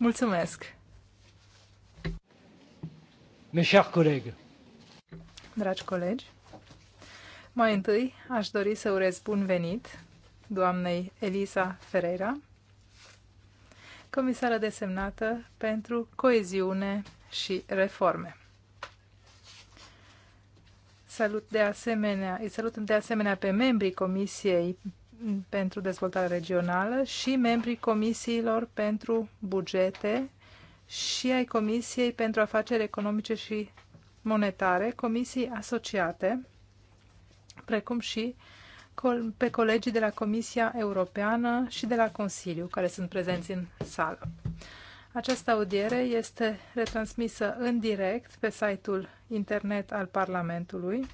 Mulțumesc! Mes chers collègues. Dragi colegi, mai întâi aș dori să urez bun venit doamnei Elisa Ferreira, comisară desemnată pentru coeziune și reforme. Salut de asemenea, îi salut de asemenea pe membrii Comisiei pentru dezvoltare regională și membrii comisiilor pentru bugete și ai Comisiei pentru Afaceri Economice și Monetare, comisii asociate, precum și pe colegii de la Comisia Europeană și de la Consiliu, care sunt prezenți în sală. Această audiere este retransmisă în direct pe site-ul internet al Parlamentului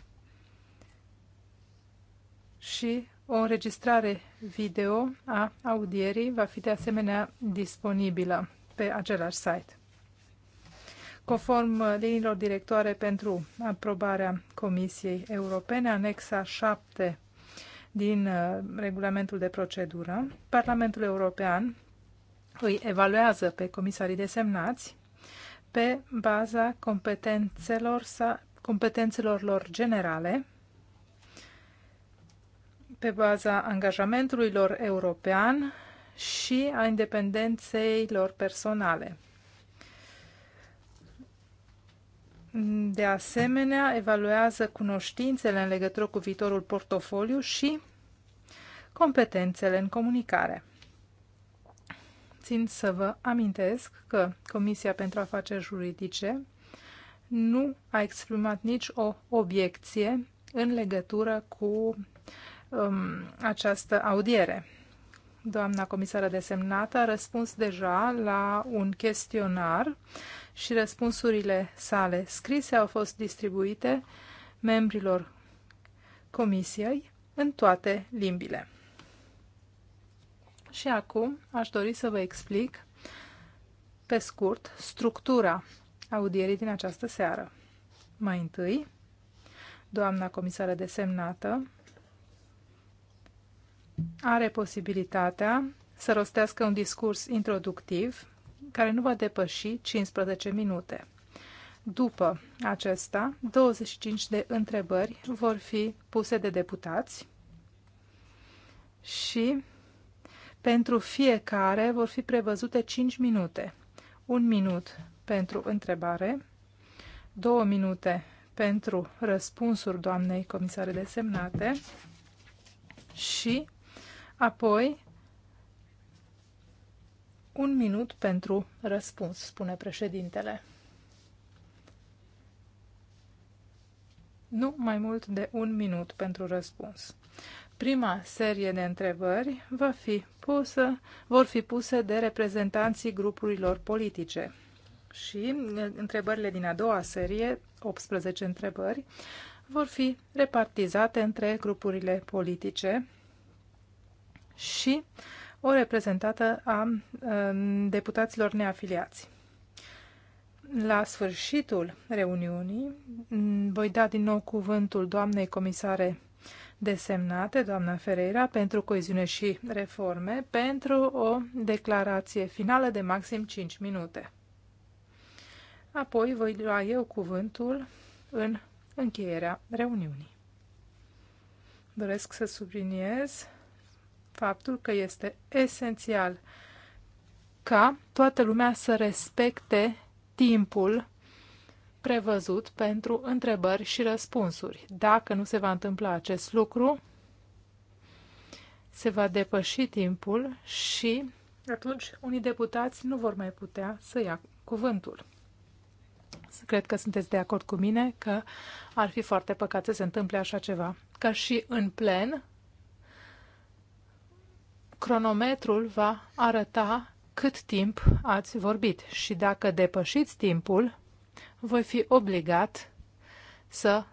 și o înregistrare video a audierii va fi de asemenea disponibilă pe același site. Conform uh, liniilor directoare pentru aprobarea Comisiei Europene, anexa 7 din uh, regulamentul de procedură, Parlamentul European îi evaluează pe comisarii desemnați pe baza competențelor, sa, competențelor lor generale pe baza angajamentului lor european și a independenței lor personale. De asemenea, evaluează cunoștințele în legătură cu viitorul portofoliu și competențele în comunicare. Țin să vă amintesc că Comisia pentru Afaceri Juridice nu a exprimat nici o obiecție în legătură cu um, această audiere. Doamna comisară desemnată a răspuns deja la un chestionar și răspunsurile sale scrise au fost distribuite membrilor comisiei în toate limbile. Și acum aș dori să vă explic pe scurt structura audierii din această seară. Mai întâi, doamna comisară desemnată are posibilitatea să rostească un discurs introductiv care nu va depăși 15 minute. După acesta, 25 de întrebări vor fi puse de deputați și pentru fiecare vor fi prevăzute 5 minute. un minut pentru întrebare, două minute pentru răspunsuri doamnei comisare desemnate și Apoi, un minut pentru răspuns, spune președintele. Nu mai mult de un minut pentru răspuns. Prima serie de întrebări va fi pusă, vor fi puse de reprezentanții grupurilor politice. Și întrebările din a doua serie, 18 întrebări, vor fi repartizate între grupurile politice și o reprezentată a deputaților neafiliați. La sfârșitul reuniunii voi da din nou cuvântul doamnei comisare desemnate, doamna Ferreira, pentru coeziune și reforme, pentru o declarație finală de maxim 5 minute. Apoi voi lua eu cuvântul în încheierea reuniunii. Doresc să subliniez faptul că este esențial ca toată lumea să respecte timpul prevăzut pentru întrebări și răspunsuri. Dacă nu se va întâmpla acest lucru, se va depăși timpul și atunci unii deputați nu vor mai putea să ia cuvântul. Cred că sunteți de acord cu mine că ar fi foarte păcat să se întâmple așa ceva. Ca și în plen, cronometrul va arăta cât timp ați vorbit și dacă depășiți timpul, voi fi obligat să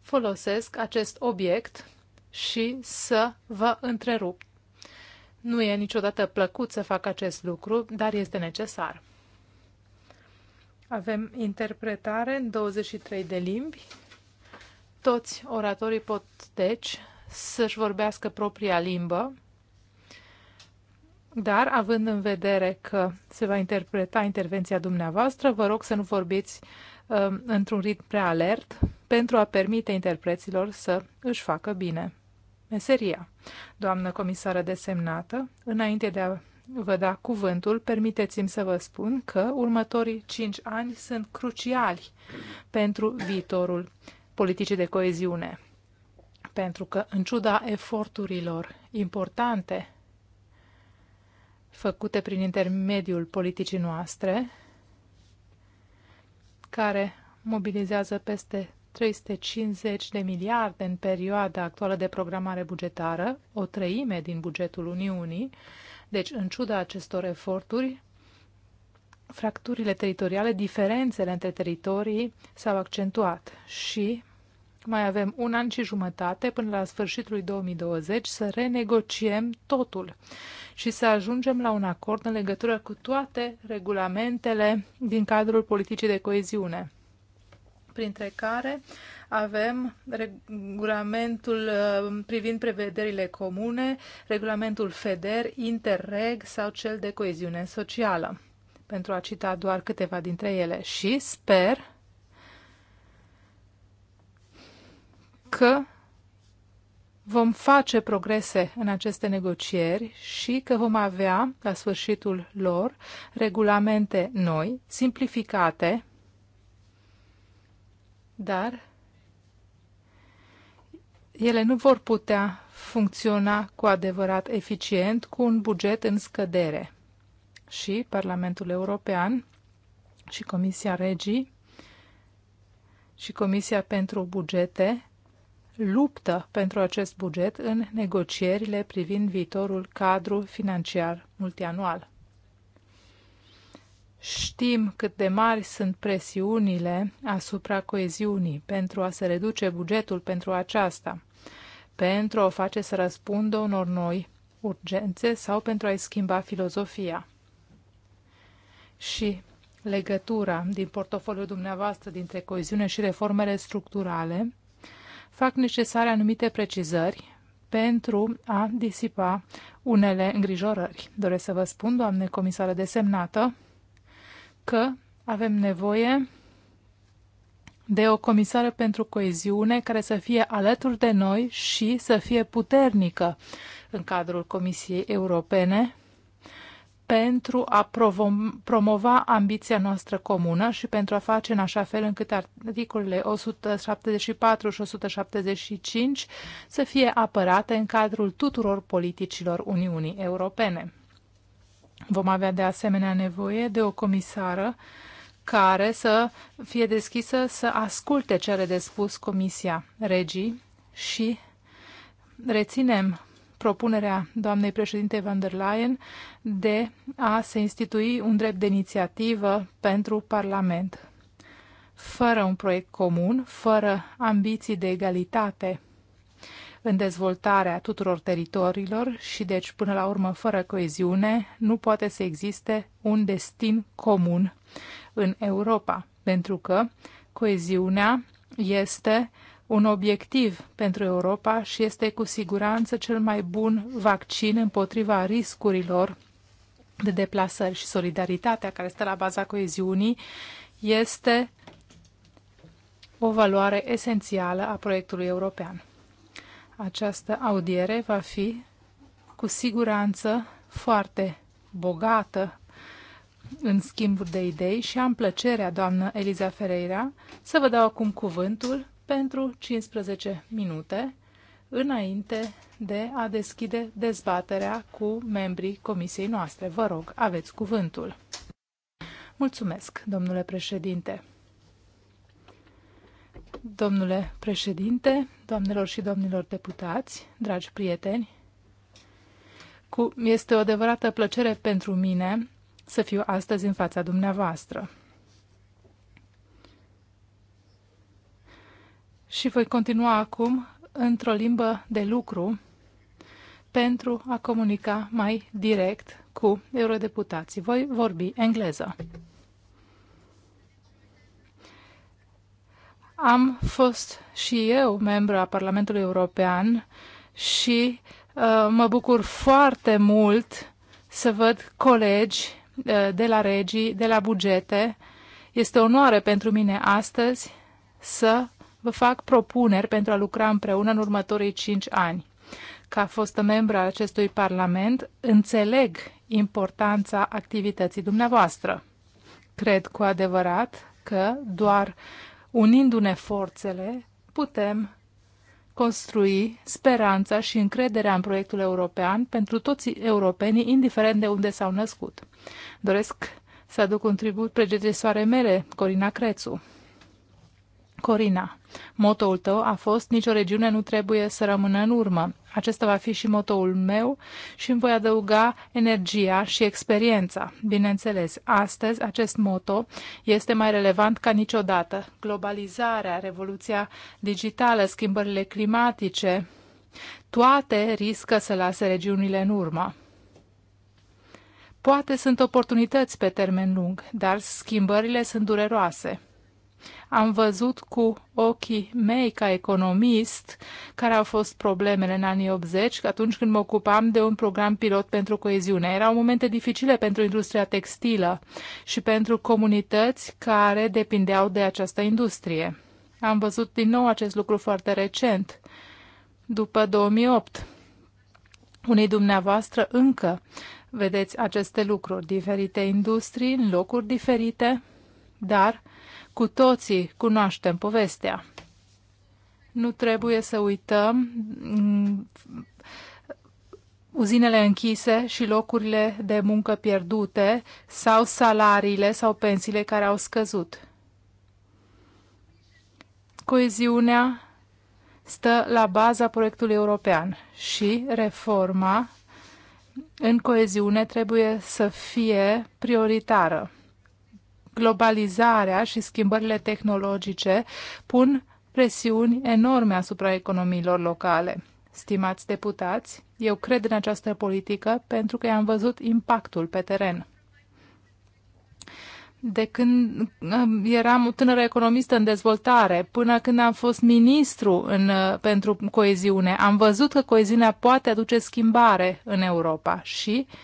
folosesc acest obiect și să vă întrerup. Nu e niciodată plăcut să fac acest lucru, dar este necesar. Avem interpretare în 23 de limbi. Toți oratorii pot, deci, să-și vorbească propria limbă dar, având în vedere că se va interpreta intervenția dumneavoastră, vă rog să nu vorbiți uh, într-un ritm prea alert pentru a permite interpreților să își facă bine meseria. Doamnă comisară desemnată, înainte de a vă da cuvântul, permiteți-mi să vă spun că următorii cinci ani sunt cruciali pentru viitorul politicii de coeziune. Pentru că, în ciuda eforturilor importante făcute prin intermediul politicii noastre, care mobilizează peste 350 de miliarde în perioada actuală de programare bugetară, o treime din bugetul Uniunii. Deci, în ciuda acestor eforturi, fracturile teritoriale, diferențele între teritorii s-au accentuat și mai avem un an și jumătate până la sfârșitul lui 2020 să renegociem totul și să ajungem la un acord în legătură cu toate regulamentele din cadrul politicii de coeziune, printre care avem regulamentul uh, privind prevederile comune, regulamentul FEDER, Interreg sau cel de coeziune socială, pentru a cita doar câteva dintre ele. Și sper că vom face progrese în aceste negocieri și că vom avea, la sfârșitul lor, regulamente noi, simplificate, dar ele nu vor putea funcționa cu adevărat eficient cu un buget în scădere. Și Parlamentul European și Comisia Regii și Comisia pentru Bugete luptă pentru acest buget în negocierile privind viitorul cadru financiar multianual. Știm cât de mari sunt presiunile asupra coeziunii pentru a se reduce bugetul pentru aceasta, pentru a o face să răspundă unor noi urgențe sau pentru a-i schimba filozofia. Și legătura din portofoliul dumneavoastră dintre coeziune și reformele structurale – fac necesare anumite precizări pentru a disipa unele îngrijorări. Doresc să vă spun, doamne comisară desemnată, că avem nevoie de o comisară pentru coeziune care să fie alături de noi și să fie puternică în cadrul Comisiei Europene pentru a promova ambiția noastră comună și pentru a face în așa fel încât articolele 174 și 175 să fie apărate în cadrul tuturor politicilor Uniunii Europene. Vom avea de asemenea nevoie de o comisară care să fie deschisă să asculte ce are de spus Comisia Regii și reținem propunerea doamnei președinte van der Leyen de a se institui un drept de inițiativă pentru Parlament. Fără un proiect comun, fără ambiții de egalitate în dezvoltarea tuturor teritoriilor și deci până la urmă fără coeziune, nu poate să existe un destin comun în Europa, pentru că coeziunea este uh, un obiectiv pentru Europa și este cu siguranță cel mai bun vaccin împotriva riscurilor de deplasări și solidaritatea care stă la baza coeziunii este o valoare esențială a proiectului european. Această audiere va fi cu siguranță foarte bogată în schimburi de idei și am plăcerea, doamnă Eliza Ferreira, să vă dau acum cuvântul pentru 15 minute înainte de a deschide dezbaterea cu membrii comisiei noastre. Vă rog, aveți cuvântul. Mulțumesc, domnule președinte. Domnule președinte, doamnelor și domnilor deputați, dragi prieteni, cu, este o adevărată plăcere pentru mine să fiu astăzi în fața dumneavoastră. și voi continua acum într-o limbă de lucru pentru a comunica mai direct cu eurodeputații. Voi vorbi engleză. Am fost și eu membru a Parlamentului European și uh, mă bucur foarte mult să văd colegi uh, de la regii, de la bugete. Este onoare pentru mine astăzi să vă fac propuneri pentru a lucra împreună în următorii cinci ani. Ca fostă membră a acestui Parlament, înțeleg importanța activității dumneavoastră. Cred cu adevărat că doar unindu-ne forțele putem construi speranța și încrederea în proiectul european pentru toți europenii, indiferent de unde s-au născut. Doresc să aduc un tribut pregetesoare mele, Corina Crețu. Corina, motoul tău a fost nicio regiune nu trebuie să rămână în urmă. Acesta va fi și motoul meu și îmi voi adăuga energia și experiența. Bineînțeles, astăzi acest moto este mai relevant ca niciodată. Globalizarea, revoluția digitală, schimbările climatice, toate riscă să lase regiunile în urmă. Poate sunt oportunități pe termen lung, dar schimbările sunt dureroase am văzut cu ochii mei ca economist care au fost problemele în anii 80, atunci când mă ocupam de un program pilot pentru coeziune. Erau momente dificile pentru industria textilă și pentru comunități care depindeau de această industrie. Am văzut din nou acest lucru foarte recent, după 2008. Unii dumneavoastră încă vedeți aceste lucruri, diferite industrii, în locuri diferite, dar cu toții cunoaștem povestea. Nu trebuie să uităm mm, uzinele închise și locurile de muncă pierdute sau salariile sau pensiile care au scăzut. Coeziunea stă la baza proiectului european și reforma în coeziune trebuie să fie prioritară globalizarea și schimbările tehnologice pun presiuni enorme asupra economiilor locale. Stimați deputați, eu cred în această politică pentru că am văzut impactul pe teren. De când um, eram o tânără economistă în dezvoltare, până când am fost ministru în, uh, pentru coeziune, am văzut că coeziunea poate aduce schimbare în Europa și uh,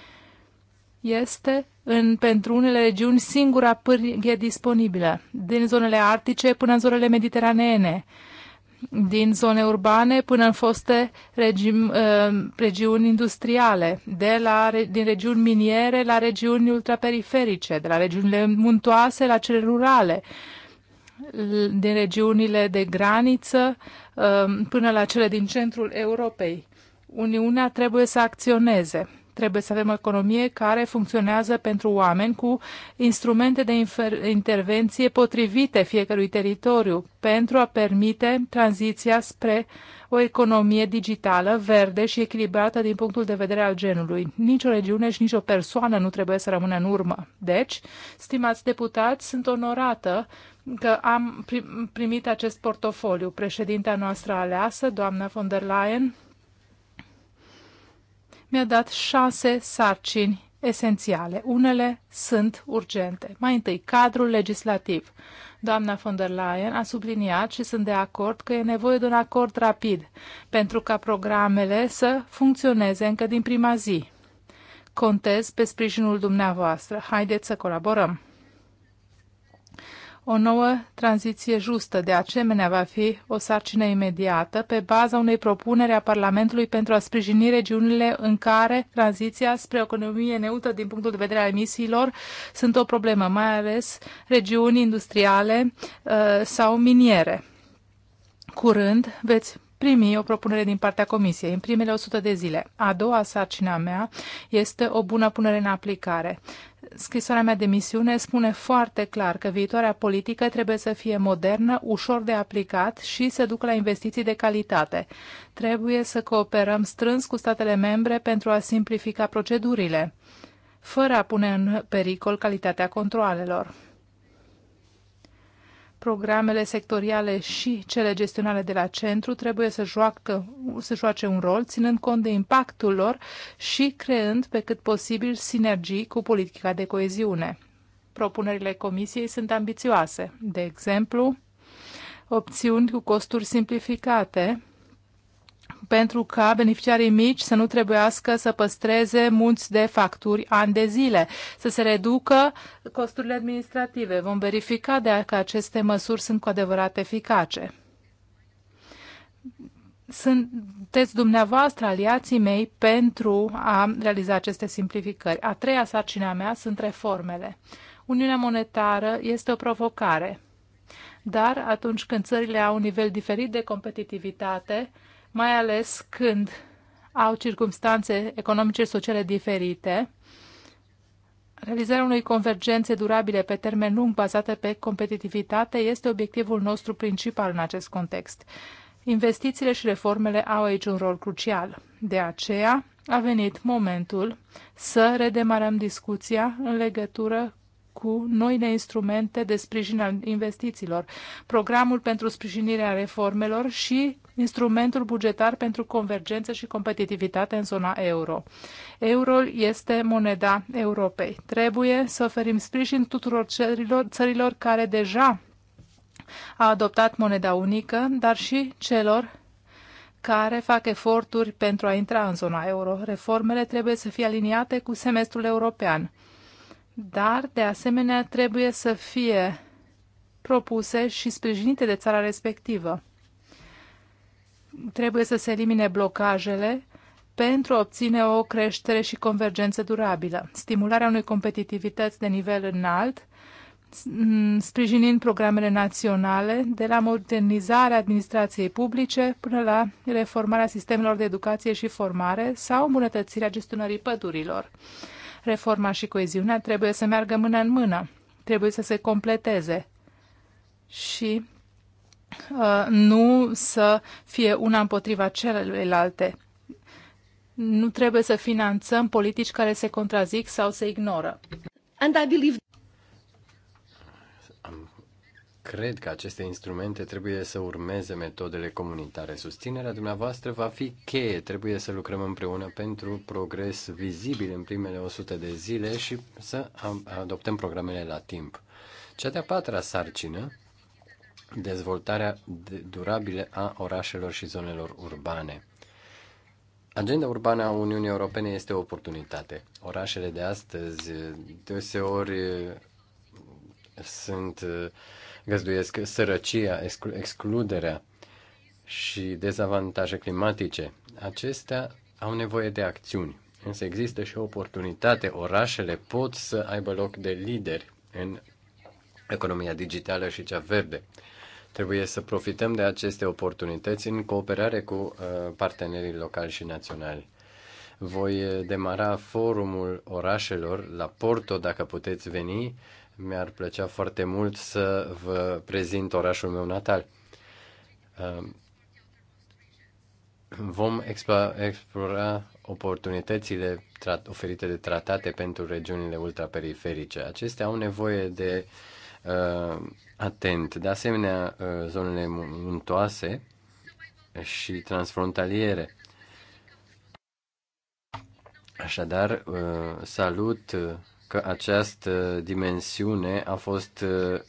este în, pentru unele regiuni singura pârghie disponibilă, din zonele arctice până în zonele mediteraneene, din zone urbane până în foste regi, uh, ă, regiuni industriale, de la, din regiuni miniere la regiuni ultraperiferice, de la regiunile muntoase la cele rurale, din regiunile de graniță uh, până la cele din centrul Europei. Uniunea trebuie să acționeze Trebuie să avem o economie care funcționează pentru oameni cu instrumente de intervenție potrivite fiecărui teritoriu pentru a permite tranziția spre o economie digitală, verde și echilibrată din punctul de vedere al genului. Nici o regiune și nici o persoană nu trebuie să rămână în urmă. Deci, stimați deputați, sunt onorată că am primit acest portofoliu. Președintea noastră aleasă, doamna von der Leyen, mi-a dat șase sarcini esențiale. Unele sunt urgente. Mai întâi, cadrul legislativ. Doamna von der Leyen a subliniat și sunt de acord că e nevoie de un acord rapid pentru ca programele să funcționeze încă din prima zi. Contez pe sprijinul dumneavoastră. Haideți să colaborăm! O nouă tranziție justă, de asemenea, va fi o sarcină imediată pe baza unei propuneri a Parlamentului pentru a sprijini regiunile în care tranziția spre o economie neutră din punctul de vedere al emisiilor sunt o problemă, mai ales regiuni industriale uh, sau miniere. Curând veți primi o propunere din partea Comisiei în primele 100 de zile. A doua sarcina mea este o bună punere în aplicare. Scrisoarea mea de misiune spune foarte clar că viitoarea politică trebuie să fie modernă, ușor de aplicat și să ducă la investiții de calitate. Trebuie să cooperăm strâns cu statele membre pentru a simplifica procedurile, fără a pune în pericol calitatea controalelor programele sectoriale și cele gestionale de la centru trebuie să, joacă, să joace un rol, ținând cont de impactul lor și creând pe cât posibil sinergii cu politica de coeziune. Propunerile comisiei sunt ambițioase, de exemplu, opțiuni cu costuri simplificate pentru ca beneficiarii mici să nu trebuiască să păstreze munți de facturi ani de zile, să se reducă costurile administrative. Vom verifica dacă aceste măsuri sunt cu adevărat eficace. Sunteți dumneavoastră aliații mei pentru a realiza aceste simplificări. A treia sarcina mea sunt reformele. Uniunea monetară este o provocare, dar atunci când țările au un nivel diferit de competitivitate, mai ales când au circumstanțe economice și sociale diferite. Realizarea unei convergențe durabile pe termen lung bazate pe competitivitate este obiectivul nostru principal în acest context. Investițiile și reformele au aici un rol crucial. De aceea a venit momentul să redemarăm discuția în legătură cu noile instrumente de sprijin al investițiilor, programul pentru sprijinirea reformelor și instrumentul bugetar pentru convergență și competitivitate în zona euro. Eurol este moneda Europei. Trebuie să oferim sprijin tuturor țărilor, țărilor care deja a adoptat moneda unică, dar și celor care fac eforturi pentru a intra în zona euro. Reformele trebuie să fie aliniate cu semestrul european dar, de asemenea, trebuie să fie propuse și sprijinite de țara respectivă. Trebuie să se elimine blocajele pentru a obține o creștere și convergență durabilă, stimularea unei competitivități de nivel înalt, mm, sprijinind programele naționale, de la modernizarea administrației publice până la reformarea sistemelor de educație și formare sau îmbunătățirea gestionării pădurilor. Reforma și coeziunea trebuie să meargă mână în mână, trebuie să se completeze și uh, nu să fie una împotriva celelalte. Nu trebuie să finanțăm politici care se contrazic sau se ignoră. And I believe... Cred că aceste instrumente trebuie să urmeze metodele comunitare. Susținerea dumneavoastră va fi cheie. Trebuie să lucrăm împreună pentru progres vizibil în primele 100 de zile și să adoptăm programele la timp. Cea de-a patra sarcină, dezvoltarea durabilă a orașelor și zonelor urbane. Agenda urbană a Uniunii Europene este o oportunitate. Orașele de astăzi deseori sunt uh, găzduiesc sărăcia, excluderea și dezavantaje climatice. Acestea au nevoie de acțiuni, însă există și o oportunitate. Orașele pot să aibă loc de lideri în economia digitală și cea verde. Trebuie să profităm de aceste oportunități în cooperare cu uh, partenerii locali și naționali voi demara forumul orașelor la Porto dacă puteți veni mi-ar plăcea foarte mult să vă prezint orașul meu natal. Vom explora oportunitățile oferite de tratate pentru regiunile ultraperiferice. Acestea au nevoie de uh, atent. De asemenea, uh, zonele muntoase și transfrontaliere. Așadar, uh, salut uh, că această dimensiune a fost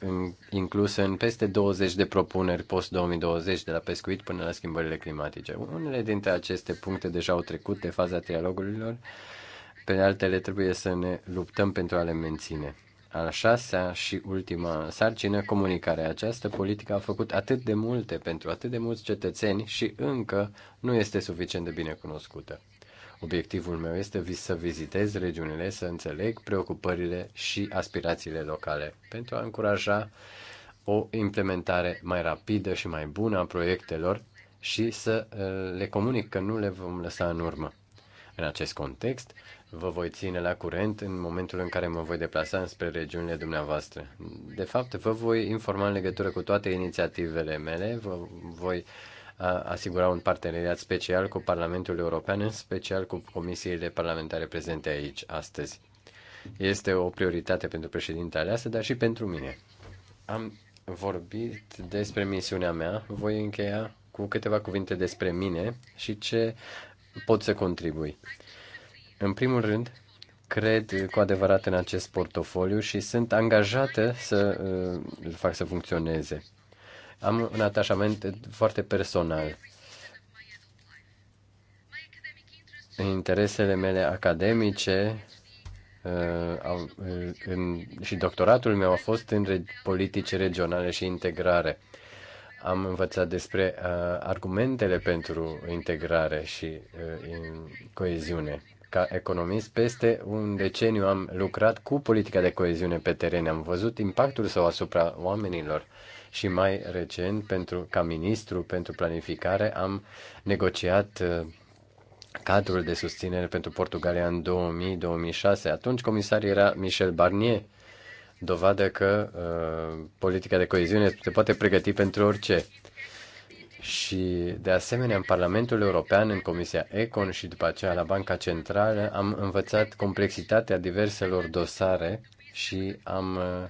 uh, inclusă în peste 20 de propuneri post-2020, de la pescuit până la schimbările climatice. Unele dintre aceste puncte deja au trecut de faza trialogurilor, pe altele trebuie să ne luptăm pentru a le menține. A șasea și ultima sarcină, comunicarea. Această politică a făcut atât de multe pentru atât de mulți cetățeni și încă nu este suficient de bine cunoscută. Obiectivul meu este să vizitez regiunile, să înțeleg preocupările și aspirațiile locale pentru a încuraja o implementare mai rapidă și mai bună a proiectelor și să uh, le comunic că nu le vom lăsa în urmă. În acest context, vă voi ține la curent în momentul în care mă voi deplasa spre regiunile dumneavoastră. De fapt, vă voi informa în legătură cu toate inițiativele mele, vă voi uh, asigura un parteneriat special cu Parlamentul European, în special cu comisiile parlamentare prezente aici astăzi. Este o prioritate pentru președinta aleasă, dar și pentru mine. Am vorbit despre misiunea mea, voi încheia cu câteva cuvinte despre mine și ce pot să contribui. În primul rând, cred cu adevărat în acest portofoliu și sunt angajată să uh, îl fac să funcționeze am un atașament foarte personal. Interesele mele academice uh, au, uh, în, și doctoratul meu a fost în re, politici regionale și integrare. Am învățat despre uh, argumentele pentru integrare și uh, coeziune. Ca economist, peste un deceniu am lucrat cu politica de coeziune pe teren. Am văzut impactul său asupra oamenilor și mai recent, pentru, ca ministru pentru planificare, am negociat uh, cadrul de susținere pentru Portugalia în 2000-2006. Atunci comisar era Michel Barnier, dovadă că uh, politica de coeziune se poate pregăti pentru orice. Și, de asemenea, în Parlamentul European, în Comisia Econ și după aceea la Banca Centrală, am învățat complexitatea diverselor dosare și am uh,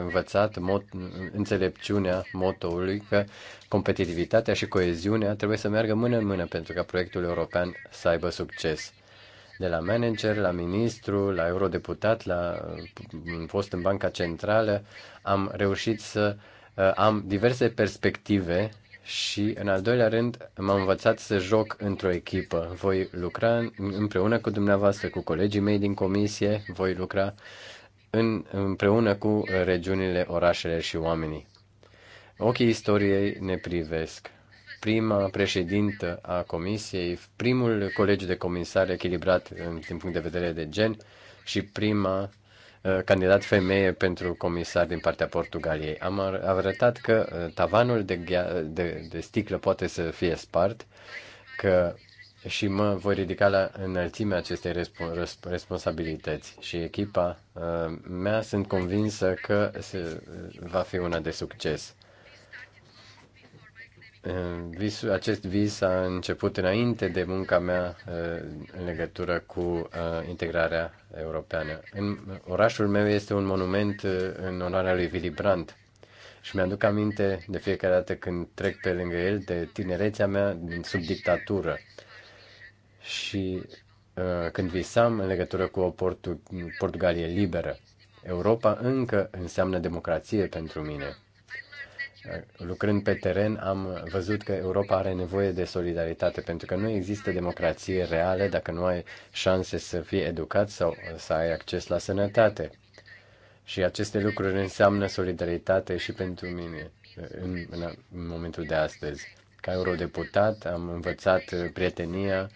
învățat mot, înțelepciunea motoului că competitivitatea și coeziunea trebuie să meargă mână în mână pentru ca proiectul european să aibă succes. De la manager, la ministru, la eurodeputat, la fost în Banca Centrală, am reușit să uh, am diverse perspective și, în al doilea rând, m-am învățat să joc într-o echipă. Voi lucra împreună cu dumneavoastră, cu colegii mei din comisie, voi lucra uh, în, împreună cu regiunile, orașele și oamenii. Ochii istoriei ne privesc. Prima președintă a comisiei, primul colegiu de comisar echilibrat din punct de vedere de gen și prima uh, candidat femeie pentru comisar din partea Portugaliei. Am arătat că uh, tavanul de, de, de sticlă poate să fie spart, că și mă voi ridica la înălțimea acestei resp- responsabilități și echipa uh, mea sunt convinsă că se, va fi una de succes. Uh, visul, acest vis a început înainte de munca mea uh, în legătură cu integrarea europeană. În, orașul meu este un monument în onoarea lui Willy Brandt și mi-aduc aminte de fiecare dată când trec pe lângă el de tinerețea mea sub dictatură și uh, când visam în legătură cu o Portu- Portugalie liberă. Europa încă înseamnă democrație pentru mine. Uh, lucrând pe teren, am văzut că Europa are nevoie de solidaritate, pentru că nu există democrație reală dacă nu ai șanse să fii educat sau să ai acces la sănătate. Și aceste lucruri înseamnă solidaritate și pentru mine uh, în, în, în momentul de astăzi. Ca eurodeputat am învățat uh, prietenia,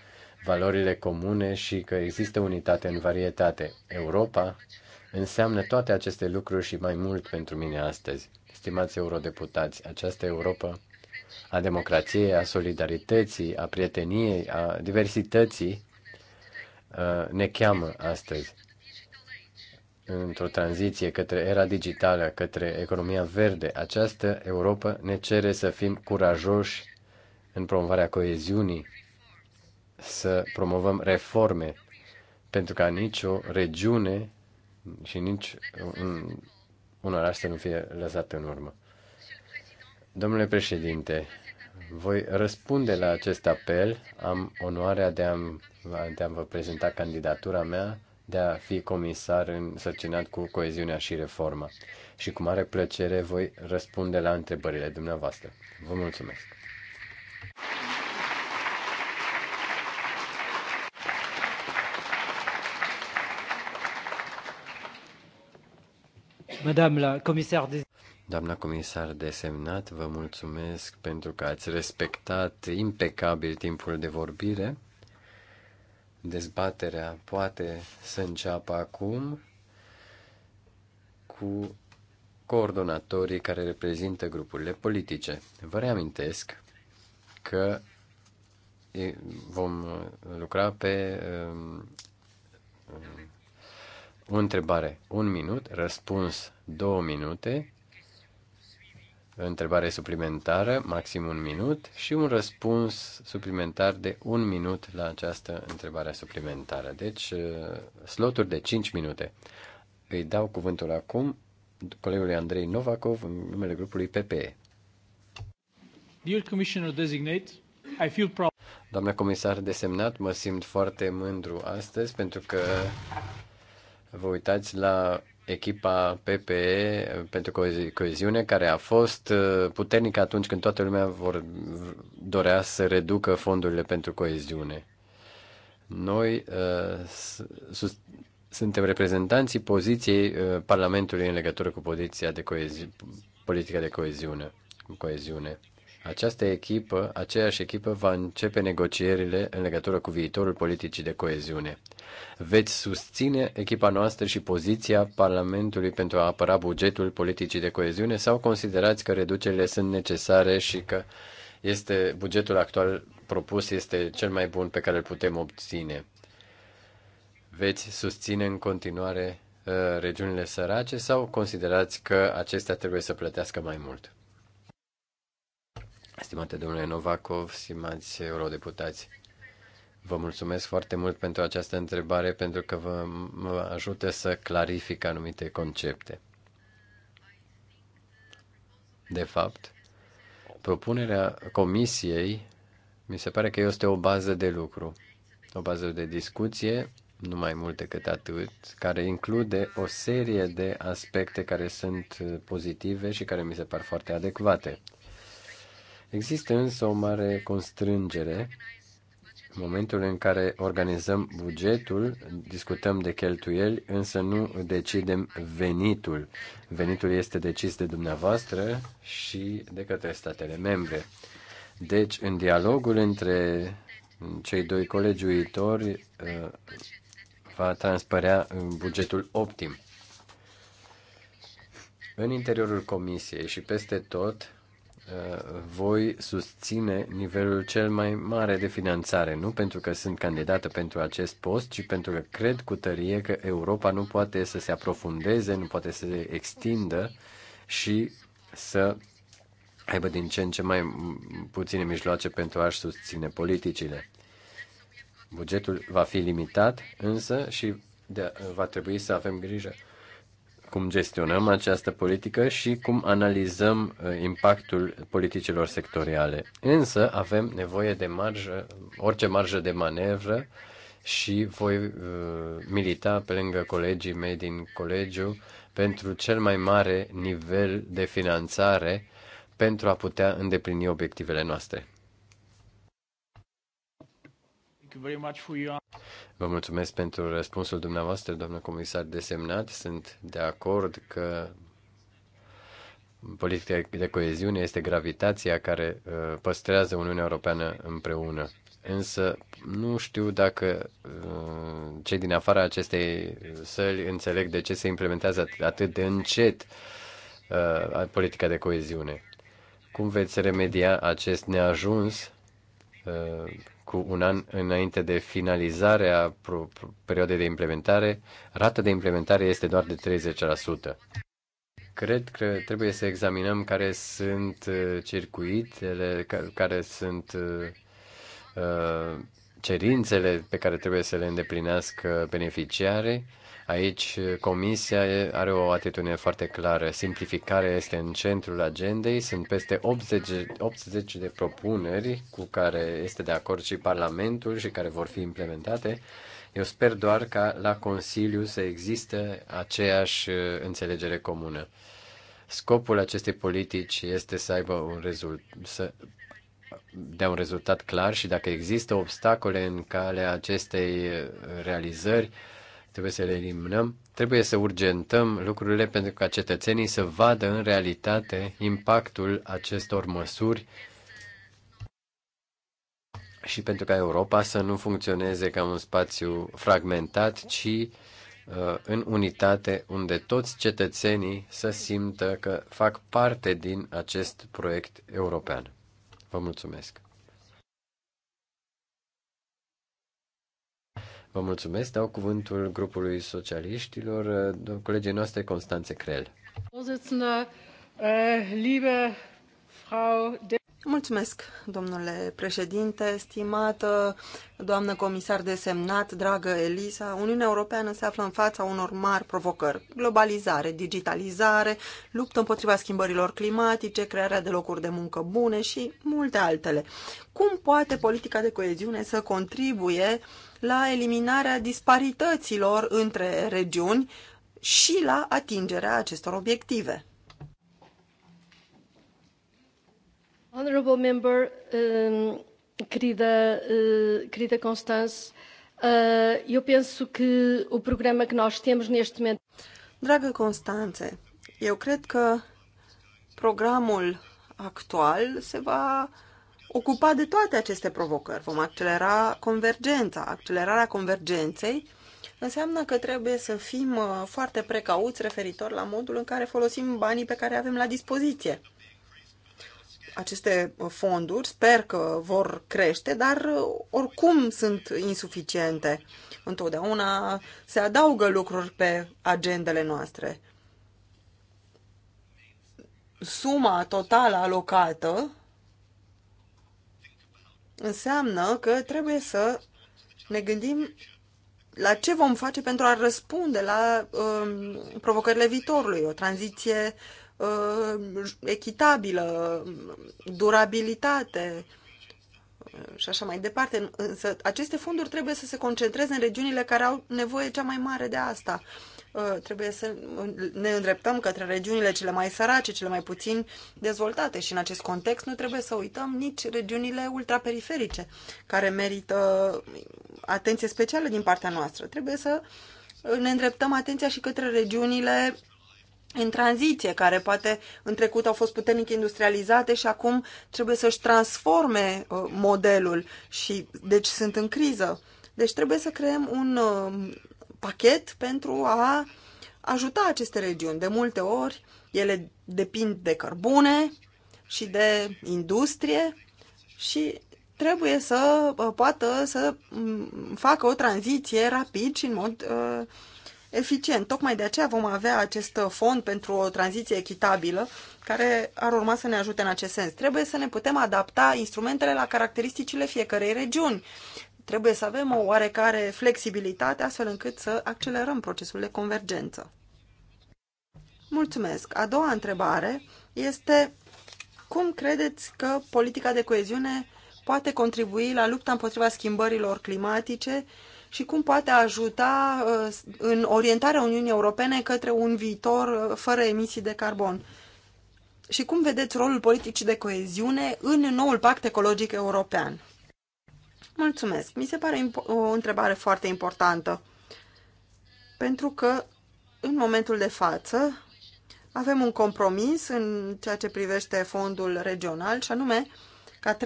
valorile comune și că există unitate în varietate. Europa înseamnă toate aceste lucruri și mai mult pentru mine astăzi. Stimați eurodeputați, această Europa a democrației, a solidarității, a prieteniei, a diversității ă, ne cheamă astăzi într-o tranziție către era digitală, către economia verde. Această Europa ne cere să fim curajoși în promovarea coeziunii să promovăm reforme, pentru ca nicio regiune și nici un, un oraș să nu fie lăsat în urmă. Domnule președinte, voi răspunde la acest apel. Am onoarea de a, de a vă prezenta candidatura mea de a fi comisar însărcinat cu coeziunea și reforma. Și cu mare plăcere voi răspunde la întrebările dumneavoastră. Vă mulțumesc! Madame la comisar de... Doamna comisar desemnat, vă mulțumesc pentru că ați respectat impecabil timpul de vorbire. Dezbaterea poate să înceapă acum cu coordonatorii care reprezintă grupurile politice. Vă reamintesc că vom lucra pe um, um, o întrebare, un minut, răspuns, două minute, întrebare suplimentară, maxim un minut, și un răspuns suplimentar de un minut la această întrebare suplimentară. Deci, uh, sloturi de 5 minute. Îi dau cuvântul acum colegului Andrei Novakov în numele grupului PPE. Dear Commissioner Designate, I feel proud. Doamna comisar desemnat, mă simt foarte mândru astăzi pentru că vă uitați la echipa PPE pentru coeziune, care a fost uh, puternică atunci când toată lumea vor dorea să reducă fondurile pentru coeziune. Noi uh, suntem reprezentanții poziției uh, Parlamentului în legătură cu poziția de coezi- politica de coeziune. Coeziune. Această echipă, aceeași echipă, va începe negocierile în legătură cu viitorul politicii de coeziune. Veți susține echipa noastră și poziția Parlamentului pentru a apăra bugetul politicii de coeziune sau considerați că reducerile sunt necesare și că este bugetul actual propus este cel mai bun pe care îl putem obține? Veți susține în continuare uh, regiunile sărace sau considerați că acestea trebuie să plătească mai mult? Stimate domnule Novakov, stimați eurodeputați, vă mulțumesc foarte mult pentru această întrebare, pentru că vă ajută să clarific anumite concepte. De fapt, propunerea comisiei mi se pare că este o bază de lucru, o bază de discuție, nu mai mult decât atât, care include o serie de aspecte care sunt pozitive și care mi se par foarte adecvate. Există însă o mare constrângere. În momentul în care organizăm bugetul, discutăm de cheltuieli, însă nu decidem venitul. Venitul este decis de dumneavoastră și de către statele membre. Deci, în dialogul între cei doi colegi uitori, uh, va transpărea uh, bugetul optim. În interiorul comisiei și peste tot voi susține nivelul cel mai mare de finanțare, nu pentru că sunt candidată pentru acest post, ci pentru că cred cu tărie că Europa nu poate să se aprofundeze, nu poate să se extindă și să aibă din ce în ce mai puține mijloace pentru a-și susține politicile. Bugetul va fi limitat, însă, și de, va trebui să avem grijă cum gestionăm această politică și cum analizăm uh, impactul politicilor sectoriale. Însă avem nevoie de marjă, orice marjă de manevră și voi uh, milita pe lângă colegii mei din colegiu pentru cel mai mare nivel de finanțare pentru a putea îndeplini obiectivele noastre. Vă mulțumesc pentru răspunsul dumneavoastră, doamnă comisar desemnat. Sunt de acord că politica de coeziune este gravitația care uh, păstrează Uniunea Europeană împreună. Însă nu știu dacă uh, cei din afara acestei săli înțeleg de ce se implementează atât de încet uh, politica de coeziune. Cum veți remedia acest neajuns cu un an înainte de finalizarea perioadei de implementare, rata de implementare este doar de 30%. Cred că trebuie să examinăm care sunt uh, circuitele, care sunt uh, cerințele pe care trebuie să le îndeplinească beneficiarii Aici eh, Comisia are o atitudine foarte clară. Simplificarea este în centrul agendei. Sunt peste 80, 80 de propuneri cu care este de acord și Parlamentul și care vor fi implementate. Eu sper doar ca la Consiliu să existe aceeași eh, înțelegere comună. Scopul acestei politici este să aibă un rezultat, să dea un rezultat clar și dacă există obstacole în calea acestei eh, realizări, Trebuie să le eliminăm. Trebuie să urgentăm lucrurile pentru ca cetățenii să vadă în realitate impactul acestor măsuri și pentru ca Europa să nu funcționeze ca un spațiu fragmentat, ci uh, în unitate unde toți cetățenii să simtă că fac parte din acest proiect european. Vă mulțumesc! Vă mulțumesc, dau cuvântul grupului socialiștilor, uh, colegii noastre Constanțe Crel. Uh, mulțumesc, domnule președinte, stimată doamnă comisar desemnat, dragă Elisa. Uniunea Europeană se află în fața unor mari provocări. Globalizare, digitalizare, luptă împotriva schimbărilor climatice, crearea de locuri de muncă bune și multe altele. Cum poate politica de coeziune să contribuie uh, la eliminarea disparităților între regiuni și la atingerea acestor obiective. Honorable member, querida, um, uh, querida Constance, uh, eu penso que o programa que nós temos neste momento. Dragă Constanțe, eu cred că programul actual se va ocupa de toate aceste provocări. Vom accelera convergența. Accelerarea convergenței înseamnă că trebuie să fim uh, foarte precauți referitor la modul în care folosim banii pe care avem la dispoziție. Aceste uh, fonduri sper că vor crește, dar uh, oricum sunt insuficiente. Întotdeauna se adaugă lucruri pe agendele noastre. Suma totală alocată înseamnă că trebuie să ne gândim la ce vom face pentru a răspunde la uh, provocările viitorului, o tranziție uh, echitabilă, durabilitate uh, și așa mai departe. Însă aceste fonduri trebuie să se concentreze în regiunile care au nevoie cea mai mare de asta. Uh, Uh, trebuie să ne îndreptăm către regiunile cele mai sărace, cele mai puțin dezvoltate și în acest context nu trebuie să uităm nici regiunile ultraperiferice, care merită atenție specială din partea noastră. Trebuie să ne îndreptăm atenția și către regiunile în tranziție, care poate în trecut au fost puternic industrializate și acum trebuie să-și transforme uh, modelul și deci sunt în criză. Deci trebuie să creăm un uh, pachet pentru a ajuta aceste regiuni. De multe ori ele depind de cărbune și de industrie și trebuie să uh, poată să mm, facă o tranziție rapid și în mod uh, eficient. Tocmai de aceea vom avea acest fond pentru o tranziție echitabilă care ar urma să ne ajute în acest sens. Trebuie să ne putem adapta instrumentele la caracteristicile fiecărei regiuni Trebuie să avem o oarecare flexibilitate astfel încât să accelerăm procesul de convergență. Mulțumesc. A doua întrebare este cum credeți că politica de coeziune poate contribui la lupta împotriva schimbărilor climatice și cum poate ajuta uh, în orientarea Uniunii Europene către un viitor uh, fără emisii de carbon? Și cum vedeți rolul politicii de coeziune în noul pact ecologic european? Mulțumesc. Mi se pare o întrebare foarte importantă. Pentru că, în momentul de față, avem un compromis în ceea ce privește fondul regional, și anume ca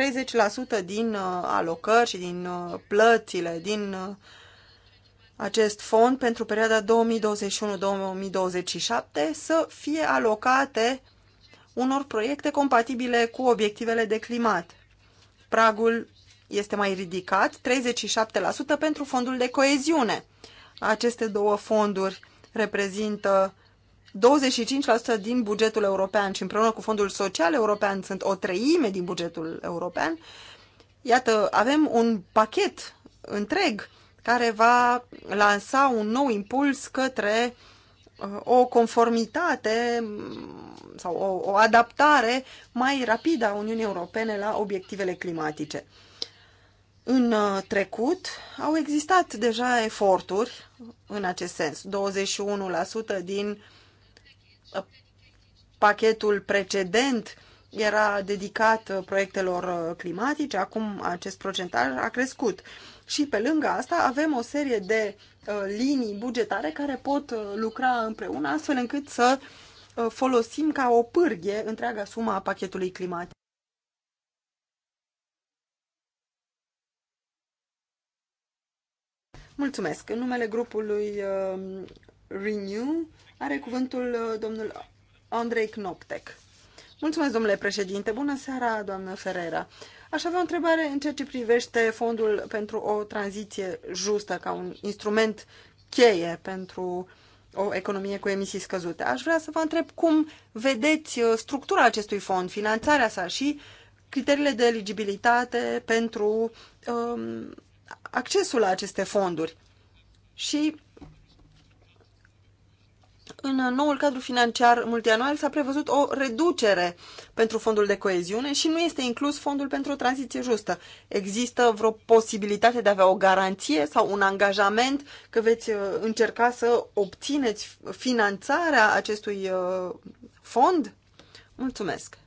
30% din uh, alocări și din uh, plățile din uh, acest fond pentru perioada 2021-2027 să fie alocate unor proiecte compatibile cu obiectivele de climat. Pragul este mai ridicat, 37% pentru fondul de coeziune. Aceste două fonduri reprezintă 25% din bugetul european și împreună cu fondul social european sunt o treime din bugetul european. Iată, avem un pachet întreg care va lansa un nou impuls către uh, o conformitate mm, sau o, o adaptare mai rapidă a Uniunii Europene la obiectivele climatice. În uh, trecut au existat deja eforturi în acest sens. 21% din uh, pachetul precedent era dedicat uh, proiectelor climatice, acum acest procentaj a crescut. Și pe lângă asta avem o serie de linii bugetare care pot lucra împreună astfel încât să folosim ca o pârghie întreaga sumă a pachetului climatic. Mulțumesc. În numele grupului uh, Renew are cuvântul uh, domnul Andrei Knoptek. Mulțumesc, domnule președinte. Bună seara, doamnă Ferreira. Aș avea o întrebare în ceea ce privește fondul pentru o tranziție justă ca un instrument cheie pentru o economie cu emisii scăzute. Aș vrea să vă întreb cum vedeți uh, structura acestui fond, finanțarea sa și criteriile de eligibilitate pentru um, accesul la aceste fonduri. Și în noul cadru financiar multianual s-a prevăzut o reducere pentru fondul de coeziune și nu este inclus fondul pentru o tranziție justă. Există vreo posibilitate de a avea o garanție sau un angajament că veți uh, încerca să obțineți finanțarea acestui uh, fond? Mulțumesc!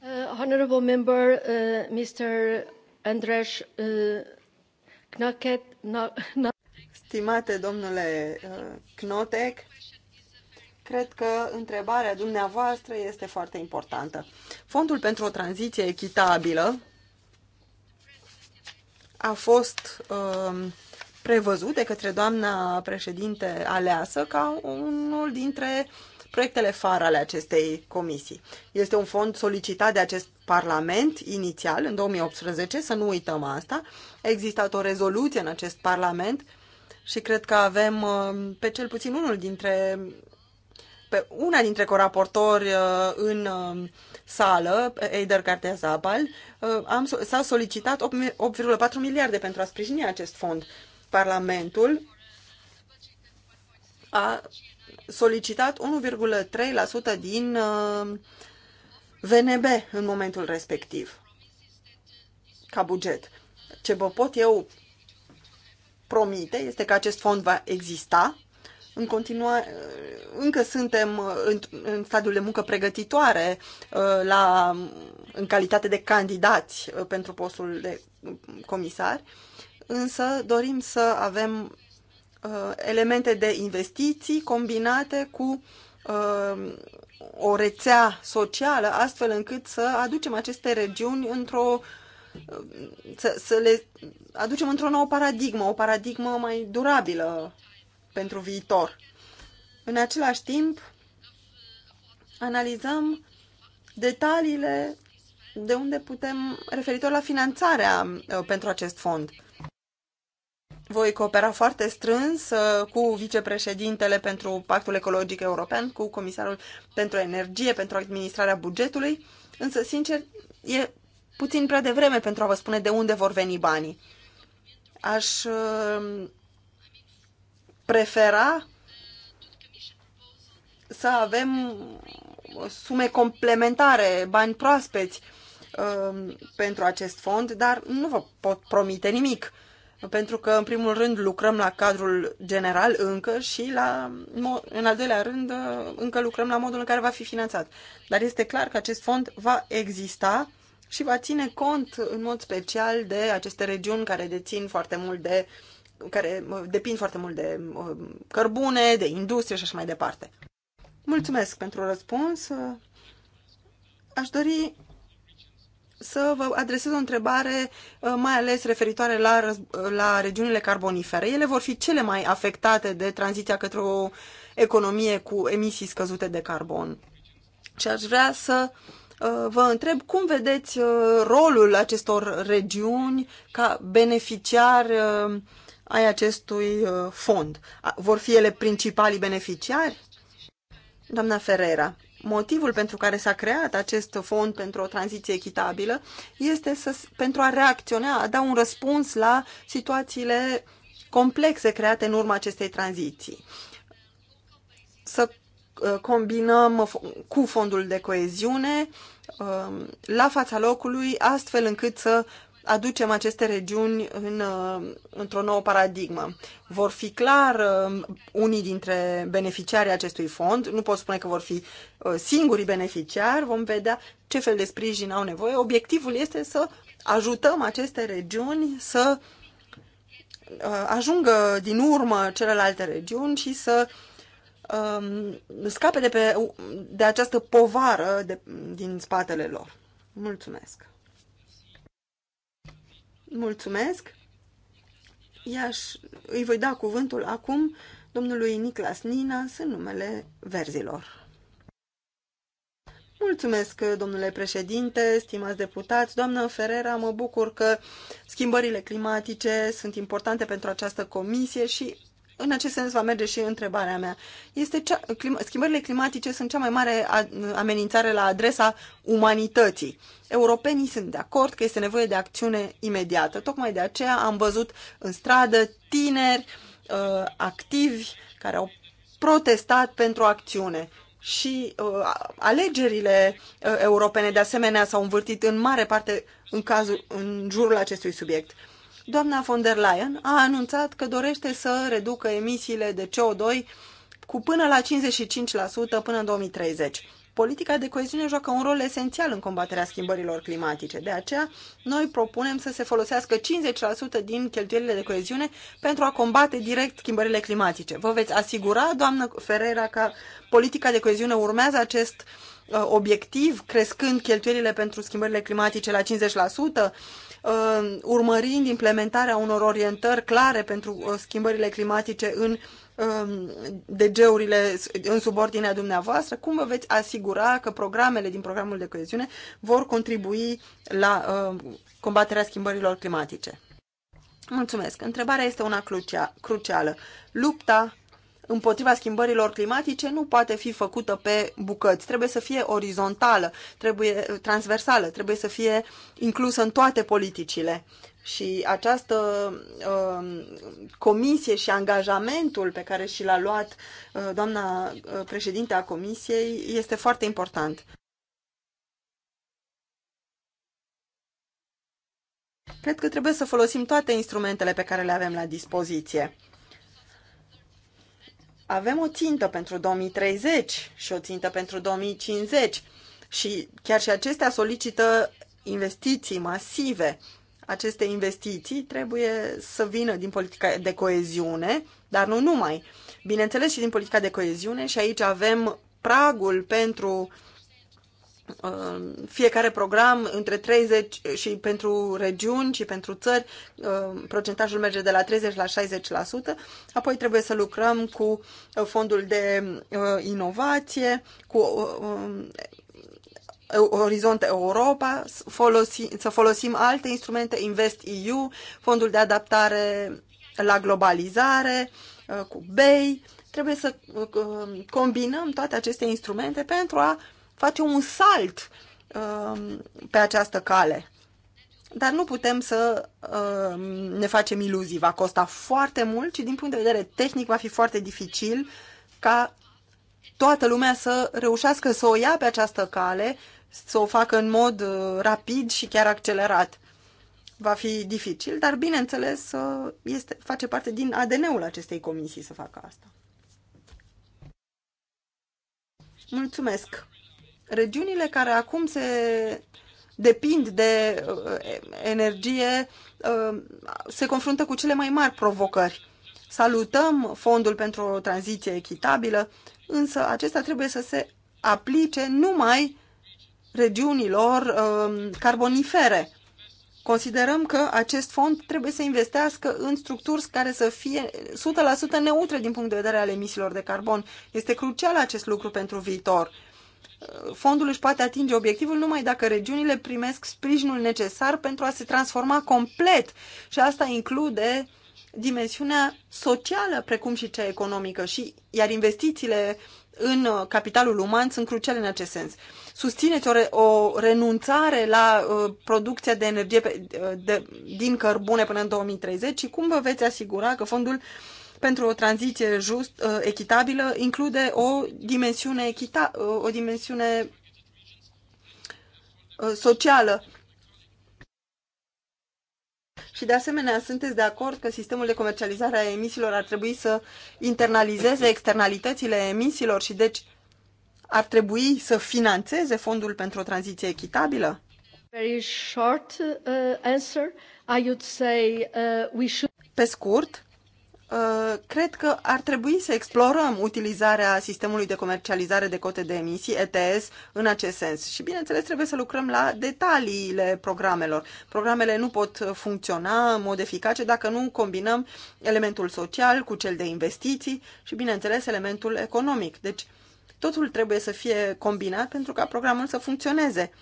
Uh, honorable member, uh, Mr. Uh, Knocket, Stimate domnule uh, Knotek, cred că întrebarea dumneavoastră este foarte importantă. Fondul pentru o tranziție echitabilă a fost uh, prevăzut de către doamna președinte aleasă ca unul dintre uh, proiectele far ale acestei comisii. Este un fond solicitat de acest Parlament inițial, în 2018, să nu uităm asta. A existat o rezoluție în acest Parlament și cred că avem uh, pe cel puțin unul dintre pe una dintre coraportori uh, în uh, sală, Eider Cartea Zabal, s-a solicitat 8,4 miliarde pentru a sprijini acest fond. Parlamentul a solicitat 1,3% din uh, VNB în momentul respectiv ca buget. Ce vă pot eu promite este că acest fond va exista. În continuare, uh, încă suntem uh, în, în stadiul de muncă pregătitoare la, în calitate de candidați pentru postul de comisar, însă dorim să avem Uh, elemente de investiții combinate cu uh, o rețea socială, astfel încât să aducem aceste regiuni într-o uh, să, să le aducem într-o nouă paradigmă, o paradigmă mai durabilă pentru viitor. În același timp, analizăm detaliile de unde putem, referitor la finanțarea pentru acest fond. Voi coopera foarte strâns uh, cu vicepreședintele pentru Pactul Ecologic European, cu comisarul pentru energie, pentru administrarea bugetului, însă, sincer, e puțin prea devreme pentru a vă spune de unde vor veni banii. Aș uh, prefera să avem sume complementare, bani proaspeți uh, pentru acest fond, dar nu vă pot promite nimic pentru că, în primul rând, lucrăm la cadrul general încă și, la, în al doilea rând, uh, încă lucrăm la modul în care va fi finanțat. Dar este clar că acest fond va exista și va ține cont, în mod special, de aceste regiuni care dețin foarte mult de care uh, depind foarte mult de uh, cărbune, de industrie și așa mai departe. Mulțumesc pentru răspuns. Aș dori să vă adresez o întrebare uh, mai ales referitoare la, la regiunile carbonifere. Ele vor fi cele mai afectate de tranziția către o economie cu emisii scăzute de carbon. Și aș vrea să uh, vă întreb cum vedeți uh, rolul acestor regiuni ca beneficiar ai acestui fond. Vor fi ele principalii beneficiari? Doamna Ferreira? motivul pentru care s-a creat acest fond pentru o tranziție echitabilă este să, pentru a reacționa, a da un răspuns la situațiile complexe create în urma acestei tranziții. Să uh, combinăm cu fondul de coeziune uh, la fața locului, astfel încât să aducem aceste regiuni în, uh, într-o nouă paradigmă. Vor fi clar uh, unii dintre beneficiarii acestui fond, nu pot spune că vor fi uh, singurii beneficiari, vom vedea ce fel de sprijin au nevoie. Obiectivul este să ajutăm aceste regiuni să ajungă din urmă celelalte regiuni și să um, scape de, pe, de această povară de, din spatele lor. Mulțumesc! Mulțumesc. I-aș, îi voi da cuvântul acum domnului Niclas Nina în numele verzilor. Mulțumesc, domnule președinte, stimați deputați. Doamnă Ferrera, mă bucur că schimbările climatice sunt importante pentru această comisie și în acest sens va merge și întrebarea mea. Este cea, clim, schimbările climatice sunt cea mai mare amenințare la adresa umanității. Europenii sunt de acord că este nevoie de acțiune imediată. Tocmai de aceea am văzut în stradă tineri uh, activi care au protestat pentru acțiune. Și uh, alegerile uh, europene, de asemenea, s-au învârtit în mare parte în, cazul, în jurul acestui subiect. Doamna von der Leyen a anunțat că dorește să reducă emisiile de CO2 cu până la 55% până în 2030. Politica de coeziune joacă un rol esențial în combaterea schimbărilor climatice. De aceea, noi propunem să se folosească 50% din cheltuielile de coeziune pentru a combate direct schimbările climatice. Vă veți asigura, doamnă Ferreira, că politica de coeziune urmează acest uh, obiectiv, crescând cheltuielile pentru schimbările climatice la 50%? Uh, urmărind implementarea unor orientări clare pentru uh, schimbările climatice în um, DG-urile în subordinea dumneavoastră, cum vă veți asigura că programele din programul de coeziune vor contribui la uh, combaterea schimbărilor climatice? Mulțumesc. Întrebarea este una crucia, crucială. Lupta împotriva schimbărilor climatice nu poate fi făcută pe bucăți. Trebuie să fie orizontală, trebuie transversală, trebuie să fie inclusă în toate politicile. Și această uh, comisie și angajamentul pe care și l-a luat uh, doamna uh, președinte a comisiei este foarte important. Cred că trebuie să folosim toate instrumentele pe care le avem la dispoziție avem o țintă pentru 2030 și o țintă pentru 2050 și chiar și acestea solicită investiții masive. Aceste investiții trebuie să vină din politica de coeziune, dar nu numai. Bineînțeles și din politica de coeziune și aici avem pragul pentru uh, Um, fiecare program între 30 și pentru regiuni și pentru țări, um, procentajul merge de la 30 la 60%, apoi trebuie să lucrăm cu uh, fondul de uh, inovație, cu uh, um, Orizont Europa, folosi, să folosim alte instrumente, Invest EU, fondul de adaptare la globalizare, cu BEI, trebuie să combinăm toate aceste instrumente pentru a face un salt um, pe această cale. Dar nu putem să um, ne facem iluzii. Va costa foarte mult și din punct de vedere tehnic va fi foarte dificil ca toată lumea să reușească să o ia pe această cale, să o facă în mod uh, rapid și chiar accelerat. Va fi dificil, dar bineînțeles uh, este, face parte din ADN-ul acestei comisii să facă asta. Mulțumesc! regiunile care acum se depind de uh, energie uh, se confruntă cu cele mai mari provocări. Salutăm fondul pentru o tranziție echitabilă, însă acesta trebuie să se aplice numai regiunilor uh, carbonifere. Considerăm că acest fond trebuie să investească în structuri care să fie 100% neutre din punct de vedere al emisiilor de carbon. Este crucial acest lucru pentru viitor fondul își poate atinge obiectivul numai dacă regiunile primesc sprijinul necesar pentru a se transforma complet și asta include dimensiunea socială precum și cea economică și iar investițiile în uh, capitalul uman sunt cruciale în acest sens. Susțineți o, re, o renunțare la uh, producția de energie pe, uh, de, din cărbune până în 2030 și cum vă veți asigura că fondul uh, pentru o tranziție just, uh, echitabilă include o dimensiune, echita, uh, o dimensiune uh, socială. Și de asemenea, sunteți de acord că sistemul de comercializare a emisiilor ar trebui să internalizeze externalitățile emisiilor și deci ar trebui să financeze fondul pentru o tranziție echitabilă? Very short uh, answer. I would say uh, we should... Pe scurt, Uh, cred că ar trebui să explorăm utilizarea sistemului de comercializare de cote de emisii, ETS, în acest sens. Și, bineînțeles, trebuie să lucrăm la detaliile programelor. Programele nu pot funcționa în mod eficace dacă nu combinăm elementul social cu cel de investiții și, bineînțeles, elementul economic. Deci, totul trebuie să fie combinat pentru ca programul să funcționeze.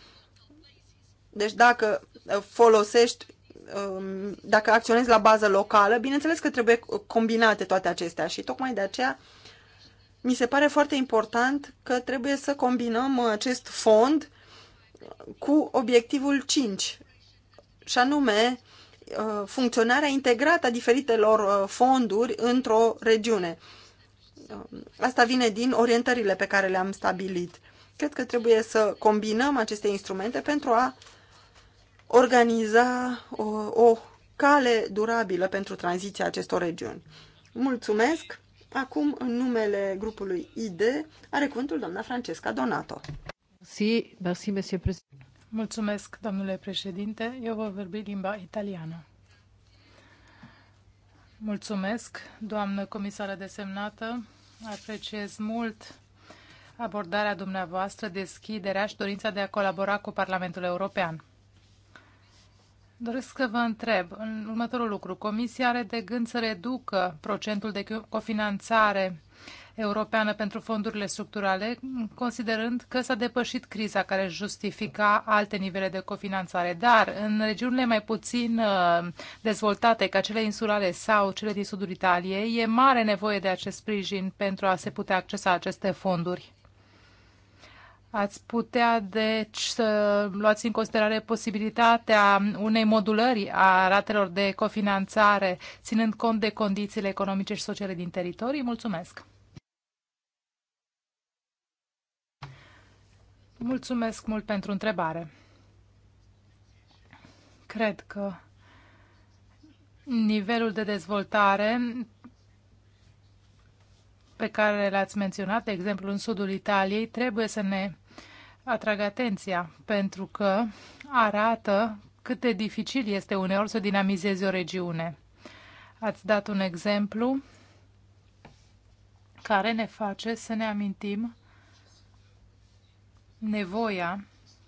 Deci, dacă folosești Um, dacă acționezi la bază locală, bineînțeles că trebuie combinate toate acestea și tocmai de aceea mi se pare foarte important că trebuie să combinăm acest fond cu obiectivul 5, și anume uh, funcționarea integrată a diferitelor uh, fonduri într-o regiune. Um, asta vine din orientările pe care le-am stabilit. Cred că trebuie să combinăm aceste instrumente pentru a organiza o, o cale durabilă pentru tranziția acestor regiuni. Mulțumesc! Acum, în numele grupului ID, are cuvântul doamna Francesca Donato. Si, merci, monsieur președinte. Mulțumesc, domnule președinte. Eu voi vorbi limba italiană. Mulțumesc, doamnă comisară desemnată. Apreciez mult abordarea dumneavoastră, deschiderea și dorința de a colabora cu Parlamentul European. Doresc să vă întreb în următorul lucru. Comisia are de gând să reducă procentul de cofinanțare europeană pentru fondurile structurale, considerând că s-a depășit criza care justifica alte nivele de cofinanțare. Dar în regiunile mai puțin uh, dezvoltate, ca cele insulare sau cele din sudul Italiei, e mare nevoie de acest sprijin pentru a se putea accesa aceste fonduri. Ați putea, deci, să luați în considerare posibilitatea unei modulări a ratelor de cofinanțare, ținând cont de condițiile economice și sociale din teritorii? Mulțumesc! Mulțumesc mult pentru întrebare. Cred că nivelul de dezvoltare pe care l-ați menționat, de exemplu în sudul Italiei, trebuie să ne atrag atenția pentru că arată cât de dificil este uneori să dinamizezi o regiune. Ați dat un exemplu care ne face să ne amintim nevoia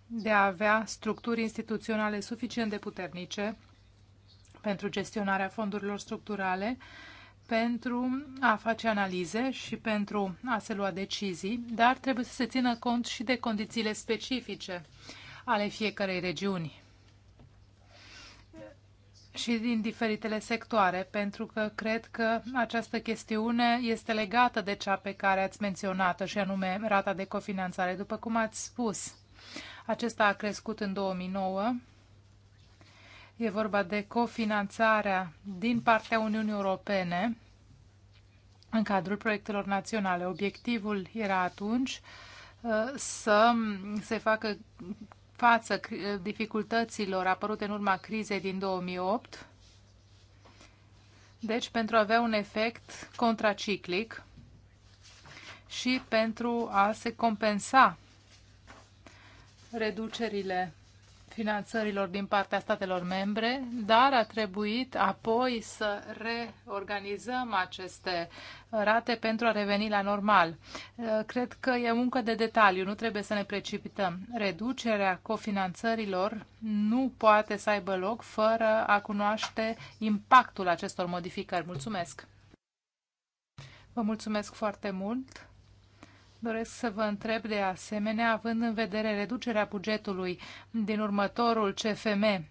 de a avea structuri instituționale suficient de puternice pentru gestionarea fondurilor structurale pentru a face analize și pentru a se lua decizii, dar trebuie să se țină cont și de condițiile specifice ale fiecarei regiuni și din diferitele sectoare, pentru că cred că această chestiune este legată de cea pe care ați menționat-o, și anume rata de cofinanțare. După cum ați spus, acesta a crescut în 2009 E vorba de cofinanțarea din partea Uniunii Europene în cadrul proiectelor naționale. Obiectivul era atunci uh, să se facă față uh, dificultăților apărute în urma crizei din 2008, deci pentru a avea un efect contraciclic și pentru a se compensa reducerile finanțărilor din partea statelor membre, dar a trebuit apoi să reorganizăm aceste rate pentru a reveni la normal. Uh, cred că e muncă de detaliu, nu trebuie să ne precipităm. Reducerea cofinanțărilor nu poate să aibă loc fără a cunoaște impactul acestor modificări. Mulțumesc! Vă mulțumesc foarte mult! Doresc să vă întreb de asemenea, având în vedere reducerea bugetului din următorul CFM,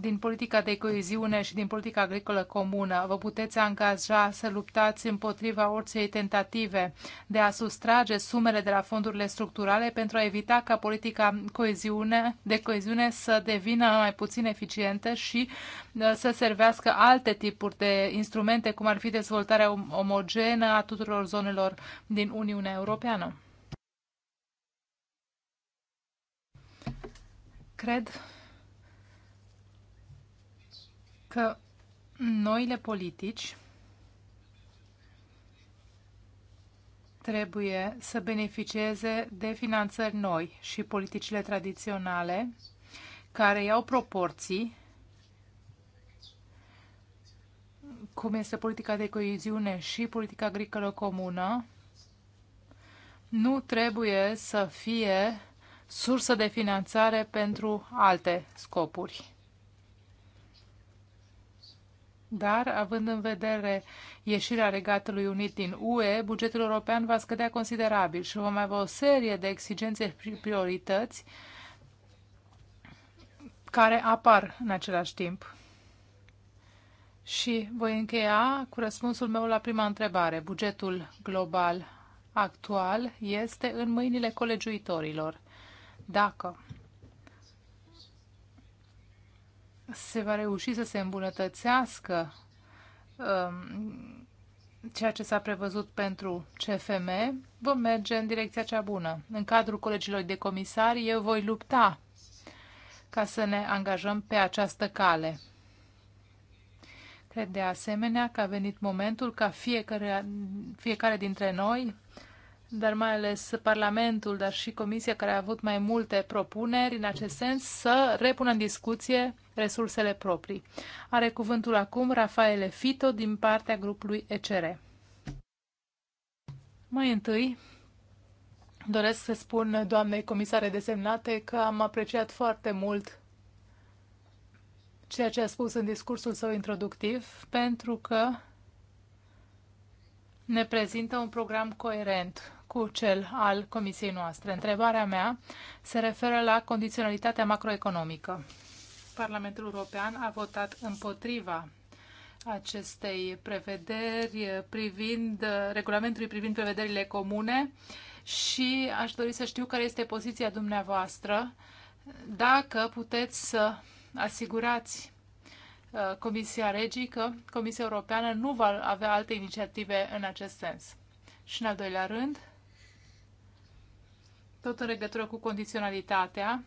din politica de coeziune și din politica agricolă comună. Vă puteți angaja să luptați împotriva orice tentative de a sustrage sumele de la fondurile structurale pentru a evita ca politica coeziune, de coeziune să devină mai puțin eficientă și uh, să servească alte tipuri de instrumente, cum ar fi dezvoltarea omogenă a tuturor zonelor din Uniunea Europeană. Cred că noile politici trebuie să beneficieze de finanțări noi și politicile tradiționale care iau proporții, cum este politica de coeziune și politica agricolă comună, nu trebuie să fie sursă de finanțare pentru alte scopuri. Dar, având în vedere ieșirea Regatului Unit din UE, bugetul european va scădea considerabil și vom avea o serie de exigențe și priorități care apar în același timp. Și voi încheia cu răspunsul meu la prima întrebare. Bugetul global actual este în mâinile colegiuitorilor. Dacă se va reuși să se îmbunătățească um, ceea ce s-a prevăzut pentru CFM, vom merge în direcția cea bună. În cadrul colegilor de comisari, eu voi lupta ca să ne angajăm pe această cale. Cred de asemenea că a venit momentul ca fiecare, fiecare dintre noi dar mai ales Parlamentul, dar și Comisia, care a avut mai multe propuneri în acest sens, să repună în discuție resursele proprii. Are cuvântul acum Rafaele Fito din partea grupului ECR. Mai întâi, doresc să spun doamnei comisare desemnate că am apreciat foarte mult ceea ce a spus în discursul său introductiv, pentru că ne prezintă un program coerent cu cel al comisiei noastre. Întrebarea mea se referă la condiționalitatea macroeconomică. Parlamentul European a votat împotriva acestei prevederi privind regulamentului privind prevederile comune și aș dori să știu care este poziția dumneavoastră dacă puteți să asigurați uh, Comisia Regii că Comisia Europeană nu va avea alte inițiative în acest sens. Și în al doilea rând, tot în legătură cu condiționalitatea,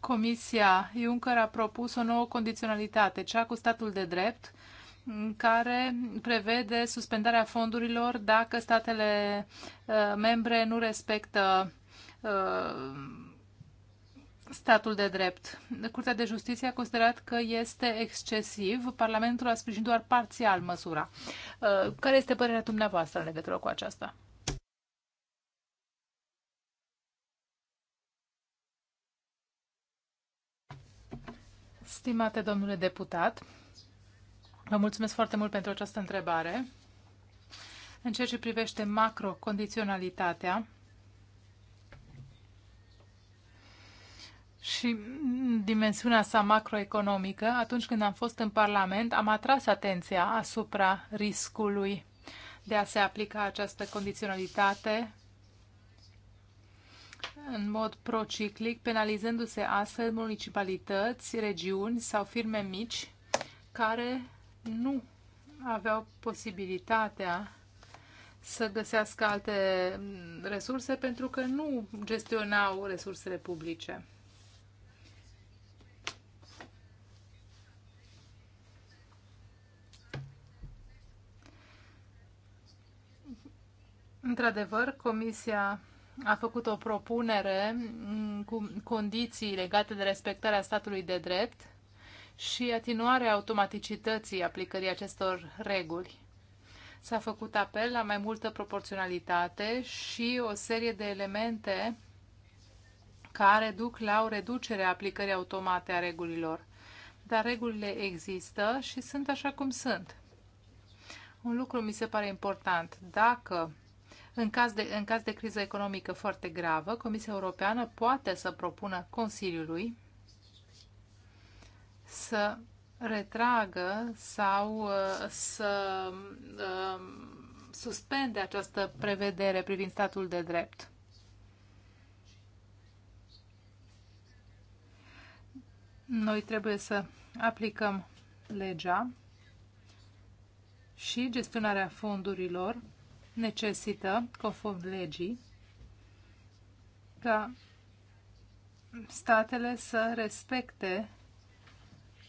Comisia Juncker a propus o nouă condiționalitate, cea cu statul de drept, care prevede suspendarea fondurilor dacă statele uh, membre nu respectă uh, statul de drept. Curtea de Justiție a considerat că este excesiv. Parlamentul a sprijinit doar parțial măsura. Uh, care este părerea dumneavoastră în legătură cu aceasta? Stimate domnule deputat, vă mulțumesc foarte mult pentru această întrebare. În ceea ce privește macrocondiționalitatea și dimensiunea sa macroeconomică, atunci când am fost în Parlament, am atras atenția asupra riscului de a se aplica această condiționalitate în mod prociclic, penalizându-se astfel municipalități, regiuni sau firme mici care nu aveau posibilitatea să găsească alte resurse pentru că nu gestionau resursele publice. Într-adevăr, Comisia a făcut o propunere mm, cu condiții legate de respectarea statului de drept și atinuarea automaticității aplicării acestor reguli. S-a făcut apel la mai multă proporționalitate și o serie de elemente care duc la o reducere a aplicării automate a regulilor. Dar regulile există și sunt așa cum sunt. Un lucru mi se pare important. Dacă în caz, de, în caz de criză economică foarte gravă, Comisia Europeană poate să propună Consiliului să retragă sau uh, să uh, suspende această prevedere privind statul de drept. Noi trebuie să aplicăm legea și gestionarea fondurilor necesită, conform legii, ca statele să respecte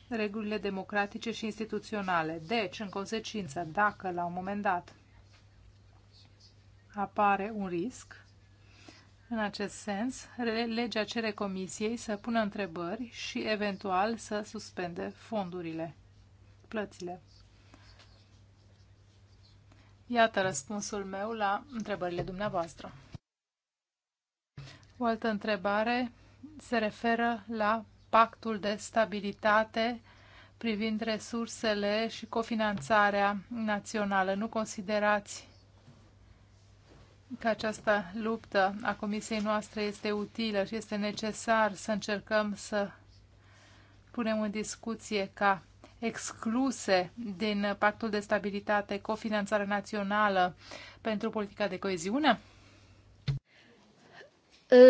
regulile democratice și instituționale. Deci, în consecință, dacă la un moment dat apare un risc, în acest sens, legea cere comisiei să pună întrebări și eventual să suspende fondurile, plățile. Iată răspunsul meu la întrebările dumneavoastră. O altă întrebare se referă la pactul de stabilitate privind resursele și cofinanțarea națională. Nu considerați că această luptă a comisiei noastre este utilă și este necesar să încercăm să punem în discuție ca excluse din Pactul de Stabilitate, cofinanțare națională pentru politica de coeziune?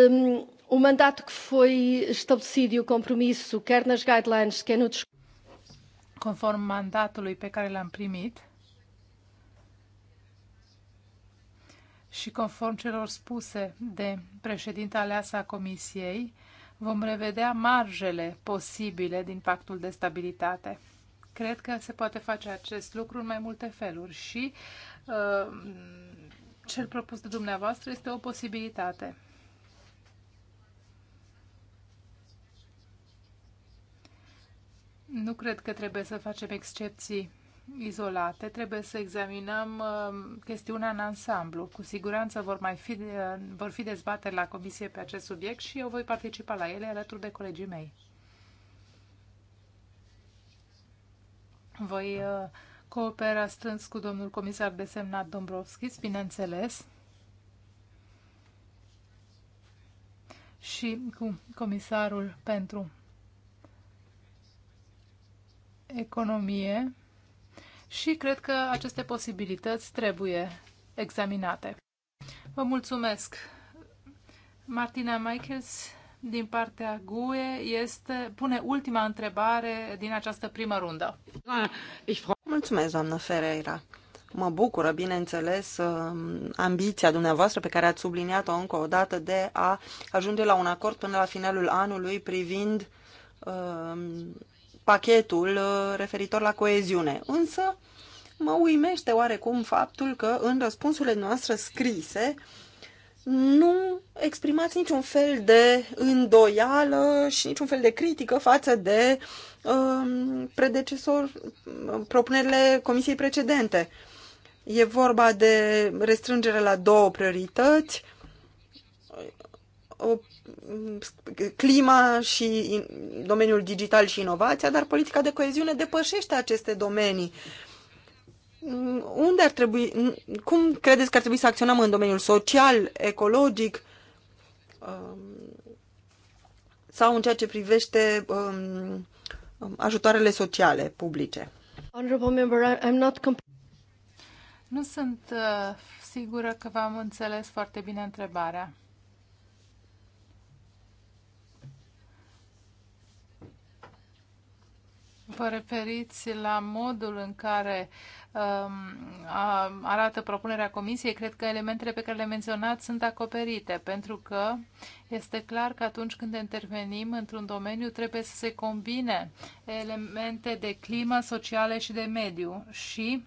Um, o mandato que foi estabelecido e o compromisso, quer nas guidelines, quer no Conform mandatului pe care l-am primit și conform celor spuse de președinta aleasă a Comisiei, vom revedea marjele posibile din pactul de stabilitate. Cred că se poate face acest lucru în mai multe feluri și uh, cel propus de dumneavoastră este o posibilitate. Nu cred că trebuie să facem excepții izolate, trebuie să examinăm uh, chestiunea în ansamblu. Cu siguranță vor, mai fi, uh, vor fi dezbateri la comisie pe acest subiect și eu voi participa la ele alături de colegii mei. Voi uh, coopera strâns cu domnul comisar desemnat Dombrovskis, bineînțeles, și cu comisarul pentru economie și cred că aceste posibilități trebuie examinate. Vă mulțumesc! Martina Michaels din partea GUE este, pune ultima întrebare din această primă rundă. Mulțumesc, doamnă Ferreira. Mă bucură, bineînțeles, um, ambiția dumneavoastră pe care ați subliniat-o încă o dată de a ajunge la un acord până la finalul anului privind um, uh, pachetul referitor la coeziune. Însă mă uimește oarecum faptul că în răspunsurile noastre scrise uh, nu exprimați niciun fel de îndoială și niciun fel de critică față de um, predecesor, um, propunerile comisiei precedente. E vorba de restrângere la două priorități, o, clima și in, domeniul digital și inovația, dar politica de coeziune depășește aceste domenii. Uh, unde ar trebui, cum credeți că ar trebui să acționăm în domeniul social, ecologic um, sau în ceea ce privește um, um, ajutoarele sociale publice? Nu sunt uh, sigură că v-am înțeles foarte bine întrebarea. vă referiți la modul în care um, arată propunerea comisiei, cred că elementele pe care le menționați sunt acoperite, pentru că este clar că atunci când intervenim într-un domeniu trebuie să se combine elemente de climă, sociale și de mediu și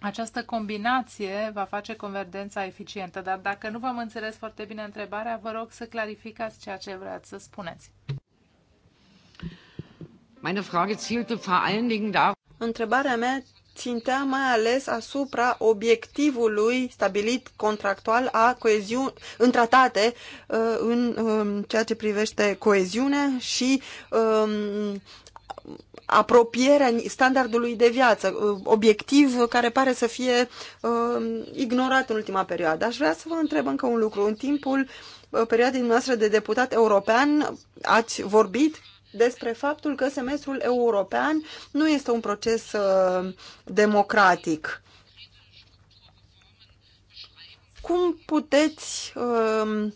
această combinație va face convergența eficientă, dar dacă nu v-am înțeles foarte bine întrebarea, vă rog să clarificați ceea ce vreați să spuneți. Meine Frage zielte vor allen Dingen darauf. Întrebarea mea țintea mai ales asupra obiectivului stabilit contractual a coeziun, în tratate uh, în um, ceea ce privește coeziunea și um, apropierea standardului de viață, uh, obiectiv care pare să fie um, ignorat în ultima perioadă. Aș vrea să vă întreb încă un lucru. În timpul uh, perioadei noastre de deputat european ați vorbit despre faptul că semestrul european nu este un proces uh, democratic. Cum puteți um,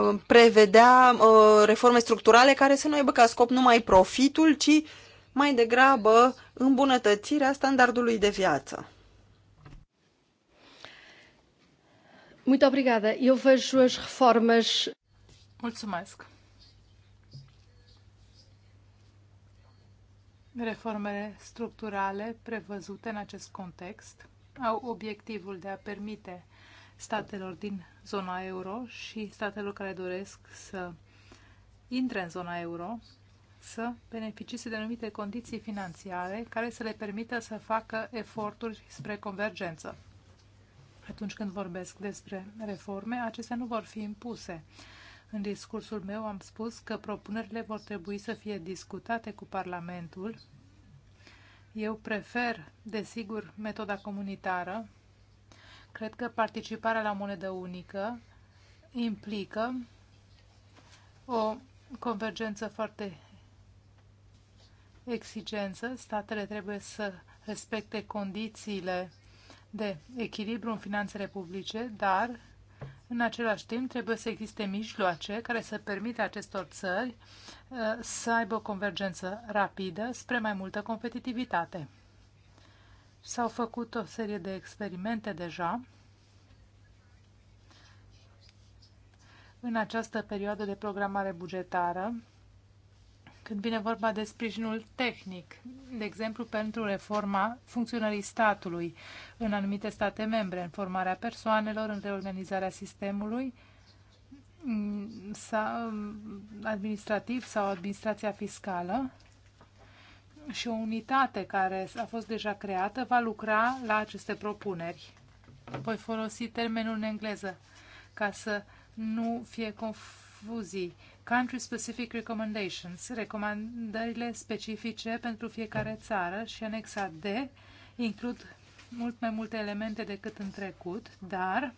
um, prevedea uh, reforme structurale care să nu aibă ca scop numai profitul, ci mai degrabă îmbunătățirea standardului de viață? Muito obrigada. Eu vejo as reformas. Mulțumesc. Reformele structurale prevăzute în acest context au obiectivul de a permite statelor din zona euro și statelor care doresc să intre în zona euro să beneficieze de anumite condiții financiare care să le permită să facă eforturi spre convergență. Atunci când vorbesc despre reforme, acestea nu vor fi impuse în discursul meu am spus că propunerile vor trebui să fie discutate cu Parlamentul. Eu prefer, desigur, metoda comunitară. Cred că participarea la monedă unică implică o convergență foarte exigență. Statele trebuie să respecte condițiile de echilibru în finanțele publice, dar în același timp, trebuie să existe mijloace care să permită acestor țări uh, să aibă o convergență rapidă spre mai multă competitivitate. S-au făcut o serie de experimente deja în această perioadă de programare bugetară când vine vorba de sprijinul tehnic, de exemplu pentru reforma funcționării statului în anumite state membre, în formarea persoanelor, în reorganizarea sistemului sau um, administrativ sau administrația fiscală și o unitate care a fost deja creată va lucra la aceste propuneri. Voi folosi termenul în engleză ca să nu fie confuzii Country-specific recommendations, recomandările specifice pentru fiecare țară și anexa D includ mult mai multe elemente decât în trecut, dar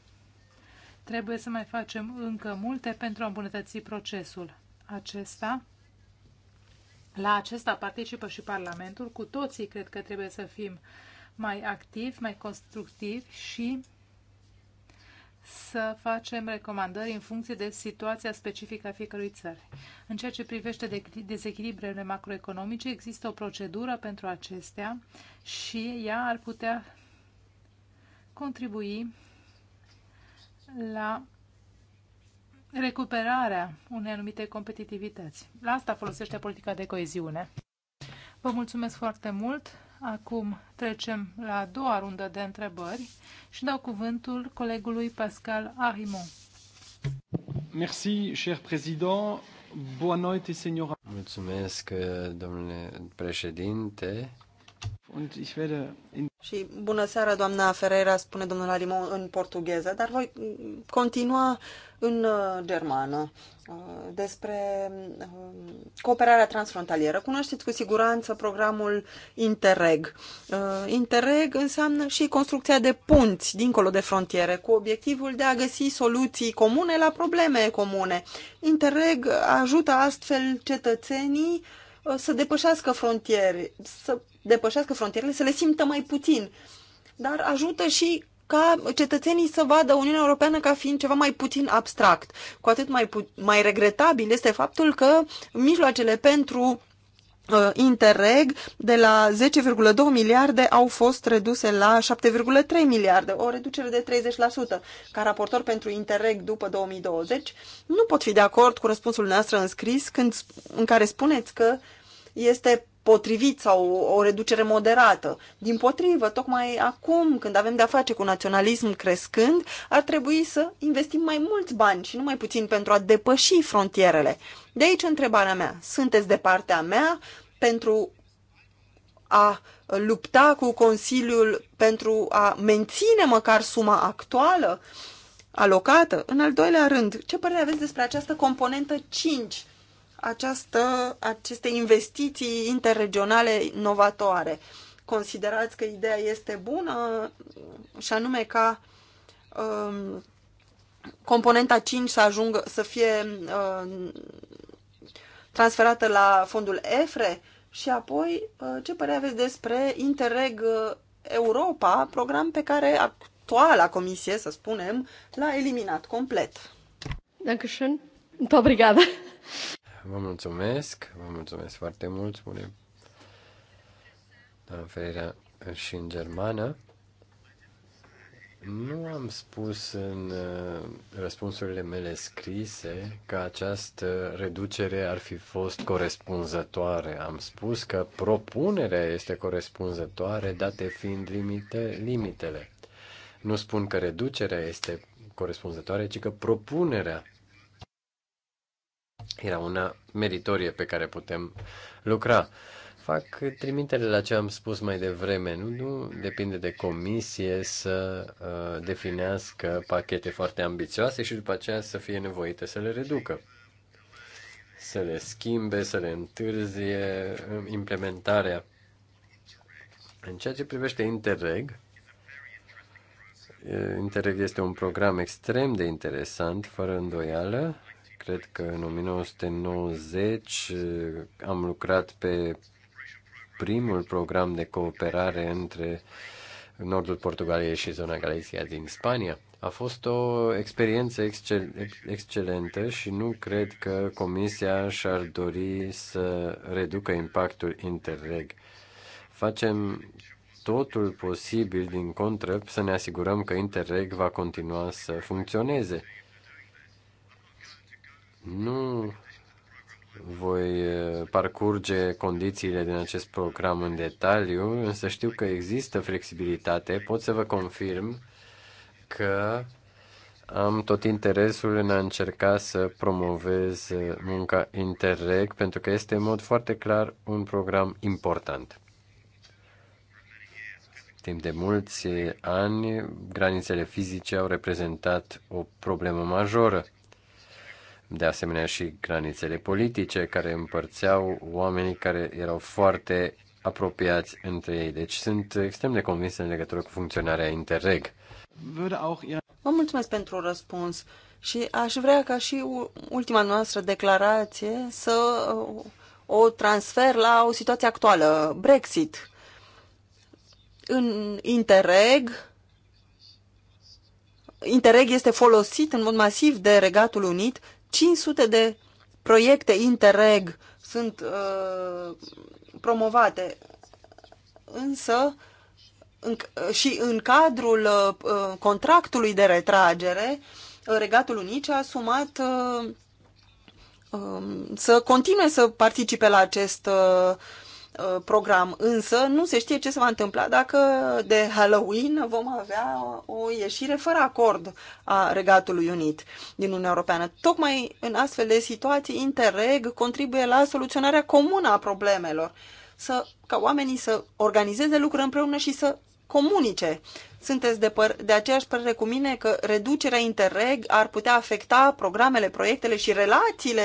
trebuie să mai facem încă multe pentru a îmbunătăți procesul acesta. La acesta participă și Parlamentul. Cu toții cred că trebuie să fim mai activi, mai constructivi și să facem recomandări în funcție de situația specifică a fiecărui țări. În ceea ce privește dezechilibrele macroeconomice, există o procedură pentru acestea și ea ar putea contribui la recuperarea unei anumite competitivități. La asta folosește politica de coeziune. Vă mulțumesc foarte mult! Acum trecem la a doua rundă de întrebări și dau cuvântul colegului Pascal Arimon. Merci, cher président. Bună noite, señora. Mulțumesc, domnule președinte. Und ich werde in... Și bună seara, doamna Ferreira, spune domnul Alimon în portugheză, dar voi continua în uh, germană uh, despre uh, cooperarea transfrontalieră. Cunoașteți cu siguranță programul Interreg. Interreg înseamnă și construcția de punți dincolo de frontiere, cu obiectivul de a găsi soluții comune la probleme comune. Interreg ajută astfel cetățenii uh, Uh, să depășească frontiere, să depășească frontierele, să le simtă mai puțin. Dar ajută și ca cetățenii să vadă Uniunea Europeană ca fiind ceva mai puțin abstract. Cu atât mai, mai regretabil este faptul că mijloacele pentru Uh, Interreg de la 10,2 miliarde au fost reduse la 7,3 miliarde, o reducere de 30%. Ca raportor pentru Interreg după 2020, nu pot fi de acord cu răspunsul noastră scris când, în care spuneți că este potrivit sau o reducere moderată. Din potrivă, tocmai acum, când avem de-a face cu naționalism crescând, ar trebui să investim mai mulți bani și nu mai puțin pentru a depăși frontierele. De aici întrebarea mea. Sunteți de partea mea pentru a lupta cu Consiliul pentru a menține măcar suma actuală alocată? În al doilea rând, ce părere aveți despre această componentă 5, această, aceste investiții interregionale inovatoare? Considerați că ideea este bună și anume ca um, componenta 5 să ajungă să fie um, transferată la fondul EFRE? Și apoi, uh, ce părere aveți despre Interreg uh, Europa, program pe care actuala comisie, să spunem, l-a eliminat complet? Dankeschön. Muito obrigada. Vă mulțumesc, vă mulțumesc foarte mult, spune Ferreira și în germană. Nu am spus în uh, răspunsurile mele scrise că această reducere ar fi fost corespunzătoare. Am spus că propunerea este corespunzătoare, date fiind limite, limitele. Nu spun că reducerea este corespunzătoare, ci că propunerea era una meritorie pe care putem lucra fac trimitere la ce am spus mai devreme. Nu, nu depinde de comisie să uh, definească pachete foarte ambițioase și după aceea să fie nevoită să le reducă, să le schimbe, să le întârzie uh, implementarea. În ceea ce privește Interreg, uh, Interreg este un program extrem de interesant, fără îndoială, cred că în 1990 uh, am lucrat pe primul program de cooperare între nordul Portugaliei și zona Galicia din Spania. A fost o experiență excel- excelentă și nu cred că Comisia și-ar dori să reducă impactul Interreg. Facem totul posibil din contră să ne asigurăm că Interreg va continua să funcționeze. Nu parcurge condițiile din acest program în detaliu, însă știu că există flexibilitate. Pot să vă confirm că am tot interesul în a încerca să promovez munca Interreg, pentru că este în mod foarte clar un program important. Timp de mulți ani, granițele fizice au reprezentat o problemă majoră de asemenea și granițele politice care împărțeau oamenii care erau foarte apropiați între ei. Deci sunt extrem de convins în legătură cu funcționarea Interreg. Vă mulțumesc pentru răspuns și aș vrea ca și ultima noastră declarație să o transfer la o situație actuală, Brexit. În Interreg, Interreg este folosit în mod masiv de Regatul Unit 500 de proiecte Interreg sunt uh, promovate, însă în, uh, și în cadrul uh, uh contractului de retragere, uh, Regatul Unice a asumat uh, um, să continue să participe la acest Uh, program, însă nu se știe ce se va întâmpla dacă de Halloween vom avea o ieșire fără acord a Regatului Unit din Uniunea Europeană. Tocmai în astfel de situații, Interreg contribuie la soluționarea comună a problemelor, să, ca oamenii să organizeze lucruri împreună și să comunice. Sunteți de, de aceeași părere cu mine că reducerea Interreg ar putea afecta programele, proiectele și relațiile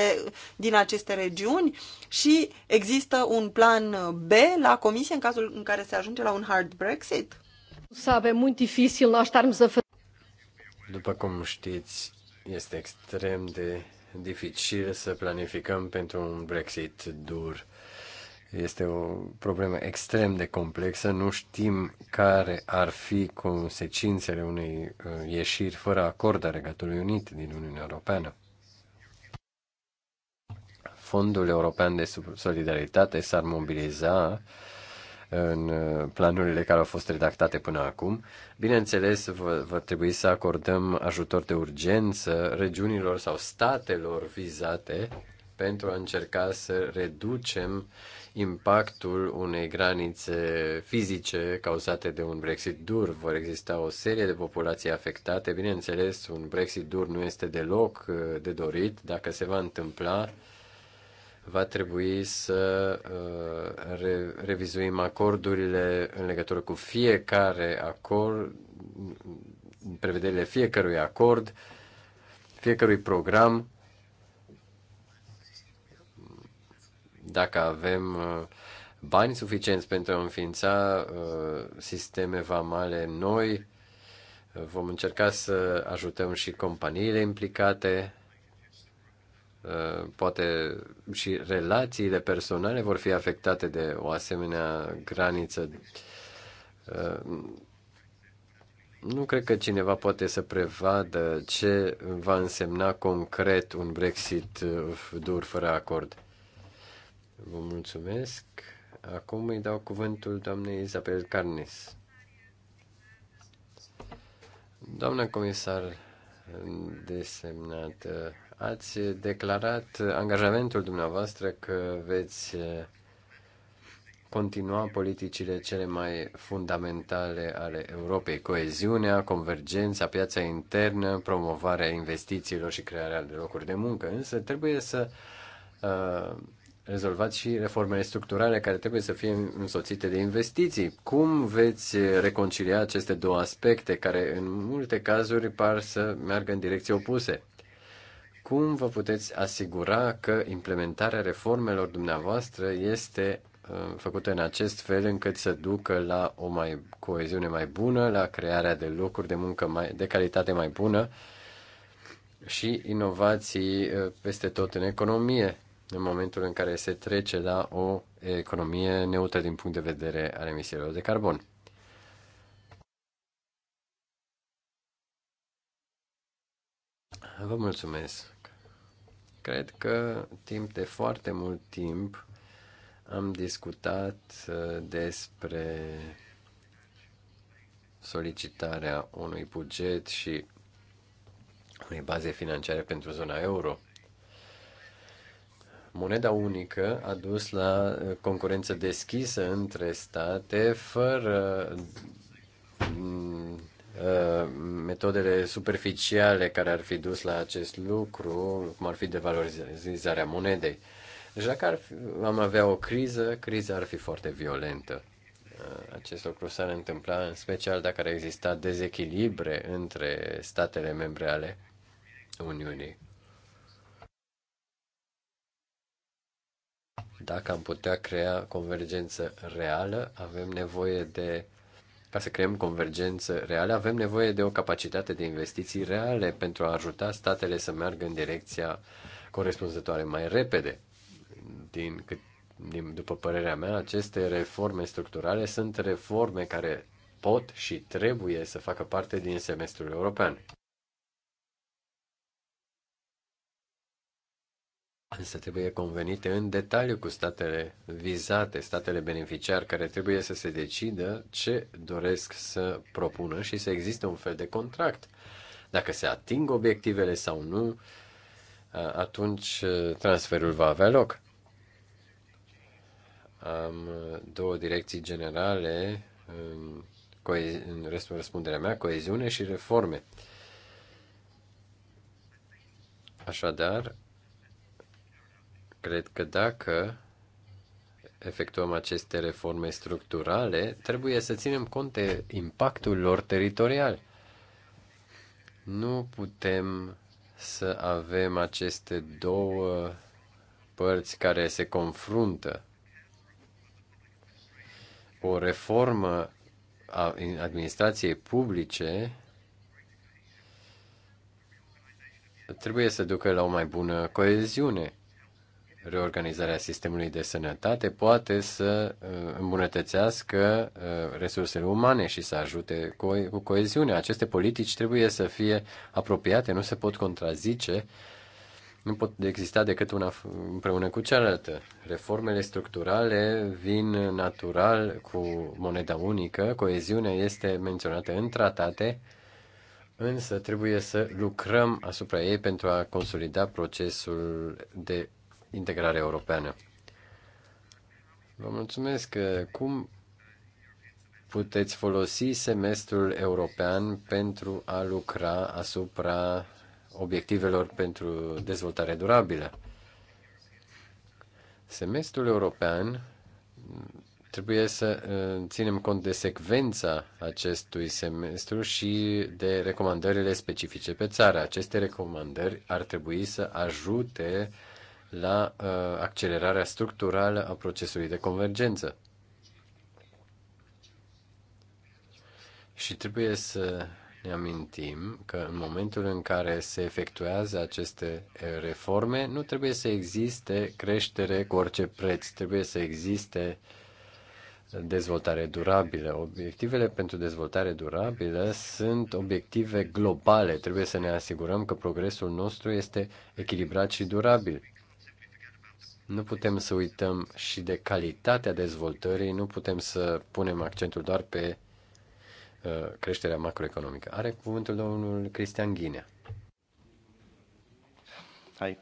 din aceste regiuni și există un plan B la Comisie în cazul în care se ajunge la un hard Brexit? Sabe, muito difícil nós estarmos a După cum știți, este extrem de dificil să planificăm pentru un Brexit dur. Este o problemă extrem de complexă, nu știm care ar fi consecințele unei uh, ieșiri fără acord a Regatului Unit din Uniunea Europeană. Fondul European de Solidaritate s-ar mobiliza în uh, planurile care au fost redactate până acum. Bineînțeles, va trebui să acordăm ajutor de urgență regiunilor sau statelor vizate pentru a încerca să reducem uh, impactul unei granițe fizice cauzate de un Brexit dur. Vor exista o serie de populații afectate. Bineînțeles, un Brexit dur nu este deloc uh, de dorit. Dacă se va întâmpla, va trebui să uh, re- revizuim acordurile în legătură cu fiecare acord, prevederile fiecărui acord, fiecărui program Dacă avem uh, bani suficienți pentru a înființa uh, sisteme vamale noi, uh, vom încerca să ajutăm și companiile implicate, poate și relațiile personale vor fi afectate de o asemenea graniță. Nu cred că cineva poate să prevadă ce va însemna concret un Brexit dur fără acord. Vă mulțumesc. Acum îi dau cuvântul doamnei Isabel Carnes. Doamna comisar desemnat, ați declarat angajamentul dumneavoastră că veți continua politicile cele mai fundamentale ale Europei, coeziunea, convergența, piața internă, promovarea investițiilor și crearea de locuri de muncă. Însă trebuie să uh, rezolvați și reformele structurale care trebuie să fie însoțite de investiții. Cum veți reconcilia aceste două aspecte care în multe cazuri par să meargă în direcții opuse? Cum vă puteți asigura că implementarea reformelor dumneavoastră este uh, făcută în acest fel încât să ducă la o mai coeziune mai bună, la crearea de locuri de muncă mai, de calitate mai bună și inovații uh, peste tot în economie, în momentul în care se trece la o economie neutră din punct de vedere al emisiilor de carbon. Vă mulțumesc. Cred că timp de foarte mult timp am discutat uh, despre solicitarea unui buget și unei baze financiare pentru zona euro. Moneda unică a dus la uh, concurență deschisă între state fără mm, uh, metodele superficiale care ar fi dus la acest lucru, cum ar fi devalorizarea monedei. Deci dacă ar fi, am avea o criză, criza ar fi foarte violentă. Uh, acest lucru s-ar întâmpla în special dacă ar exista dezechilibre între statele membre ale Uniunii. Dacă am putea crea convergență reală, avem nevoie de ca să creăm convergență reală, avem nevoie de o capacitate de investiții reale pentru a ajuta statele să meargă în direcția corespunzătoare mai repede. Din, cât, din, după părerea mea, aceste reforme structurale sunt reforme care pot și trebuie să facă parte din semestrul european. Însă trebuie convenite în detaliu cu statele vizate, statele beneficiar, care trebuie să se decidă ce doresc să propună și să existe un fel de contract. Dacă se ating obiectivele sau nu, uh, atunci uh, transferul va avea loc. Am uh, două direcții generale în, um, în restul răspunderea mea, coeziune și reforme. Așadar, Cred că dacă efectuăm aceste reforme structurale, trebuie să ținem cont de impactul lor teritorial. Nu putem să avem aceste două părți care se confruntă. O reformă a administrației publice trebuie să ducă la o mai bună coeziune reorganizarea sistemului de sănătate poate să uh, îmbunătățească uh, resursele umane și să ajute cu coeziunea. Aceste politici trebuie să fie apropiate, nu se pot contrazice, nu pot exista decât una împreună cu cealaltă. Reformele structurale vin natural cu moneda unică, coeziunea este menționată în tratate, însă trebuie să lucrăm asupra ei pentru a consolida procesul de integrare europeană. Vă mulțumesc. Cum puteți folosi semestrul european pentru a lucra asupra obiectivelor pentru dezvoltare durabilă? Semestrul european trebuie să uh, ținem cont de secvența acestui semestru și de recomandările specifice pe țară. Aceste recomandări ar trebui să ajute uh, la uh, accelerarea structurală a procesului de convergență. Și trebuie să ne amintim că în momentul în care se efectuează aceste uh, reforme, nu trebuie să existe creștere cu orice preț, trebuie să existe dezvoltare durabilă. Obiectivele pentru dezvoltare durabilă sunt obiective globale. Trebuie să ne asigurăm că progresul nostru este echilibrat și durabil. Nu putem să uităm și de calitatea dezvoltării, nu putem să punem accentul doar pe uh, creșterea macroeconomică. Are cuvântul domnul Cristian Ghinea. Hai.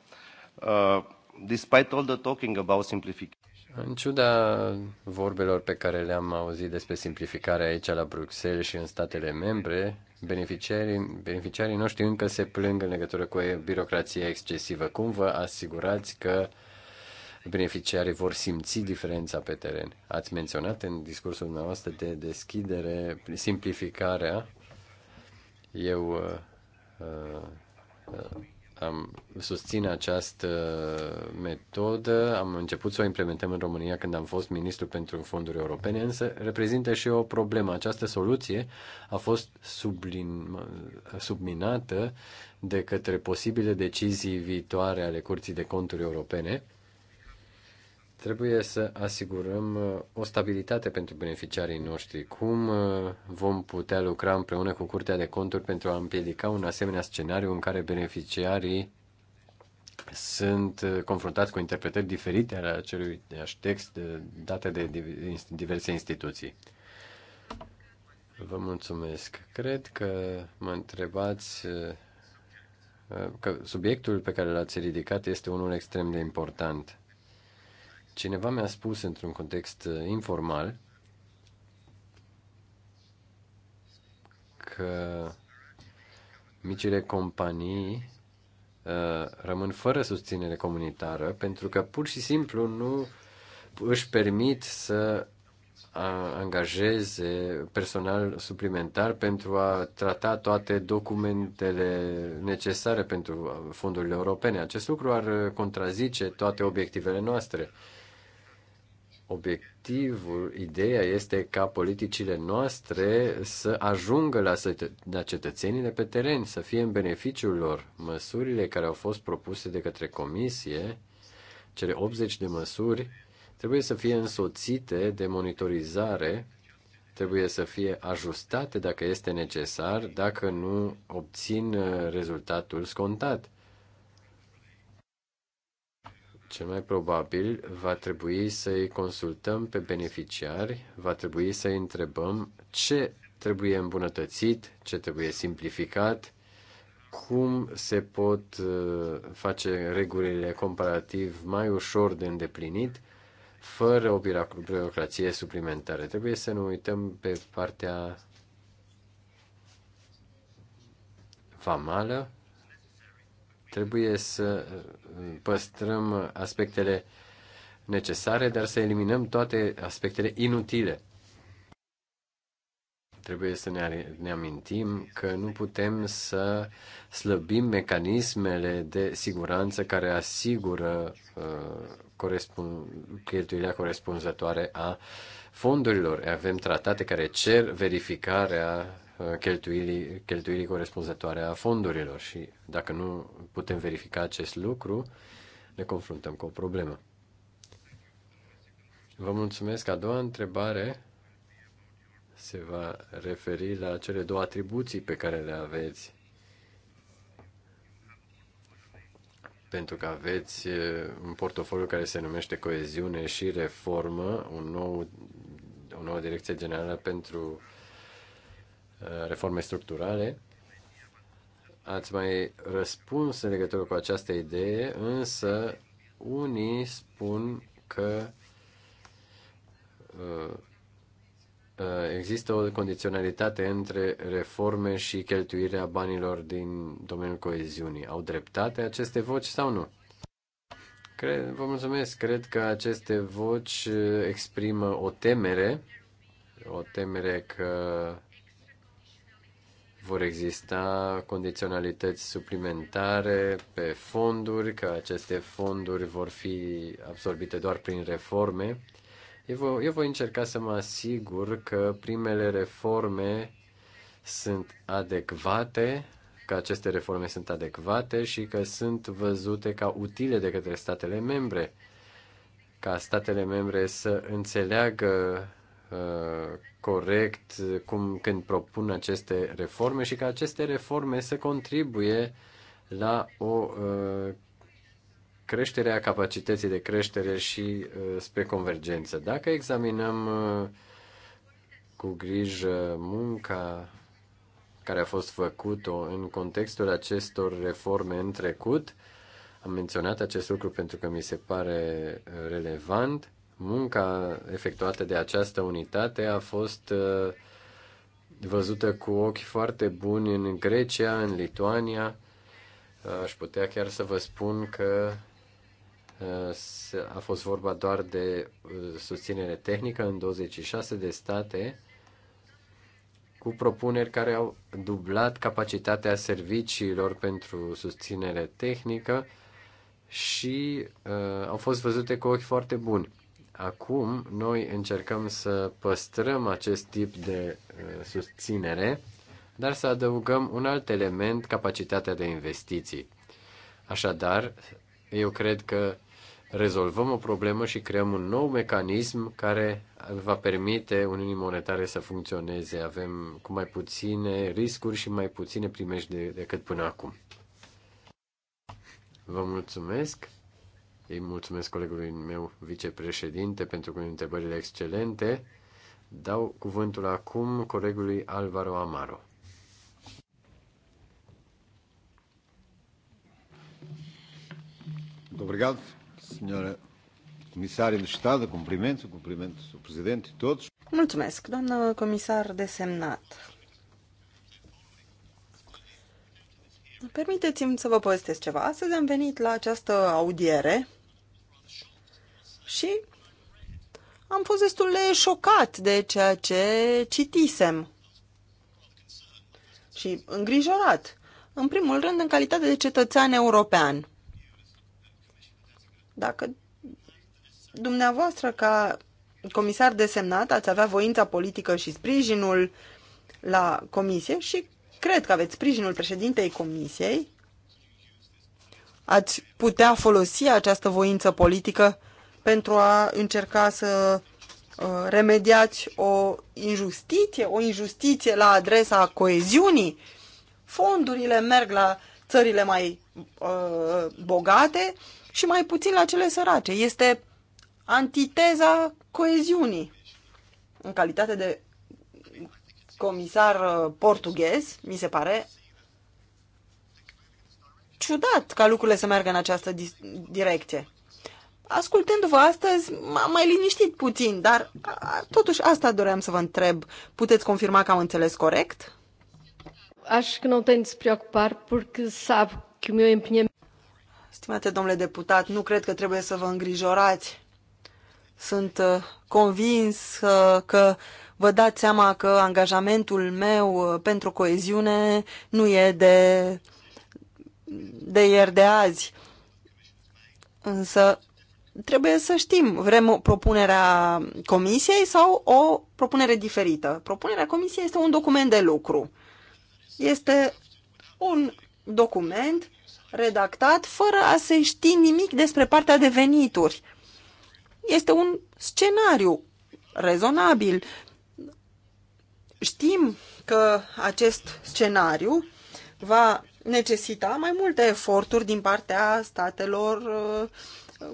Uh, despite all the talking about simplification. În ciuda vorbelor pe care le-am auzit despre simplificare aici la Bruxelles și în statele membre, beneficiarii, beneficiarii noștri încă se plâng în legătură cu birocrația excesivă. Cum vă asigurați că uh, beneficiarii vor simți diferența pe teren. Ați menționat în discursul dumneavoastră de deschidere, simplificarea. Eu uh, uh, am susțin această metodă, am început să o implementăm în România când am fost ministru pentru fonduri europene, însă reprezintă și o problemă. Această soluție a fost sublin, subminată de către posibile decizii viitoare ale Curții de Conturi Europene, Trebuie să asigurăm uh, o stabilitate pentru beneficiarii noștri. Cum uh, vom putea lucra împreună cu Curtea de Conturi pentru a împiedica un asemenea scenariu în care beneficiarii sunt uh, confruntați cu interpretări diferite ale acelui text date de diverse instituții? Vă mulțumesc. Cred că mă întrebați că subiectul pe care l-ați ridicat este unul extrem de important. Cineva mi-a spus într-un context uh, informal că micile companii uh, rămân fără susținere comunitară pentru că pur și simplu nu își permit să angajeze personal suplimentar pentru a trata toate documentele necesare pentru uh, fondurile europene. Acest lucru ar contrazice toate obiectivele noastre obiectivul, ideea este ca politicile noastre să ajungă la, la cetățenile pe teren, să fie în beneficiul lor. Măsurile care au fost propuse de către comisie, cele 80 de măsuri, trebuie să fie însoțite de monitorizare, trebuie să fie ajustate dacă este necesar, dacă nu obțin uh, rezultatul scontat. Cel mai probabil va trebui să-i consultăm pe beneficiari, va trebui să-i întrebăm ce trebuie îmbunătățit, ce trebuie simplificat, cum se pot uh, face regulile comparativ mai ușor de îndeplinit, fără o birocrație suplimentară. Trebuie să nu uităm pe partea vamală Trebuie să uh, păstrăm aspectele necesare, dar să eliminăm toate aspectele inutile. Trebuie să ne, ne amintim că nu putem să slăbim mecanismele de siguranță care asigură uh, corespund, cheltuirea corespunzătoare a fondurilor. Avem tratate care cer verificarea cheltuirii, cheltuirii corespunzătoare a fondurilor și dacă nu putem verifica acest lucru, ne confruntăm cu o problemă. Vă mulțumesc. A doua întrebare se va referi la cele două atribuții pe care le aveți. Pentru că aveți un portofoliu care se numește coeziune și reformă, un nou, o nouă direcție generală pentru uh, Uh, reforme structurale. Ați mai răspuns în legătură cu această idee, însă unii spun că uh, uh, există o condiționalitate între reforme și cheltuirea banilor din domeniul coeziunii. Au dreptate aceste voci sau nu? Cred, vă mulțumesc. Cred că aceste voci exprimă o temere, o temere că vor exista condiționalități suplimentare pe fonduri, că aceste fonduri vor fi absorbite doar prin reforme. Eu voi, eu voi încerca să mă asigur că primele reforme sunt adecvate, că aceste reforme sunt adecvate și că sunt văzute ca utile de către statele membre, ca statele membre să înțeleagă Uh, corect uh, cum, când propun aceste reforme și ca aceste reforme să contribuie la o uh, creștere a capacității de creștere și spre convergență. Dacă examinăm cu grijă munca care a fost făcută în contextul acestor reforme în trecut, am menționat acest lucru pentru că mi se pare relevant, Munca efectuată de această unitate a fost uh, văzută cu ochi foarte buni în Grecia, în Lituania. Uh, aș putea chiar să vă spun că uh, a fost vorba doar de susținere tehnică în 26 de state cu propuneri care au dublat capacitatea serviciilor pentru susținere tehnică și uh, au fost văzute cu ochi foarte buni. Acum noi încercăm să păstrăm acest tip de uh, susținere, dar să adăugăm un alt element, capacitatea de investiții. Așadar, eu cred că rezolvăm o problemă și creăm un nou mecanism care va permite Uniunii Monetare să funcționeze. Avem cu mai puține riscuri și mai puține primești decât până acum. Vă mulțumesc. Îi mulțumesc colegului meu vicepreședinte pentru întrebările excelente. Dau cuvântul acum colegului Alvaro Amaro. Obrigado, senhora comissária do Estado, cumprimento, cumprimento o presidente e todos. Mulțumesc, doamnă comisar Semnat. Permiteți-mi să vă povestesc ceva. Astăzi am venit la această audiere și am fost destul de șocat de ceea ce citisem și îngrijorat. În primul rând, în calitate de cetățean european. Dacă dumneavoastră, ca comisar desemnat, ați avea voința politică și sprijinul la comisie și cred că aveți sprijinul președintei comisiei, ați putea folosi această voință politică pentru a încerca să uh, remediați o injustiție, o injustiție la adresa coeziunii. Fondurile merg la țările mai uh, bogate și mai puțin la cele sărace. Este antiteza coeziunii. În calitate de comisar uh, portughez, mi se pare ciudat ca lucrurile să meargă în această direcție. Ascultându-vă astăzi, m-am mai liniștit puțin, dar totuși asta doream să vă întreb. Puteți confirma că am înțeles corect? Acho que não tem de se preocupar porque sabe que o meu empenhamento. Stimate domnule deputat, nu cred că trebuie să vă îngrijorați. Sunt uh, convins uh, că vă dați seama că angajamentul meu uh, pentru coeziune nu e de, de ieri de azi. Însă trebuie să știm, vrem propunerea comisiei sau o propunere diferită? Propunerea comisiei este un document de lucru. Este un document redactat fără a se ști nimic despre partea de venituri. Este un scenariu rezonabil. Știm că acest scenariu va necesita mai multe eforturi din partea statelor uh,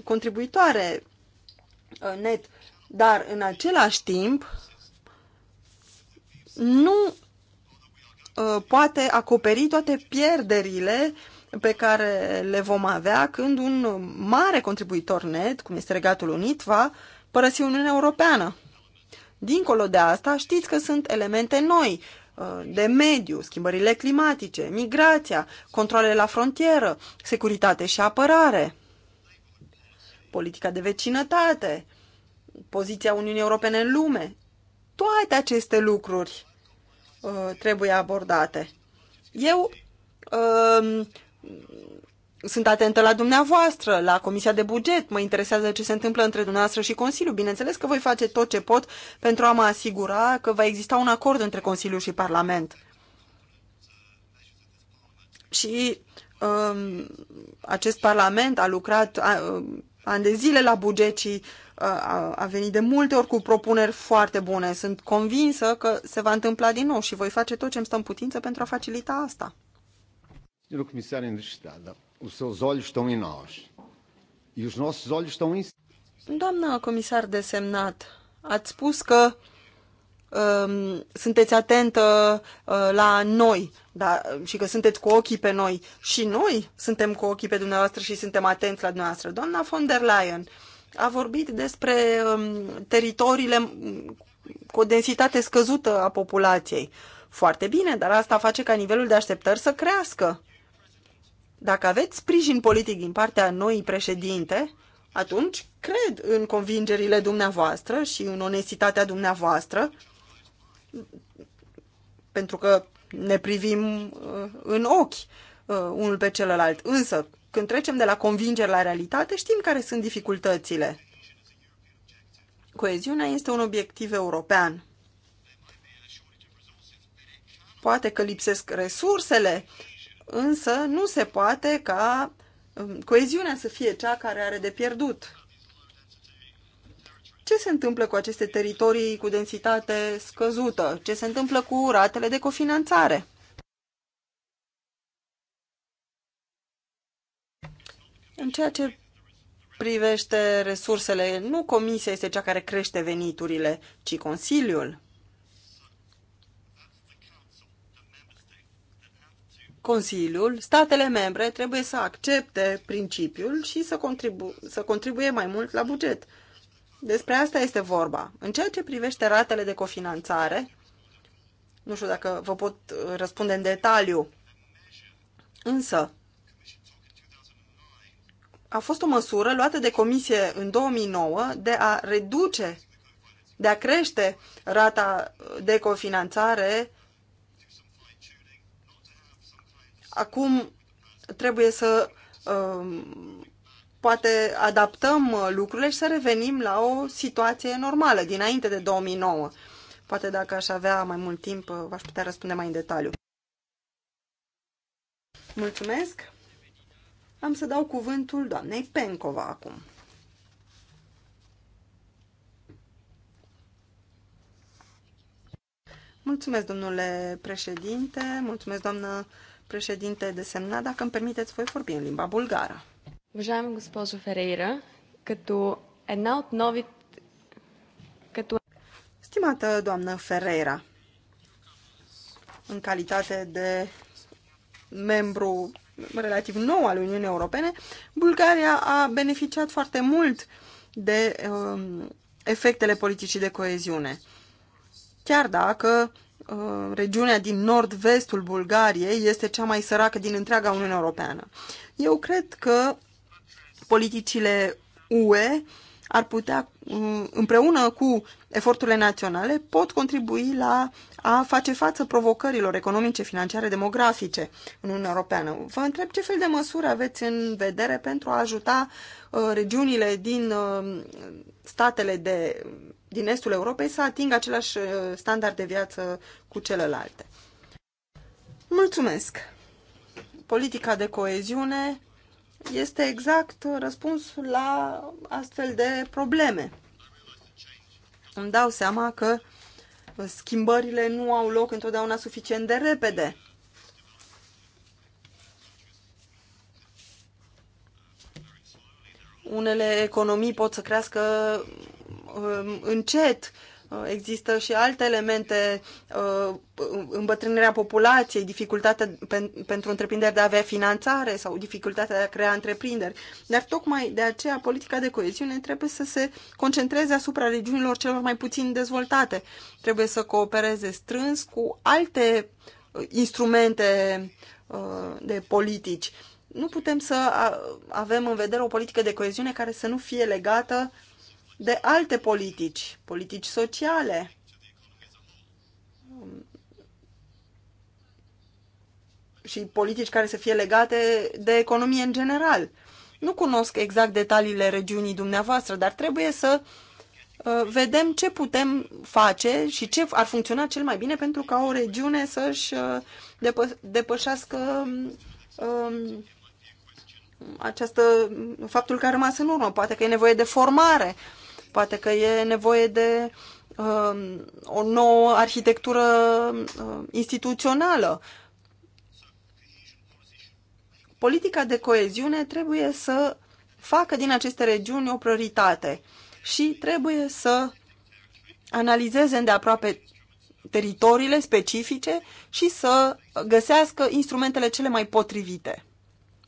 contribuitoare uh, net, dar în același timp nu uh, poate acoperi toate pierderile pe care le vom avea când un mare contribuitor net, cum este Regatul Unit, va părăsi Uniunea Europeană. Dincolo de asta, știți că sunt elemente noi uh, de mediu, schimbările climatice, migrația, controle la frontieră, securitate și apărare politica de vecinătate, poziția Uniunii Europene în lume. Toate aceste lucruri uh, trebuie abordate. Eu uh, sunt atentă la dumneavoastră, la Comisia de Buget, mă interesează ce se întâmplă între dumneavoastră și Consiliu. Bineînțeles că voi face tot ce pot pentru a mă asigura că va exista un acord între Consiliu și Parlament. Și um, acest Parlament a lucrat uh, ani de zile la buget și uh, a venit de multe ori cu propuneri foarte bune. Sunt convinsă că se va întâmpla din nou și voi face tot ce îmi stă în putință pentru a facilita asta. Senhor Comissário Enrichada, os seus olhos estão em nós e os nossos olhos estão em... Doamna comisar desemnat, ați spus că Um, sunteți atentă uh, la noi da, și că sunteți cu ochii pe noi. Și noi suntem cu ochii pe dumneavoastră și suntem atenți la dumneavoastră. Doamna von der Leyen a vorbit despre um, teritoriile cu o densitate scăzută a populației. Foarte bine, dar asta face ca nivelul de așteptări să crească. Dacă aveți sprijin politic din partea noii președinte, atunci cred în convingerile dumneavoastră și în onestitatea dumneavoastră pentru că ne privim uh, în ochi uh, unul pe celălalt. Însă, când trecem de la convingere la realitate, știm care sunt dificultățile. Coeziunea este un obiectiv european. Poate că lipsesc resursele, însă nu se poate ca um, coeziunea să fie cea care are de pierdut. Ce se întâmplă cu aceste teritorii cu densitate scăzută? Ce se întâmplă cu ratele de cofinanțare? În ceea ce privește resursele, nu comisia este cea care crește veniturile, ci Consiliul. Consiliul, statele membre trebuie să accepte principiul și să, contribu- să contribuie mai mult la buget. Despre asta este vorba. În ceea ce privește ratele de cofinanțare, nu știu dacă vă pot răspunde în detaliu, însă a fost o măsură luată de comisie în 2009 de a reduce, de a crește rata de cofinanțare. Acum trebuie să um, poate adaptăm uh, lucrurile și să revenim la o situație normală dinainte de 2009. Poate dacă aș avea mai mult timp, uh, v-aș putea răspunde mai în detaliu. Mulțumesc! Am să dau cuvântul doamnei Pencova acum. Mulțumesc, domnule președinte, mulțumesc, doamnă președinte semnat. Dacă îmi permiteți, voi vorbi în limba bulgară. Уважаема госпожо Ферейра, като една от новите... Като... Стимата doamnă Ferreira, în calitate de membru relativ nou al Uniunii Europene, Bulgaria a beneficiat foarte mult de um, efectele politicii de coeziune. Chiar dacă um, regiunea din nord-vestul Bulgariei este cea mai săracă din întreaga Uniune Europeană. Eu cred că politicile UE ar putea, um, împreună cu eforturile naționale, pot contribui la a face față provocărilor economice, financiare, demografice în Uniunea Europeană. Vă întreb ce fel de măsuri aveți în vedere pentru a ajuta uh, regiunile din uh, statele de, din estul Europei să atingă același uh, standard de viață cu celelalte. Mulțumesc! Politica de coeziune este exact răspunsul la astfel de probleme. Îmi dau seama că schimbările nu au loc întotdeauna suficient de repede. Unele economii pot să crească um, încet, Uh, există și alte elemente, uh, îmbătrânirea populației, dificultatea pentru întreprinderi de a avea finanțare sau dificultatea de a crea întreprinderi. Dar tocmai de aceea politica de coeziune trebuie să se concentreze asupra regiunilor celor mai puțin dezvoltate. Trebuie să coopereze strâns cu alte uh, instrumente de politici. Nu putem să avem în vedere o politică de coeziune care să nu fie legată de alte politici, politici sociale. și politici care să fie legate de economie în general. Nu cunosc exact detaliile regiunii dumneavoastră, dar trebuie să uh, vedem ce putem face și ce ar funcționa cel mai bine pentru ca o regiune să-și uh, depă- depășească um, această, faptul că a rămas în urmă. Poate că e nevoie de formare, Poate că e nevoie de uh, o nouă arhitectură uh, instituțională. Politica de coeziune trebuie să facă din aceste regiuni o prioritate și trebuie să analizeze îndeaproape teritoriile specifice și să găsească instrumentele cele mai potrivite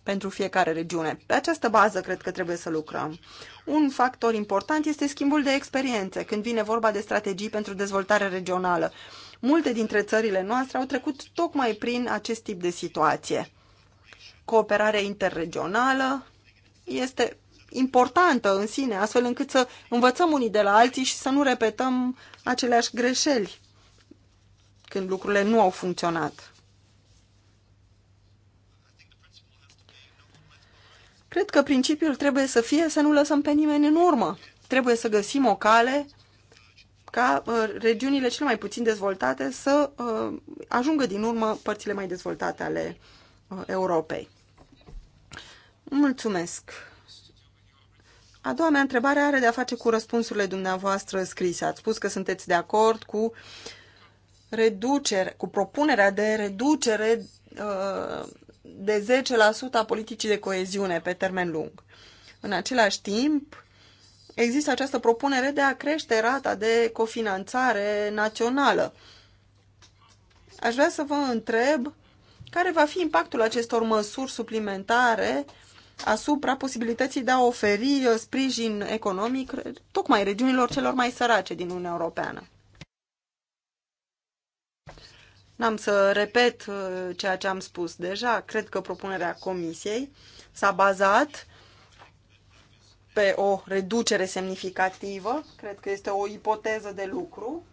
pentru fiecare regiune. Pe această bază cred că trebuie să lucrăm. Un factor important este schimbul de experiențe când vine vorba de strategii pentru dezvoltare regională. Multe dintre țările noastre au trecut tocmai prin acest tip de situație. Cooperarea interregională este importantă în sine, astfel încât să învățăm unii de la alții și să nu repetăm aceleași greșeli când lucrurile nu au funcționat. Cred că principiul trebuie să fie să nu lăsăm pe nimeni în urmă. Trebuie să găsim o cale ca uh, regiunile cele mai puțin dezvoltate să uh, ajungă din urmă părțile mai dezvoltate ale uh, Europei. Mulțumesc! A doua mea întrebare are de a face cu răspunsurile dumneavoastră scrise. Ați spus că sunteți de acord cu reducere, cu propunerea de reducere uh, de 10% a politicii de coeziune pe termen lung. În același timp, există această propunere de a crește rata de cofinanțare națională. Aș vrea să vă întreb care va fi impactul acestor măsuri suplimentare asupra posibilității de a oferi sprijin economic tocmai regiunilor celor mai sărace din Uniunea Europeană. N-am să repet uh, ceea ce am spus deja. Cred că propunerea comisiei s-a bazat pe o reducere semnificativă. Cred că este o ipoteză de lucru.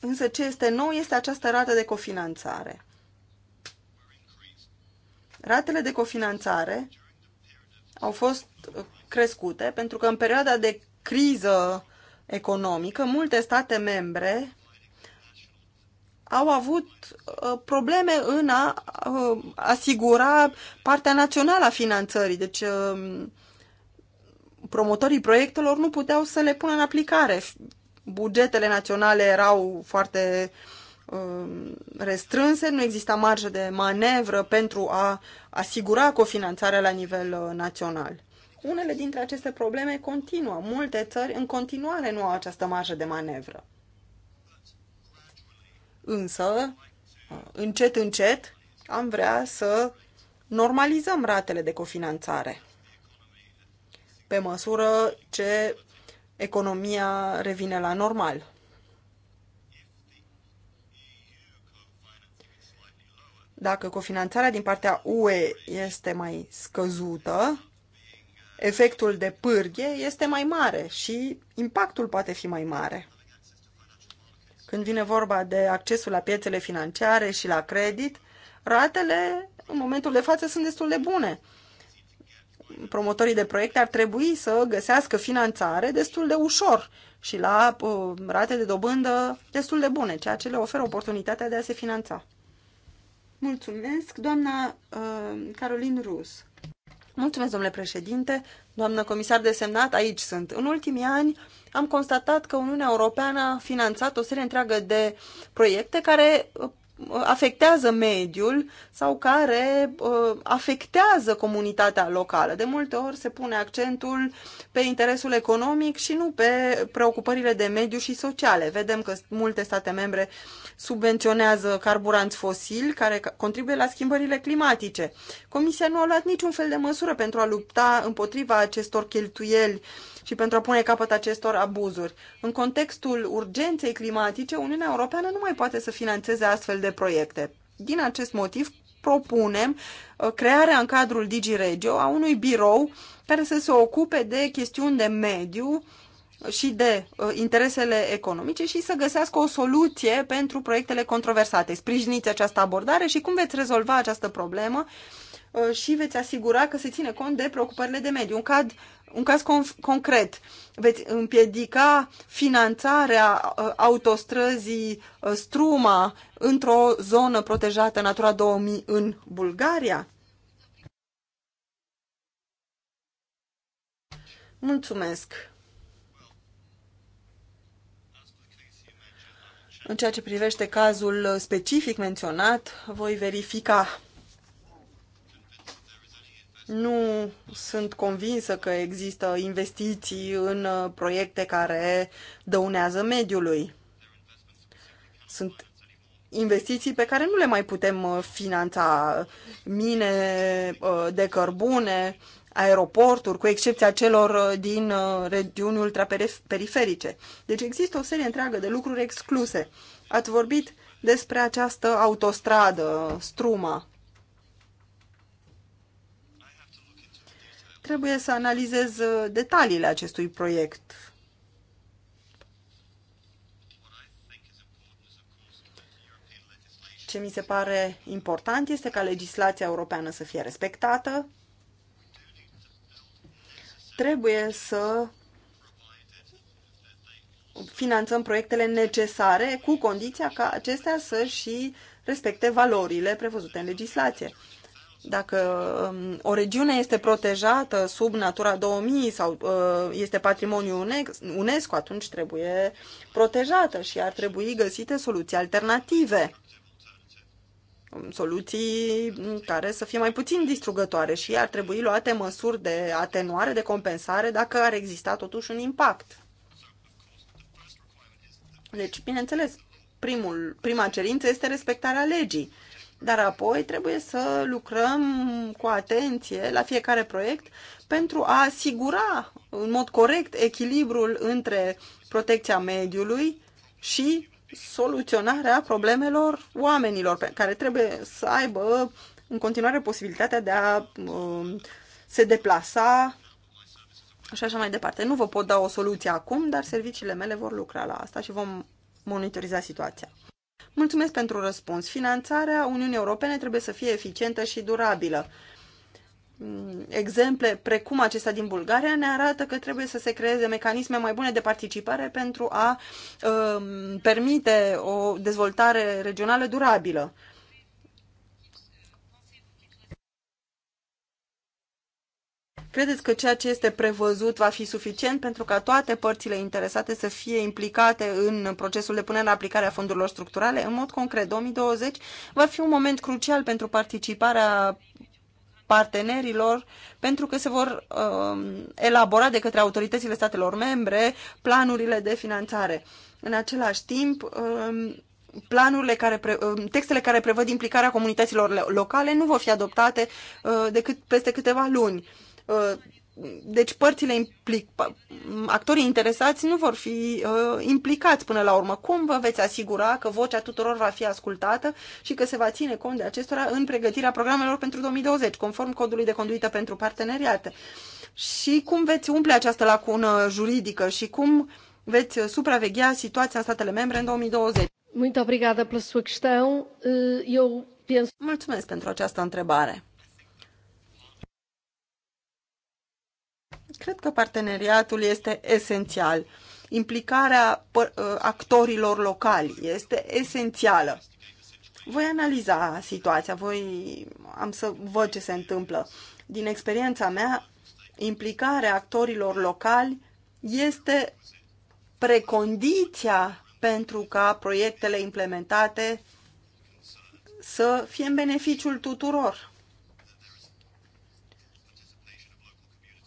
Însă ce este nou este această rată de cofinanțare. Ratele de cofinanțare au fost uh, crescute pentru că în perioada de criză economică, multe state membre au avut uh, probleme în a uh, asigura partea națională a finanțării. Deci um, promotorii proiectelor nu puteau să le pună în aplicare. Bugetele naționale erau foarte um, restrânse, nu exista marjă de manevră pentru a asigura cofinanțarea la nivel uh, național. Unele dintre aceste probleme continuă. Multe țări în continuare nu au această marjă de manevră. Însă, încet, încet, am vrea să normalizăm ratele de cofinanțare pe măsură ce economia revine la normal. Dacă cofinanțarea din partea UE este mai scăzută, efectul de pârghie este mai mare și impactul poate fi mai mare. Când vine vorba de accesul la piețele financiare și la credit, ratele în momentul de față sunt destul de bune. Promotorii de proiecte ar trebui să găsească finanțare destul de ușor și la uh, rate de dobândă destul de bune, ceea ce le oferă oportunitatea de a se finanța. Mulțumesc, doamna uh, Caroline Rus. Mulțumesc, domnule președinte, doamnă comisar desemnat, aici sunt. În ultimii ani am constatat că Uniunea Europeană a finanțat o serie întreagă de proiecte care afectează mediul sau care uh, afectează comunitatea locală. De multe ori se pune accentul pe interesul economic și nu pe preocupările de mediu și sociale. Vedem că multe state membre subvenționează carburanți fosili care contribuie la schimbările climatice. Comisia nu a luat niciun fel de măsură pentru a lupta împotriva acestor cheltuieli și pentru a pune capăt acestor abuzuri. În contextul urgenței climatice, Uniunea Europeană nu mai poate să financeze astfel de proiecte. Din acest motiv, propunem uh, crearea în cadrul DigiRegio a unui birou care să se ocupe de chestiuni de mediu și de uh, interesele economice și să găsească o soluție pentru proiectele controversate. Sprijiniți această abordare și cum veți rezolva această problemă uh, și veți asigura că se ține cont de preocupările de mediu. Un, cad, un caz concret. Veți împiedica finanțarea uh, autostrăzii uh, Struma într-o zonă protejată Natura 2000 în Bulgaria? Mulțumesc! În ceea ce privește cazul specific menționat, voi verifica nu sunt convinsă că există investiții în uh, proiecte care dăunează mediului. Sunt investiții pe care nu le mai putem uh, finanța. Mine uh, de cărbune, aeroporturi, cu excepția celor din regiuni ultraperiferice. Deci există o serie întreagă de lucruri excluse. Ați vorbit despre această autostradă, Struma. Trebuie să analizez uh, detaliile acestui proiect. Ce mi se pare important este ca legislația europeană să fie respectată. Trebuie să finanțăm proiectele necesare cu condiția ca acestea să și respecte valorile prevăzute în legislație dacă um, o regiune este protejată sub Natura 2000 sau uh, este patrimoniu UNESCO, atunci trebuie protejată și ar trebui găsite soluții alternative. Um, soluții um, care să fie mai puțin distrugătoare și ar trebui luate măsuri de atenuare, de compensare, dacă ar exista totuși un impact. Deci, bineînțeles, primul, prima cerință este respectarea legii dar apoi trebuie să lucrăm cu atenție la fiecare proiect pentru a asigura în mod corect echilibrul între protecția mediului și soluționarea problemelor oamenilor, care trebuie să aibă în continuare posibilitatea de a um, se deplasa și așa mai departe. Nu vă pot da o soluție acum, dar serviciile mele vor lucra la asta și vom monitoriza situația. Mulțumesc pentru răspuns. Finanțarea Uniunii Europene trebuie să fie eficientă și durabilă. Mm, exemple precum acesta din Bulgaria ne arată că trebuie să se creeze mecanisme mai bune de participare pentru a uh, permite o dezvoltare regională durabilă. Credeți că ceea ce este prevăzut va fi suficient pentru ca toate părțile interesate să fie implicate în procesul de punere în aplicare a fondurilor structurale? În mod concret, 2020 va fi un moment crucial pentru participarea partenerilor, pentru că se vor uh, elabora de către autoritățile statelor membre planurile de finanțare. În același timp, uh, planurile care pre, um, textele care prevăd implicarea comunităților locale nu vor fi adoptate uh, decât peste câteva luni. Uh, deci părțile implic, actorii interesați nu vor fi uh, implicați până la urmă. Cum vă veți asigura că vocea tuturor va fi ascultată și că se va ține cont de acestora în pregătirea programelor pentru 2020, conform codului de conduită pentru parteneriate? Și cum veți umple această lacună juridică și cum veți supraveghea situația în statele membre în 2020? Eh, Mulțumesc pentru această întrebare. Cred că parteneriatul este esențial. Implicarea ă, actorilor locali este esențială. Voi analiza situația, voi am să văd ce se întâmplă. Din experiența mea, implicarea actorilor locali este precondiția pentru ca proiectele implementate să fie în beneficiul tuturor.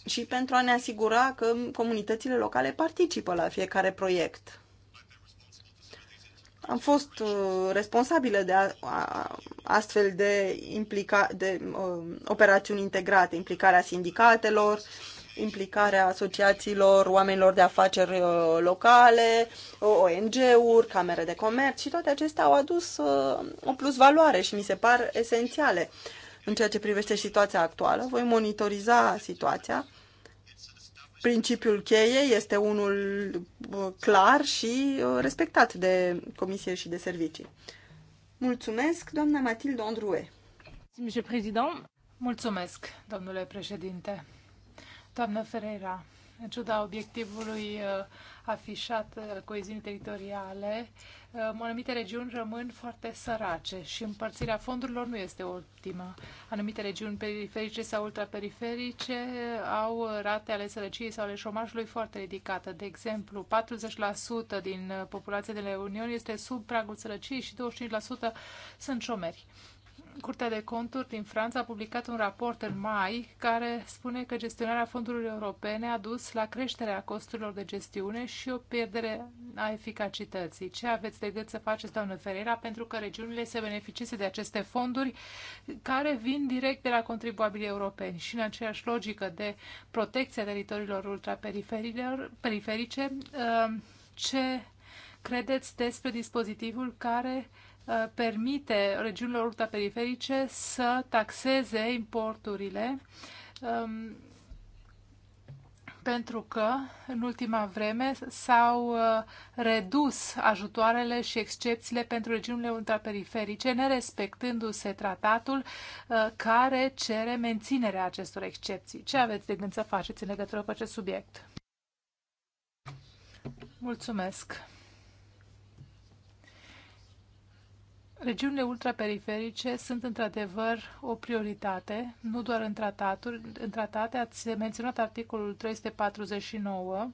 și pentru a ne asigura că comunitățile locale participă la fiecare proiect. Am fost uh, responsabile de a, a, astfel de, implica, de uh, operațiuni integrate, implicarea sindicatelor, implicarea asociațiilor, oamenilor de afaceri uh, locale, ONG-uri, camere de comerț și toate acestea au adus uh, o plus valoare și mi se par esențiale. În ceea ce privește situația actuală, voi monitoriza situația principiul cheie este unul uh, clar și uh, respectat de Comisie și de servicii. Mulțumesc, doamna Matilde Andrue. Monsieur Président. Mulțumesc, domnule președinte. Doamnă Ferreira, în ciuda obiectivului uh, afișat coeziunii teritoriale, anumite regiuni rămân foarte sărace și împărțirea fondurilor nu este optimă. Anumite regiuni periferice sau ultraperiferice au rate ale sărăciei sau ale șomajului foarte ridicate. De exemplu, 40% din populația de la Uniune este sub pragul sărăciei și 25% sunt șomeri. Curtea de Conturi din Franța a publicat un raport în mai care spune că gestionarea fondurilor europene a dus la creșterea costurilor de gestiune și o pierdere a eficacității. Ce aveți de gând să faceți, doamnă Ferreira, pentru că regiunile se beneficieze de aceste fonduri care vin direct de la contribuabilii europeni și în aceeași logică de protecția teritoriilor ultraperiferice, ă, ce credeți despre dispozitivul care Uh, permite regiunilor ultraperiferice să taxeze importurile um, pentru că în ultima vreme s-au uh, redus ajutoarele și excepțiile pentru regiunile ultraperiferice, nerespectându-se tratatul uh, care cere menținerea acestor excepții. Ce aveți de gând să faceți în legătură cu acest subiect? Mulțumesc! Regiunile ultraperiferice sunt într-adevăr o prioritate, nu doar în, trataturi, în tratate. Ați menționat articolul 349.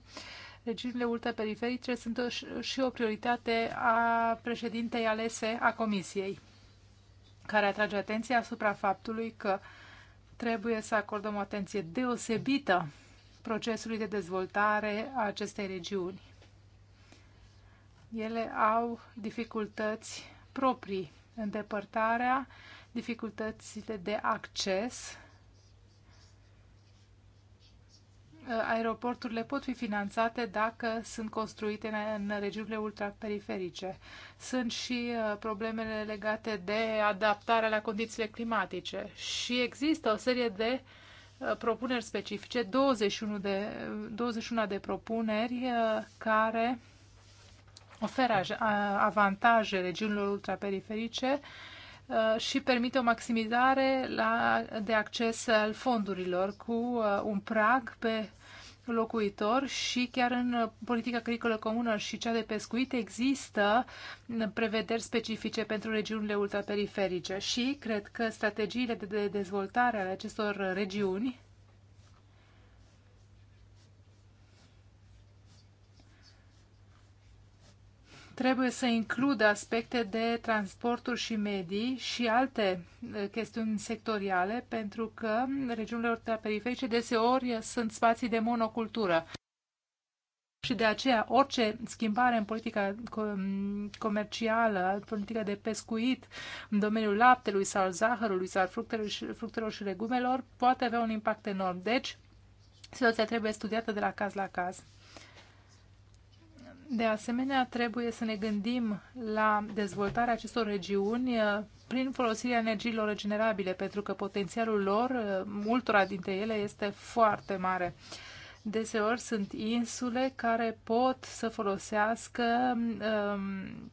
Regiunile ultraperiferice sunt și o prioritate a președintei alese a Comisiei, care atrage atenția asupra faptului că trebuie să acordăm o atenție deosebită procesului de dezvoltare a acestei regiuni. Ele au dificultăți proprii, îndepărtarea, dificultățile de acces. Uh, aeroporturile pot fi finanțate dacă sunt construite în, regiunile ultraperiferice. Sunt și uh, problemele legate de adaptarea la condițiile climatice și există o serie de uh, propuneri specifice, 21 de, 21 de propuneri care oferă avantaje regiunilor ultraperiferice uh, și permite o maximizare la, de acces al fondurilor cu uh, un prag pe locuitor și chiar în uh, politica agricolă comună și cea de pescuit există prevederi specifice pentru regiunile ultraperiferice și cred că strategiile de dezvoltare ale acestor regiuni trebuie să includă aspecte de transporturi și medii și alte chestiuni sectoriale, pentru că regiunile ultraperiferice deseori sunt spații de monocultură. Și de aceea orice schimbare în politica comercială, politica de pescuit în domeniul laptelui sau zahărului sau fructelor și, fructelor și legumelor poate avea un impact enorm. Deci, situația trebuie studiată de la caz la caz. De asemenea, trebuie să ne gândim la dezvoltarea acestor regiuni uh, prin folosirea energiilor regenerabile, pentru că potențialul lor, uh, multora dintre ele, este foarte mare. Deseori sunt insule care pot să folosească um,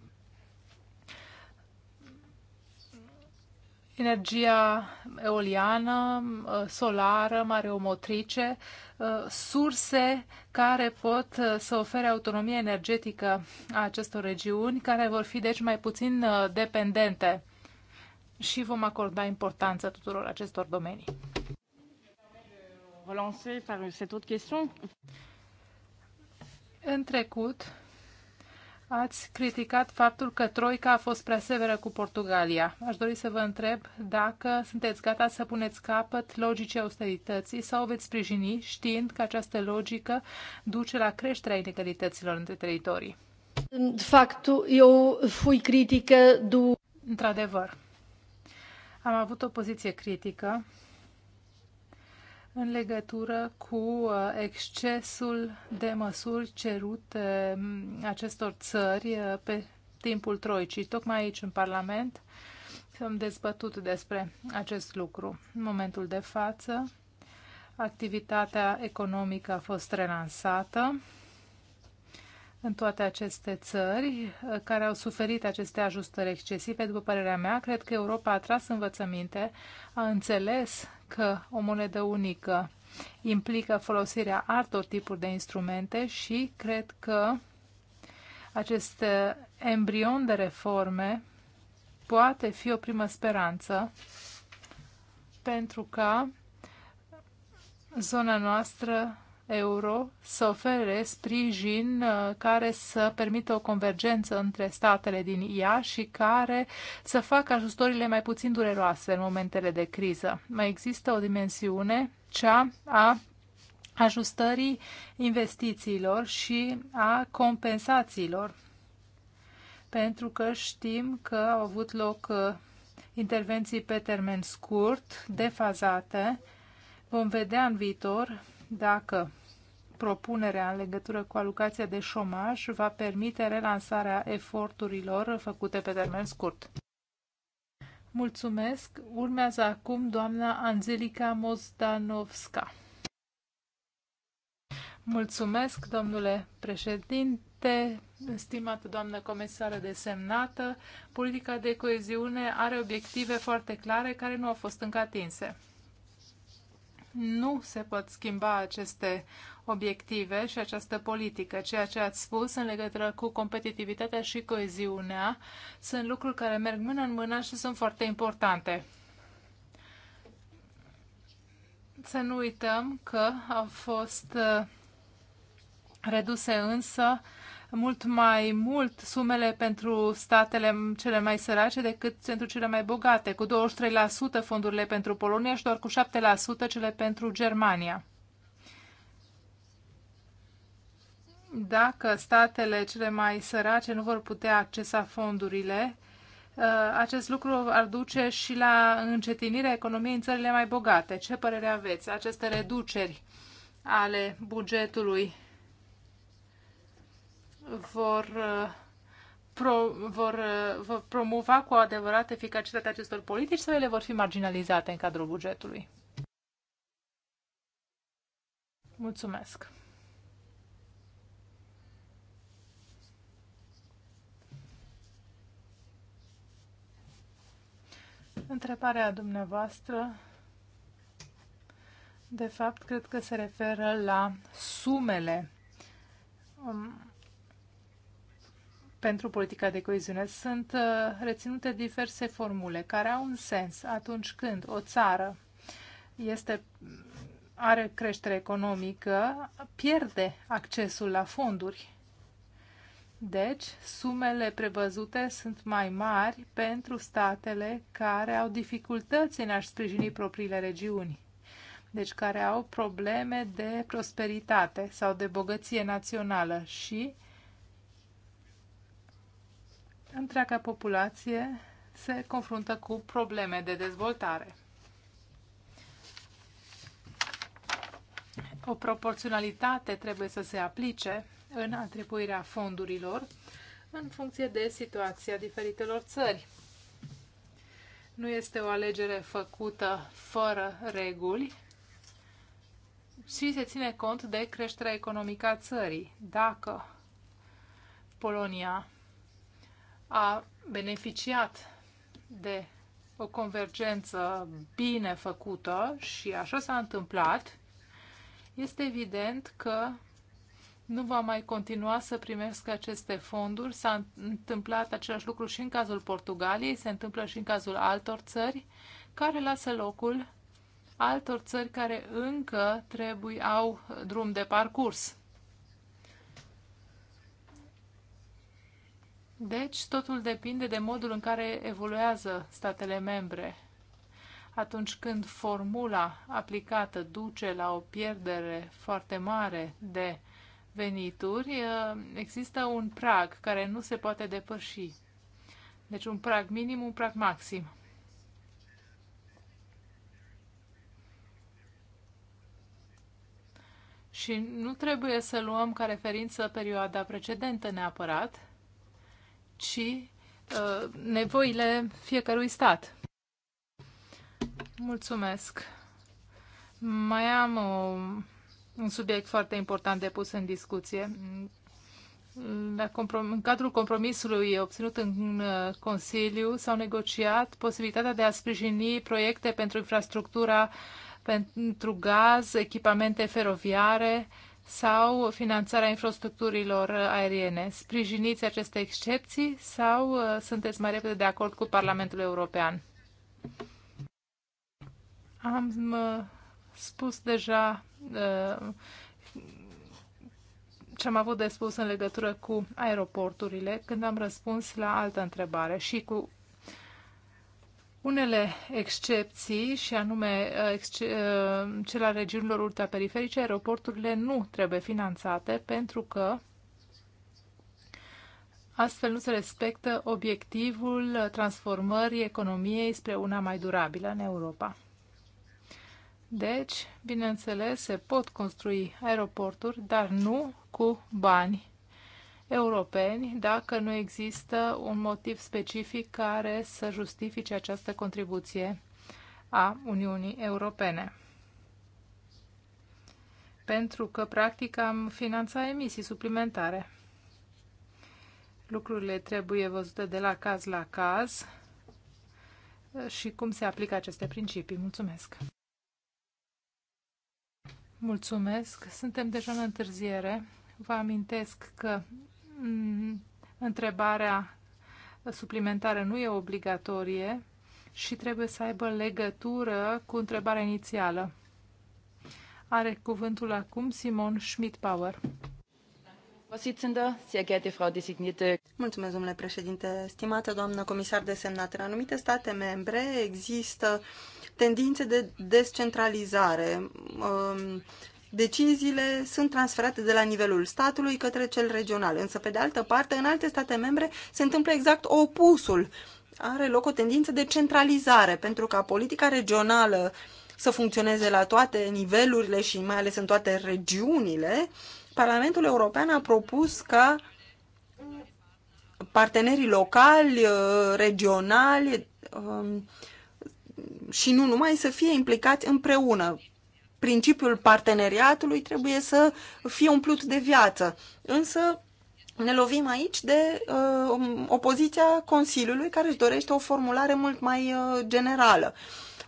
energia eoliană, uh, solară, mareomotrice, uh, surse care pot uh, să ofere autonomie energetică a acestor regiuni, care vor fi deci mai puțin dependente și vom acorda importanță tuturor acestor domenii. În trecut, ați criticat faptul că Troica a fost prea severă cu Portugalia. Aș dori să vă întreb dacă sunteți gata să puneți capăt logicii austerității sau veți sprijini știind că această logică duce la creșterea inegalităților între teritorii. De fapt, eu fui critică du... Într-adevăr, am avut o poziție critică în legătură cu uh, excesul de măsuri cerute mm, acestor țări uh, pe timpul Troicii. Tocmai aici, în Parlament, am dezbătut despre acest lucru. În momentul de față, activitatea economică a fost relansată în toate aceste țări uh, care au suferit aceste ajustări excesive, după părerea mea, cred că Europa a tras învățăminte, a înțeles că o monedă unică implică folosirea altor tipuri de instrumente și cred că acest uh, embrion de reforme poate fi o primă speranță pentru ca zona noastră euro să ofere sprijin uh, care să permită o convergență între statele din ea și care să facă ajustorile mai puțin dureroase în momentele de criză. Mai există o dimensiune, cea a ajustării investițiilor și a compensațiilor, pentru că știm că au avut loc uh, intervenții pe termen scurt, defazate. Vom vedea în viitor dacă propunerea în legătură cu alocația de șomaj va permite relansarea eforturilor făcute pe termen scurt. Mulțumesc. Urmează acum doamna Angelica Mozdanovska. Mulțumesc, domnule președinte, stimată doamnă comisară desemnată. Politica de coeziune are obiective foarte clare care nu au fost încă atinse. Nu se pot schimba aceste obiective și această politică. Ceea ce ați spus în legătură cu competitivitatea și coeziunea sunt lucruri care merg mână în mână și sunt foarte importante. Să nu uităm că au fost uh, reduse însă mult mai mult sumele pentru statele cele mai sărace decât pentru cele mai bogate, cu 23% fondurile pentru Polonia și doar cu 7% cele pentru Germania. dacă statele cele mai sărace nu vor putea accesa fondurile, uh, acest lucru ar duce și la încetinirea economiei în țările mai bogate. Ce părere aveți? Aceste reduceri ale bugetului vor, uh, pro, vor, uh, vor promova cu adevărat eficacitatea acestor politici sau ele vor fi marginalizate în cadrul bugetului? Mulțumesc! Întrebarea dumneavoastră, de fapt, cred că se referă la sumele um, pentru politica de coeziune. Sunt uh, reținute diverse formule care au un sens atunci când o țară este are creștere economică, pierde accesul la fonduri deci, sumele prevăzute sunt mai mari pentru statele care au dificultăți în a-și sprijini propriile regiuni, deci care au probleme de prosperitate sau de bogăție națională și întreaga populație se confruntă cu probleme de dezvoltare. O proporționalitate trebuie să se aplice în atribuirea fondurilor în funcție de situația diferitelor țări. Nu este o alegere făcută fără reguli și se ține cont de creșterea economică a țării. Dacă Polonia a beneficiat de o convergență bine făcută și așa s-a întâmplat, este evident că nu va mai continua să primească aceste fonduri. S-a întâmplat același lucru și în cazul Portugaliei, se întâmplă și în cazul altor țări care lasă locul altor țări care încă trebuie, au drum de parcurs. Deci, totul depinde de modul în care evoluează statele membre. Atunci când formula aplicată duce la o pierdere foarte mare de venituri, uh, există un prag care nu se poate depăși. Deci un prag minim, un prag maxim. Și nu trebuie să luăm ca referință perioada precedentă neapărat, ci uh, nevoile fiecărui stat. Mulțumesc! Mai am o un subiect foarte important de pus în discuție. Mm, în cadrul compromisului obținut în uh, Consiliu s-au negociat posibilitatea de a sprijini proiecte pentru infrastructura pentru gaz, echipamente feroviare sau finanțarea infrastructurilor aeriene. Sprijiniți aceste excepții sau uh, sunteți mai repede de acord cu Parlamentul European? Am uh, spus deja uh, ce am avut de spus în legătură cu aeroporturile când am răspuns la altă întrebare și cu unele excepții, și anume uh, uh, cel al regiunilor ultraperiferice, aeroporturile nu trebuie finanțate pentru că astfel nu se respectă obiectivul transformării economiei spre una mai durabilă în Europa. Deci, bineînțeles, se pot construi aeroporturi, dar nu cu bani europeni dacă nu există un motiv specific care să justifice această contribuție a Uniunii Europene. Pentru că, practic, am finanțat emisii suplimentare. Lucrurile trebuie văzute de la caz la caz și cum se aplică aceste principii. Mulțumesc! Mulțumesc. Suntem deja în întârziere. Vă amintesc că mm, întrebarea suplimentară nu e obligatorie și trebuie să aibă legătură cu întrebarea inițială. Are cuvântul acum Simon schmidt power Mulțumesc, domnule președinte. Stimată doamnă comisar desemnată, în anumite state membre există tendințe de descentralizare. Um, deciziile sunt transferate de la nivelul statului către cel regional, însă, pe de altă parte, în alte state membre se întâmplă exact opusul. Are loc o tendință de centralizare, pentru ca politica regională să funcționeze la toate nivelurile și mai ales în toate regiunile, Parlamentul European a propus ca partenerii locali, uh, regionali, um, și nu numai să fie implicați împreună. Principiul parteneriatului trebuie să fie umplut de viață. Însă ne lovim aici de uh, opoziția Consiliului care își dorește o formulare mult mai uh, generală.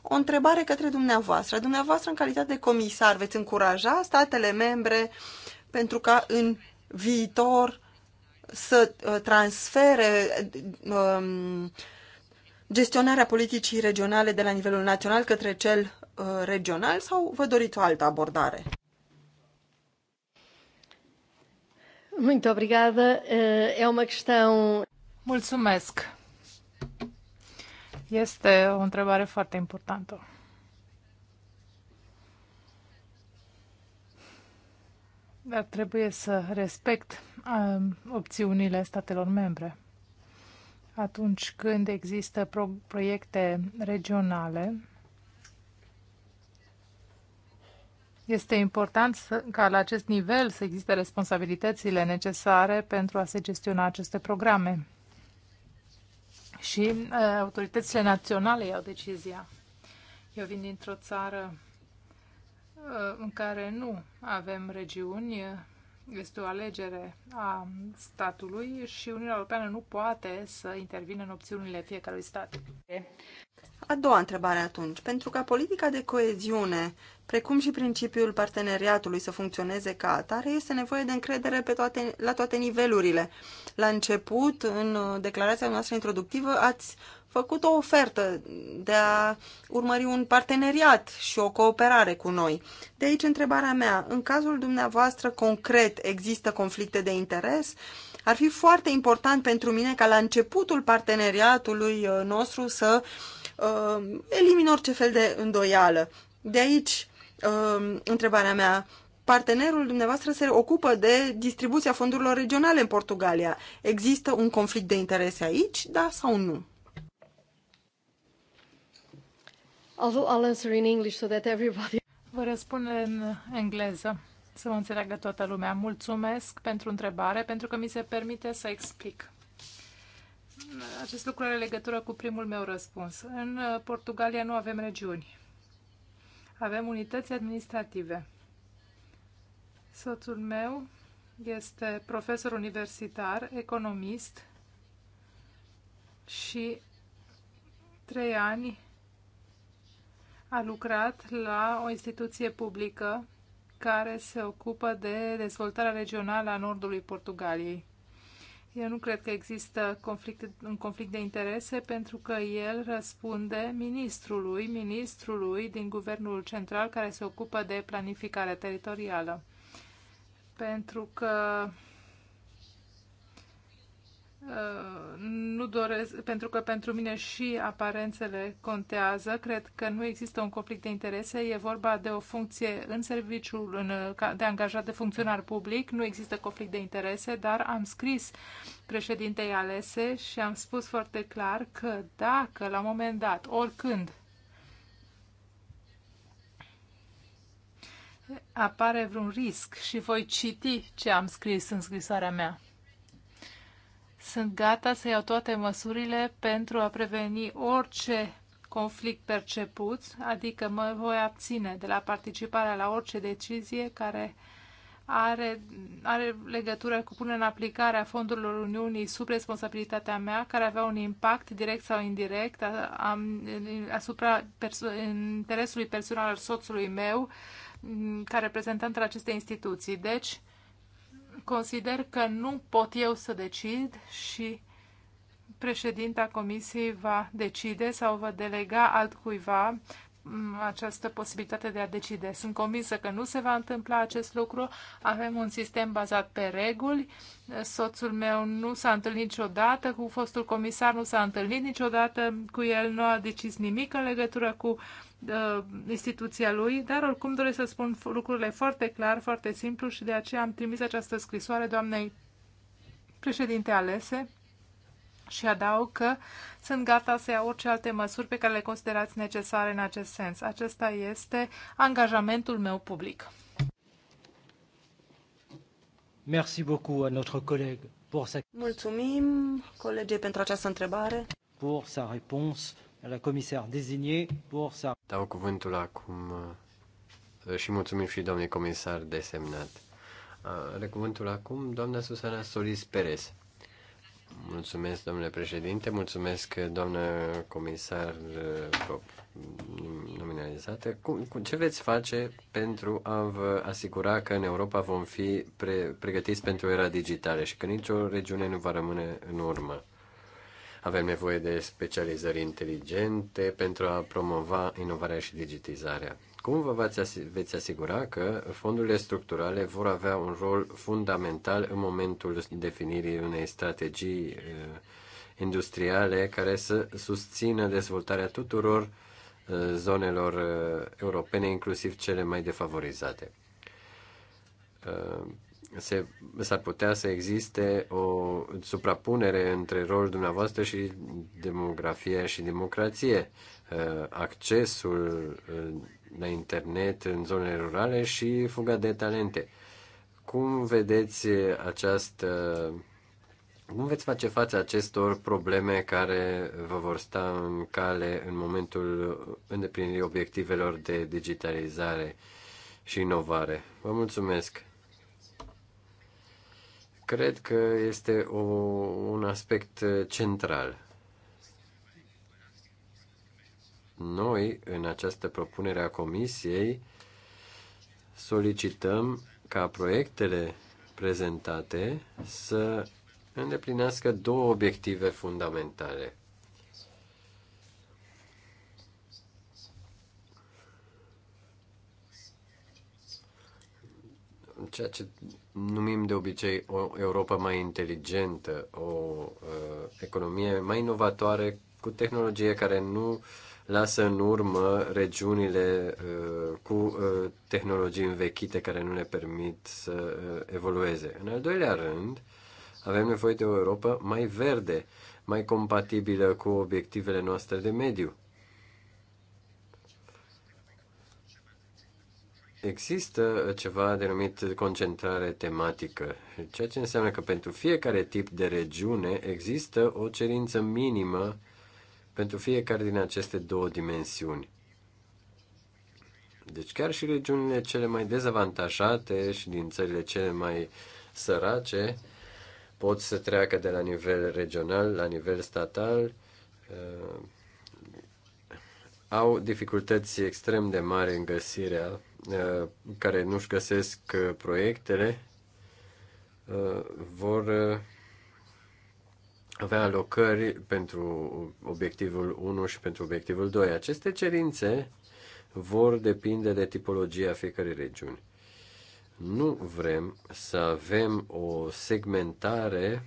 O întrebare către dumneavoastră. Dumneavoastră, în calitate de comisar, veți încuraja statele membre pentru ca în viitor să uh, transfere Uh, gestionarea politicii regionale de la nivelul național către cel uh, regional sau vă doriți o altă abordare? Muito obrigada. Eh, é uma questão. Mulțumesc. Este o întrebare foarte importantă. Dar trebuie să respect um, opțiunile statelor membre atunci când există pro proiecte regionale. Este important să, ca la acest nivel să existe responsabilitățile necesare pentru a se gestiona aceste programe. Și uh, autoritățile naționale iau decizia. Eu vin dintr-o țară uh, în care nu avem regiuni. Uh, este o alegere a statului și Uniunea Europeană nu poate să intervină în opțiunile fiecărui stat. A doua întrebare atunci. Pentru ca politica de coeziune, precum și principiul parteneriatului să funcționeze ca atare, este nevoie de încredere pe toate, la toate nivelurile. La început, în declarația noastră introductivă, ați făcut o ofertă de a urmări un parteneriat și o cooperare cu noi. De aici întrebarea mea, în cazul dumneavoastră concret există conflicte de interes? Ar fi foarte important pentru mine ca la începutul parteneriatului uh, nostru să uh, elimin orice fel de îndoială. De aici uh, întrebarea mea, partenerul dumneavoastră se ocupă de distribuția fondurilor regionale în Portugalia. Există un conflict de interese aici, da sau nu? Although I'll answer in English so that everybody... Vă răspund în engleză să mă înțeleagă toată lumea. Mulțumesc pentru întrebare, pentru că mi se permite să explic. Acest lucru are legătură cu primul meu răspuns. În uh, Portugalia nu avem regiuni. Avem unități administrative. Soțul meu este profesor universitar, economist și trei ani a lucrat la o instituție publică care se ocupă de dezvoltarea regională a nordului Portugaliei. Eu nu cred că există conflict, un conflict de interese pentru că el răspunde ministrului, ministrului din guvernul central care se ocupă de planificare teritorială. Pentru că Uh, nu doresc, pentru că pentru mine și aparențele contează, cred că nu există un conflict de interese, e vorba de o funcție în serviciul în, uh, de angajat de funcționar public, nu există conflict de interese, dar am scris președintei alese și am spus foarte clar că dacă la un moment dat, oricând, apare vreun risc și voi citi ce am scris în scrisoarea mea sunt gata să iau toate măsurile pentru a preveni orice conflict perceput, adică mă voi abține de la participarea la orice decizie care are, are legătură cu punerea în aplicare a fondurilor Uniunii sub responsabilitatea mea, care avea un impact direct sau indirect a, a, asupra perso interesului personal al soțului meu, ca reprezentant al acestei instituții. Deci, consider că nu pot eu să decid și președinta comisiei va decide sau va delega altcuiva această posibilitate de a decide. Sunt convinsă că nu se va întâmpla acest lucru. Avem un sistem bazat pe reguli. Soțul meu nu s-a întâlnit niciodată cu fostul comisar, nu s-a întâlnit niciodată cu el, nu a decis nimic în legătură cu uh, instituția lui, dar oricum doresc să spun lucrurile foarte clar, foarte simplu și de aceea am trimis această scrisoare doamnei președinte alese și adaug că sunt gata să iau orice alte măsuri pe care le considerați necesare în acest sens. Acesta este angajamentul meu public. Merci beaucoup à notre collègue pour sa... Mulțumim, colegii, pentru această întrebare. Pour sa réponse à la commissaire désignée pour sa... Dau cuvântul acum uh, și mulțumim și doamnei comisar desemnat. Uh, are cuvântul acum doamna Susana Solis Perez. Mulțumesc, domnule președinte, mulțumesc, doamnă comisar nominalizată. Cum, ce veți face pentru a vă asigura că în Europa vom fi pre, pregătiți pentru era digitală și că nicio regiune nu va rămâne în urmă? Avem nevoie de specializări inteligente pentru a promova inovarea și digitizarea. Cum vă veți asigura că fondurile structurale vor avea un rol fundamental în momentul definirii unei strategii eh, industriale care să susțină dezvoltarea tuturor eh, zonelor eh, europene, inclusiv cele mai defavorizate? se, s-ar putea să existe o suprapunere între rolul dumneavoastră și demografie și democrație. Accesul la internet în zonele rurale și fuga de talente. Cum vedeți această cum veți face față acestor probleme care vă vor sta în cale în momentul îndeplinirii obiectivelor de digitalizare și inovare? Vă mulțumesc! Cred că este o, un aspect central. Noi, în această propunere a Comisiei, solicităm ca proiectele prezentate să îndeplinească două obiective fundamentale. ceea ce numim de obicei o Europa mai inteligentă, o uh, economie mai inovatoare, cu tehnologie care nu lasă în urmă regiunile uh, cu uh, tehnologii învechite care nu le permit să uh, evolueze. În al doilea rând, avem nevoie de o Europa mai verde, mai compatibilă cu obiectivele noastre de mediu. Există ceva denumit concentrare tematică, ceea ce înseamnă că pentru fiecare tip de regiune există o cerință minimă uh, pentru fiecare din aceste două dimensiuni. Deci chiar și regiunile cele mai dezavantajate și din țările cele mai sărace pot să treacă de la nivel regional la nivel statal. Uh, au dificultăți extrem de mari în găsirea, uh, care nu-și găsesc uh, proiectele, vor avea alocări pentru obiectivul 1 și pentru obiectivul 2. Aceste cerințe vor depinde de tipologia fiecărei regiuni. Nu vrem să avem o segmentare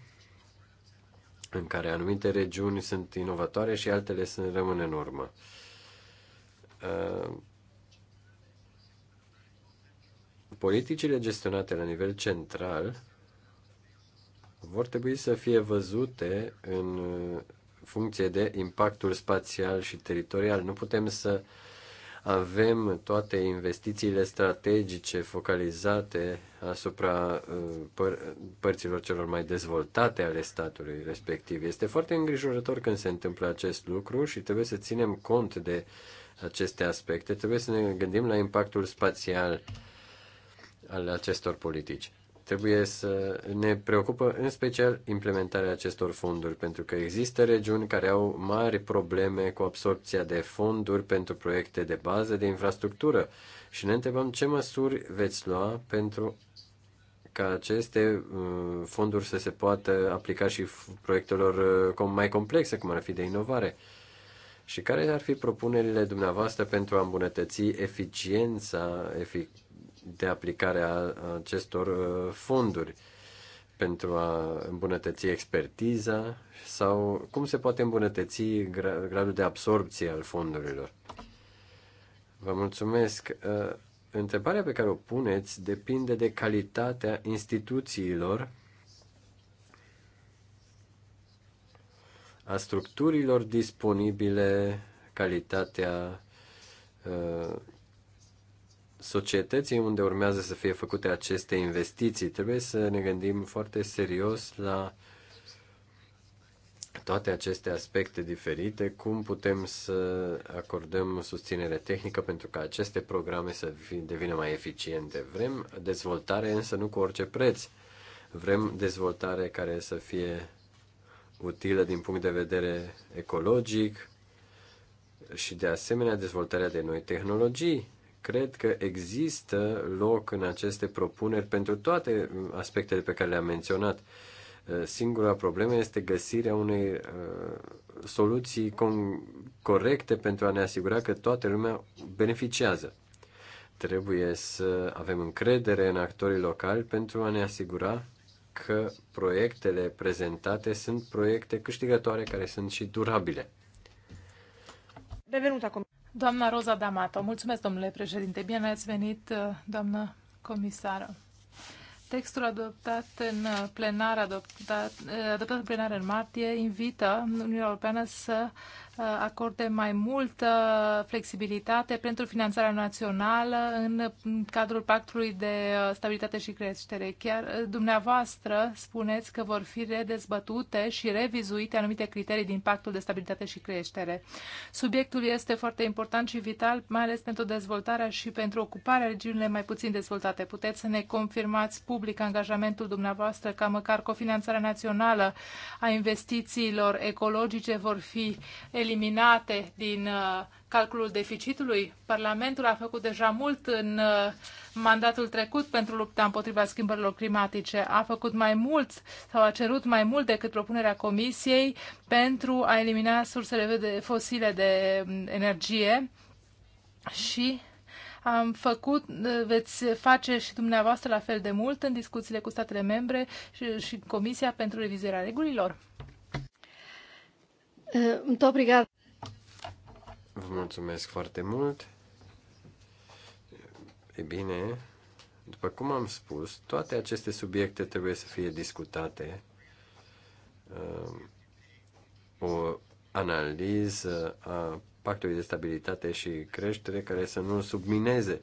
în care anumite regiuni sunt inovatoare și altele sunt rămân în urmă. Uh, politicile gestionate la nivel central vor trebui să fie văzute în uh, funcție de impactul spațial și teritorial. Nu putem să avem toate investițiile strategice focalizate asupra uh, păr- părților celor mai dezvoltate ale statului respectiv. Este foarte îngrijorător când se întâmplă acest lucru și trebuie să ținem cont de aceste aspecte. Trebuie să ne gândim la impactul spațial al acestor politici. Trebuie să ne preocupă în special implementarea acestor fonduri, pentru că există regiuni care au mari probleme cu absorpția de fonduri pentru proiecte de bază de infrastructură și ne întrebăm ce măsuri veți lua pentru ca aceste uh, fonduri să se poată aplica și proiectelor uh, mai complexe, cum ar fi de inovare. Și care ar fi propunerile dumneavoastră pentru a îmbunătăți eficiența, efic- de aplicare a acestor uh, fonduri pentru a îmbunătăți expertiza sau cum se poate îmbunătăți gradul de absorpție al fondurilor. Vă mulțumesc. Uh, întrebarea pe care o puneți depinde de calitatea instituțiilor, a structurilor disponibile, calitatea uh, societății unde urmează să fie făcute aceste investiții. Trebuie să ne gândim foarte serios la toate aceste aspecte diferite, cum putem să acordăm susținere tehnică pentru ca aceste programe să devină mai eficiente. Vrem dezvoltare, însă nu cu orice preț. Vrem dezvoltare care să fie utilă din punct de vedere ecologic și de asemenea dezvoltarea de noi tehnologii cred că există loc în aceste propuneri pentru toate aspectele pe care le-am menționat. Uh, singura problemă este găsirea unei uh, soluții corecte pentru a ne asigura că toată lumea beneficiază. Trebuie să avem încredere în actorii locali pentru a ne asigura că proiectele prezentate sunt proiecte câștigătoare care sunt și durabile. Benvenuta, Doamna Roza D'Amato, mulțumesc, domnule președinte. Bine ați venit, uh, doamnă comisară. Textul adoptat în uh, plenar, adoptat, uh, adoptat în plenar în martie, invită Uniunea Europeană să acorde mai multă flexibilitate pentru finanțarea națională în cadrul Pactului de uh, Stabilitate și Creștere. Chiar uh, dumneavoastră spuneți că vor fi redezbătute și revizuite anumite criterii din Pactul de Stabilitate și Creștere. Subiectul este foarte important și vital, mai ales pentru dezvoltarea și pentru ocuparea regiunilor mai puțin dezvoltate. Puteți să ne confirmați public angajamentul dumneavoastră ca măcar cofinanțarea națională a investițiilor ecologice vor fi eliminate din uh, calculul deficitului. Parlamentul a făcut deja mult în uh, mandatul trecut pentru lupta împotriva schimbărilor climatice. A făcut mai mult sau a cerut mai mult decât propunerea Comisiei pentru a elimina sursele de fosile de um, energie și am făcut, uh, veți face și dumneavoastră la fel de mult în discuțiile cu statele membre și, și Comisia pentru revizuirea regulilor. Eh, muito obrigada. Vă mulțumesc foarte mult. E bine, după cum am spus, toate aceste subiecte trebuie să fie discutate. Eh, o analiză a pactului de stabilitate și creștere care să nu submineze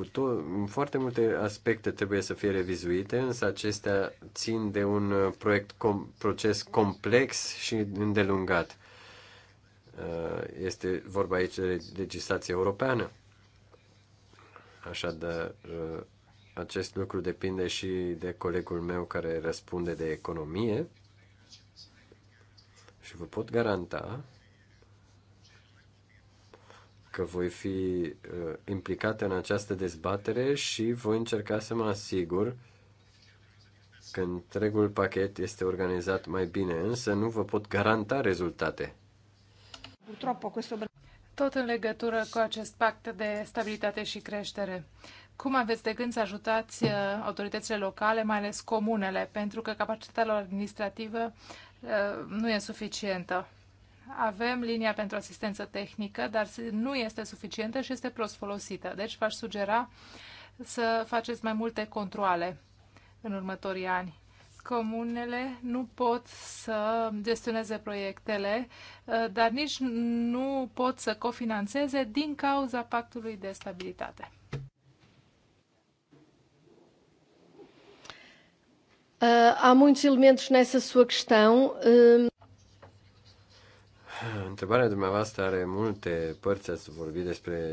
cu to- foarte multe aspecte trebuie să fie revizuite, însă acestea țin de un uh, proiect com- proces complex și îndelungat. Uh, este vorba aici de legislație europeană. Așadar, uh, acest lucru depinde și de colegul meu care răspunde de economie și vă pot garanta că voi fi uh, implicată în această dezbatere și voi încerca să mă asigur că întregul pachet este organizat mai bine, însă nu vă pot garanta rezultate. Tot în legătură cu acest pact de stabilitate și creștere. Cum aveți de gând să ajutați uh, autoritățile locale, mai ales comunele, pentru că capacitatea lor administrativă uh, nu e suficientă? avem linia pentru asistență tehnică, dar nu este suficientă și este prost folosită. Deci v-aș sugera să faceți mai multe controle în următorii ani. Comunele nu pot să gestioneze proiectele, ă, dar nici nu pot să cofinanțeze din cauza pactului de stabilitate. Uh, há muitos elementos nessa sua questão. Uh... Întrebarea dumneavoastră are multe părți. Ați vorbit despre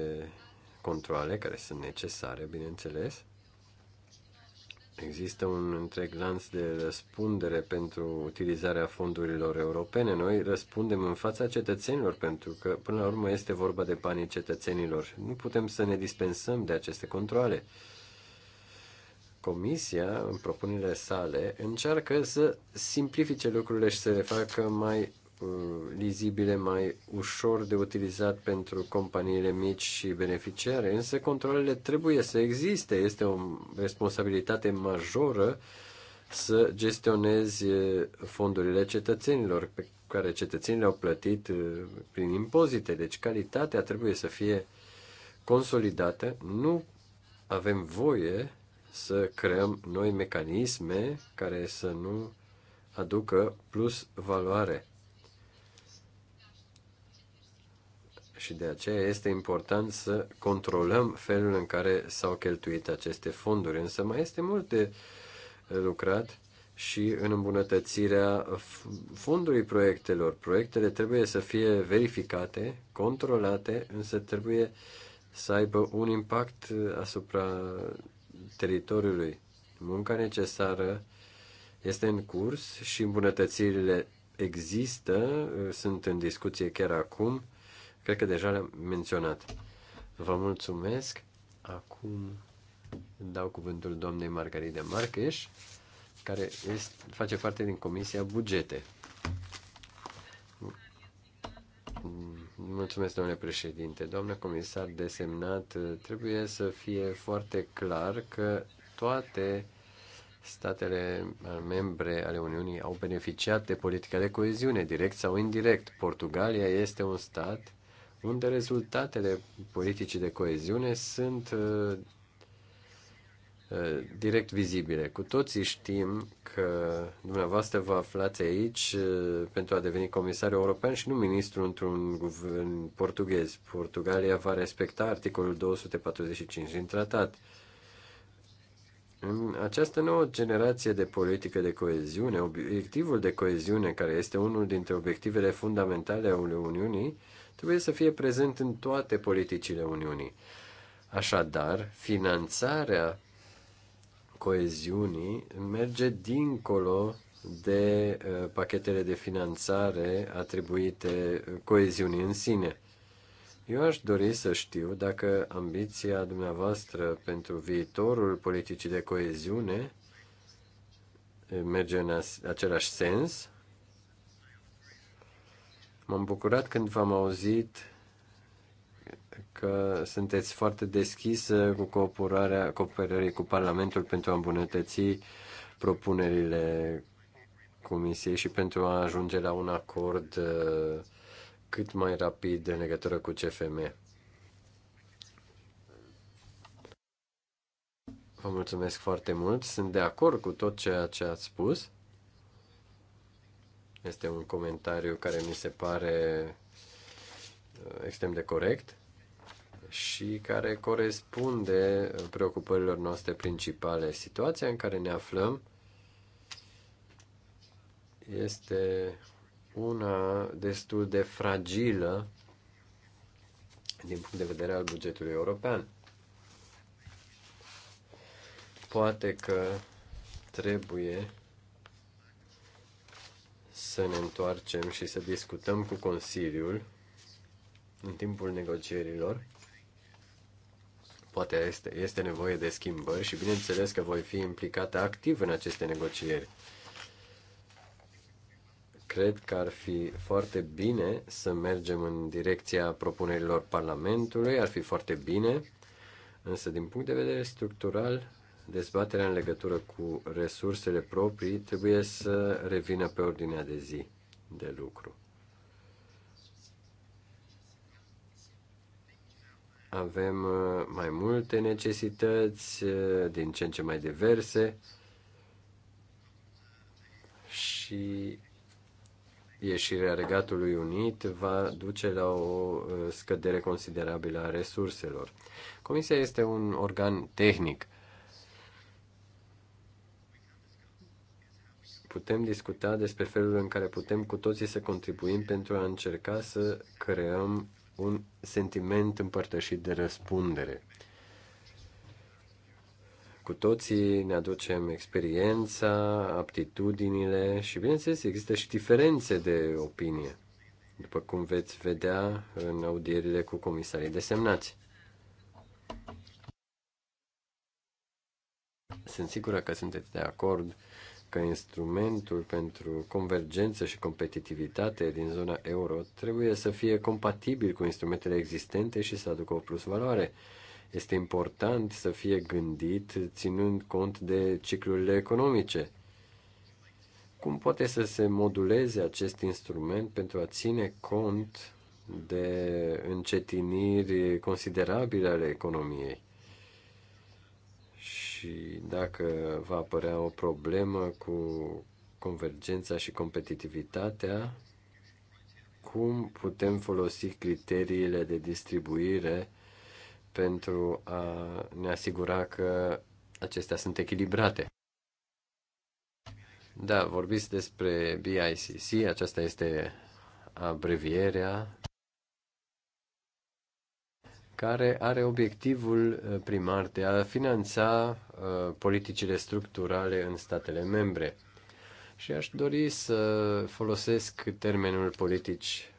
controle care sunt necesare, bineînțeles. Există un întreg lanț de răspundere pentru utilizarea fondurilor europene. Noi răspundem în fața cetățenilor, pentru că, până la urmă, este vorba de banii cetățenilor. Nu putem să ne dispensăm de aceste controle. Comisia, în propunerile sale, încearcă să simplifice lucrurile și să le facă mai Uh, lizibile, mai ușor de utilizat pentru companiile mici și beneficiare, însă controlele trebuie să existe. Este o responsabilitate majoră să gestionezi uh, fondurile cetățenilor pe care cetățenii le-au plătit uh, prin impozite. Deci calitatea trebuie să fie consolidată. Nu avem voie să creăm noi mecanisme care să nu aducă plus valoare. și de aceea este important să controlăm felul în care s-au cheltuit aceste fonduri. Însă mai este mult de lucrat și în îmbunătățirea fondului proiectelor. Proiectele trebuie să fie verificate, controlate, însă trebuie să aibă un impact asupra teritoriului. Munca necesară este în curs și îmbunătățirile există, sunt în discuție chiar acum Cred că deja le-am menționat. Vă mulțumesc. Acum dau cuvântul doamnei Margarida Marcheș, care este, face parte din Comisia Bugete. Mulțumesc, domnule președinte. Doamnă comisar desemnat, trebuie să fie foarte clar că toate statele membre ale Uniunii au beneficiat de politica de coeziune, direct sau indirect. Portugalia este un stat unde rezultatele politicii de coeziune sunt uh, uh, direct vizibile. Cu toții știm că dumneavoastră vă aflați aici uh, pentru a deveni comisar european și nu ministru într-un guvern portughez. Portugalia va respecta articolul 245 din tratat. În această nouă generație de politică de coeziune, obiectivul de coeziune, care este unul dintre obiectivele fundamentale ale Uniunii, trebuie să fie prezent în toate politicile Uniunii. Așadar, finanțarea coeziunii merge dincolo de uh, pachetele de finanțare atribuite uh, coeziunii în sine. Eu aș dori să știu dacă ambiția dumneavoastră pentru viitorul politicii de coeziune uh, merge în același sens M-am bucurat când v-am auzit că sunteți foarte deschisă cu cooperarea, cooperării cu Parlamentul pentru a îmbunătăți propunerile Comisiei și pentru a ajunge la un acord uh, cât mai rapid în legătură cu CFM. Vă mulțumesc foarte mult. Sunt de acord cu tot ceea ce ați spus. Este un comentariu care mi se pare uh, extrem de corect și care corespunde preocupărilor noastre principale. Situația în care ne aflăm este una destul de fragilă din punct de vedere al bugetului european. Poate că trebuie să ne întoarcem și să discutăm cu Consiliul în timpul negocierilor. Poate este, este nevoie de schimbări și bineînțeles că voi fi implicată activ în aceste negocieri. Cred că ar fi foarte bine să mergem în direcția propunerilor Parlamentului, ar fi foarte bine, însă din punct de vedere structural dezbaterea în legătură cu resursele proprii trebuie să revină pe ordinea de zi de lucru. Avem uh, mai multe necesități, uh, din ce în ce mai diverse și ieșirea Regatului Unit va duce la o uh, scădere considerabilă a resurselor. Comisia este un organ tehnic putem discuta despre felul în care putem cu toții să contribuim pentru a încerca să creăm un sentiment împărtășit de răspundere. Cu toții ne aducem experiența, aptitudinile și, bineînțeles, există și diferențe de opinie, după cum veți vedea în audierile cu comisarii desemnați. Sunt sigură că sunteți de acord că instrumentul pentru convergență și competitivitate din zona euro trebuie să fie compatibil cu instrumentele existente și să aducă o plus valoare. Este important să fie gândit ținând cont de ciclurile economice. Cum poate să se moduleze acest instrument pentru a ține cont de încetiniri considerabile ale economiei? și dacă va apărea o problemă cu convergența și competitivitatea, cum putem folosi criteriile de distribuire pentru a ne asigura că acestea sunt echilibrate. Da, vorbiți despre BICC, aceasta este abrevierea care are obiectivul uh, primar de a finanța uh, politicile structurale în statele membre. Și aș dori să folosesc termenul politici,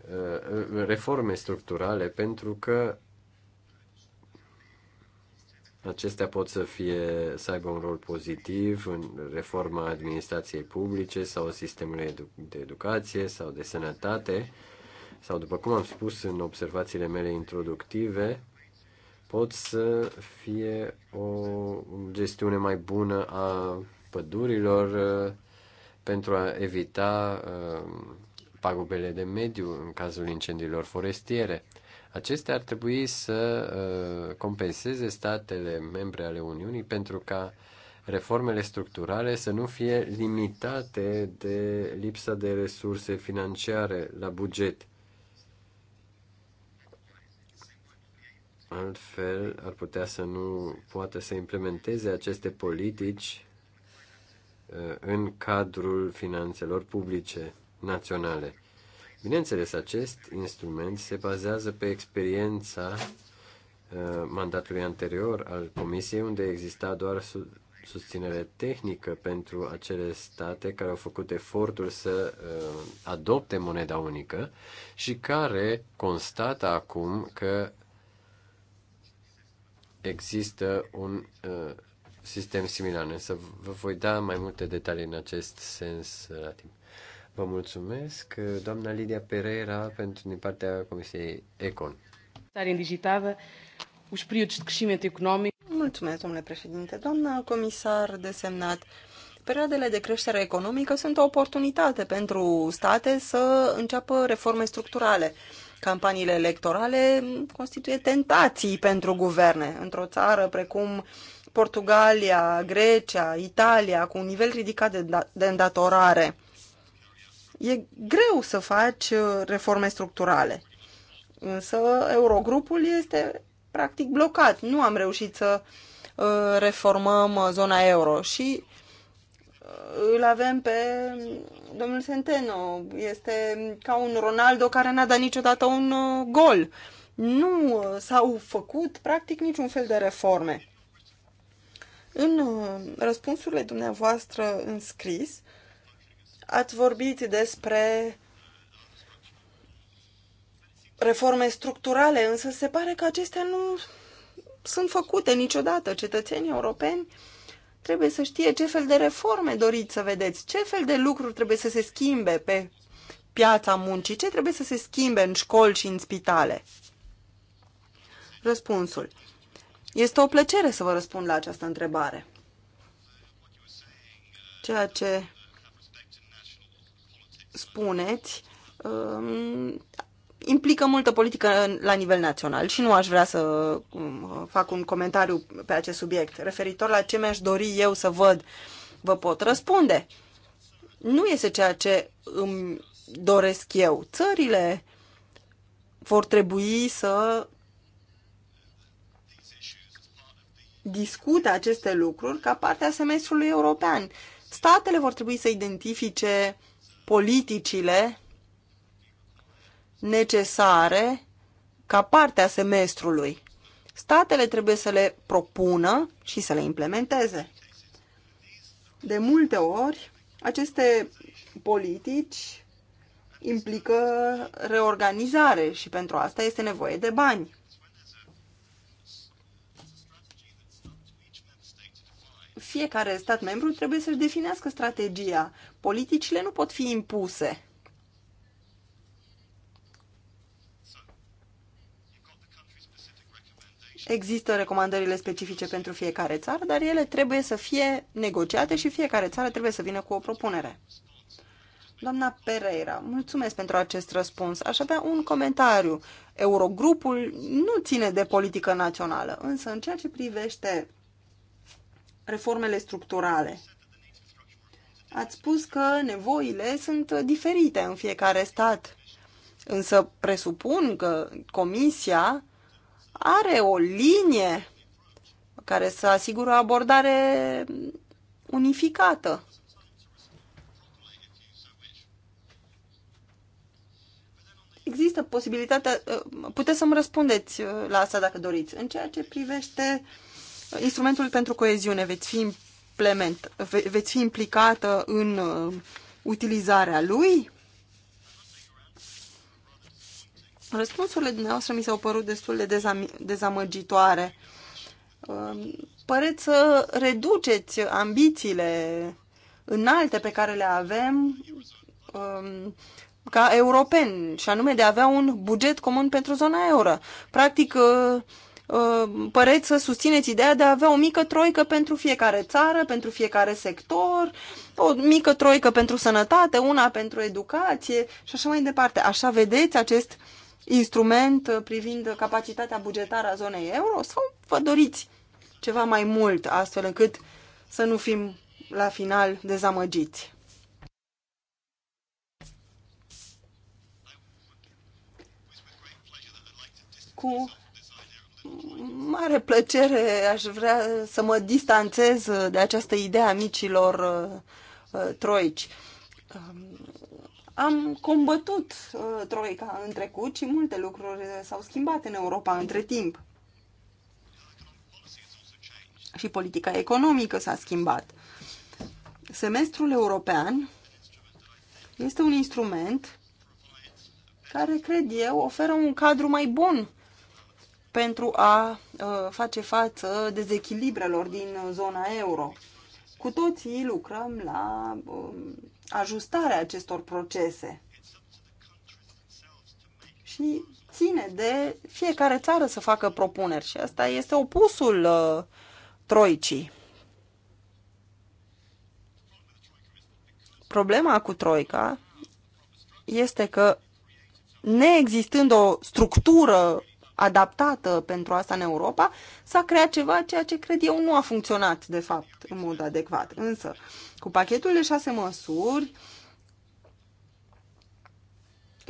uh, reforme structurale, pentru că acestea pot să fie să aibă un rol pozitiv în reforma administrației publice sau sistemului de educație sau de sănătate sau după cum am spus în observațiile mele introductive, pot să fie o gestiune mai bună a pădurilor uh, pentru a evita uh, pagubele de mediu în cazul incendiilor forestiere. Acestea ar trebui să uh, compenseze statele membre ale Uniunii pentru ca reformele structurale să nu fie limitate de lipsa de resurse financiare la buget. altfel ar putea să nu poată să implementeze aceste politici uh, în cadrul finanțelor publice naționale. Bineînțeles, acest instrument se bazează pe experiența uh, mandatului anterior al Comisiei, unde exista doar susținere tehnică pentru acele state care au făcut efortul să uh, adopte moneda unică și care constată acum că există un uh, sistem similar, însă vă voi da mai multe detalii în acest sens uh, la timp. Vă mulțumesc, uh, doamna Lidia Pereira, pentru din partea Comisiei Econ. digitală, os períodos de crescimento económico. Mulțumesc, domnule președinte. Doamna comisar desemnat, perioadele de creștere economică sunt o oportunitate pentru state să înceapă reforme structurale. Campaniile electorale constituie tentații pentru guverne. Într-o țară precum Portugalia, Grecia, Italia, cu un nivel ridicat de, da- de îndatorare, e greu să faci uh, reforme structurale. Însă Eurogrupul este practic blocat. Nu am reușit să uh, reformăm uh, zona euro și îl avem pe domnul Centeno. Este ca un Ronaldo care n-a dat niciodată un uh, gol. Nu s-au făcut practic niciun fel de reforme. În uh, răspunsurile dumneavoastră în scris, ați vorbit despre reforme structurale, însă se pare că acestea nu sunt făcute niciodată. Cetățenii europeni uh, trebuie să știe ce fel de reforme doriți să vedeți, ce fel de lucruri trebuie să se schimbe pe piața muncii, ce trebuie să se schimbe în școli și în spitale. Răspunsul. Este o plăcere să vă răspund la această întrebare. Ceea ce spuneți um, implică multă politică la nivel național și nu aș vrea să um, fac un comentariu pe acest subiect. Referitor la ce mi-aș dori eu să văd, vă pot răspunde. Nu este ceea ce îmi doresc eu. Țările vor trebui să discute aceste lucruri ca parte a semestrului european. Statele vor trebui să identifice politicile necesare ca parte a semestrului. Statele trebuie să le propună și să le implementeze. De multe ori, aceste politici implică reorganizare și pentru asta este nevoie de bani. Fiecare stat membru trebuie să-și definească strategia. Politicile nu pot fi impuse. Există recomandările specifice pentru fiecare țară, dar ele trebuie să fie negociate și fiecare țară trebuie să vină cu o propunere. Doamna Pereira, mulțumesc pentru acest răspuns. Aș avea un comentariu. Eurogrupul nu ține de politică națională, însă în ceea ce privește reformele structurale, ați spus că nevoile sunt diferite în fiecare stat, însă presupun că Comisia are o linie care să asigure o abordare unificată. Există posibilitatea, uh, puteți să-mi răspundeți uh, la asta dacă doriți. În ceea ce privește uh, instrumentul pentru coeziune, veți fi implement, ve, veți fi implicată în utilizarea lui? Răspunsurile dumneavoastră mi s-au părut destul de dezam- dezamăgitoare. Um, păreți să reduceți ambițiile înalte pe care le avem um, ca europeni, și anume de a avea un buget comun pentru zona euro. Practic, uh, um, păreți să susțineți ideea de a avea o mică troică pentru fiecare țară, pentru fiecare sector, o mică troică pentru sănătate, una pentru educație și așa mai departe. Așa vedeți acest uh, instrument uh, privind capacitatea bugetară a zonei euro sau vă doriți ceva mai mult astfel încât să nu fim la final dezamăgiți? Cu mare plăcere aș vrea să mă distanțez de această idee a micilor uh, uh, troici. Um, am combătut uh, Troica în trecut și multe lucruri uh, s-au schimbat în Europa între timp. Și politica economică s-a schimbat. Semestrul european este un instrument care, cred eu, oferă un cadru mai bun pentru a uh, face față dezechilibrelor din zona euro. Cu toții lucrăm la uh, ajustarea acestor procese. Și ține de fiecare țară să facă propuneri și asta este opusul uh, troicii. Problema cu troica este că neexistând o structură adaptată pentru asta în Europa, s-a creat ceva ceea ce cred eu nu a funcționat de fapt în mod adecvat. Însă, uh, cu pachetul de șase măsuri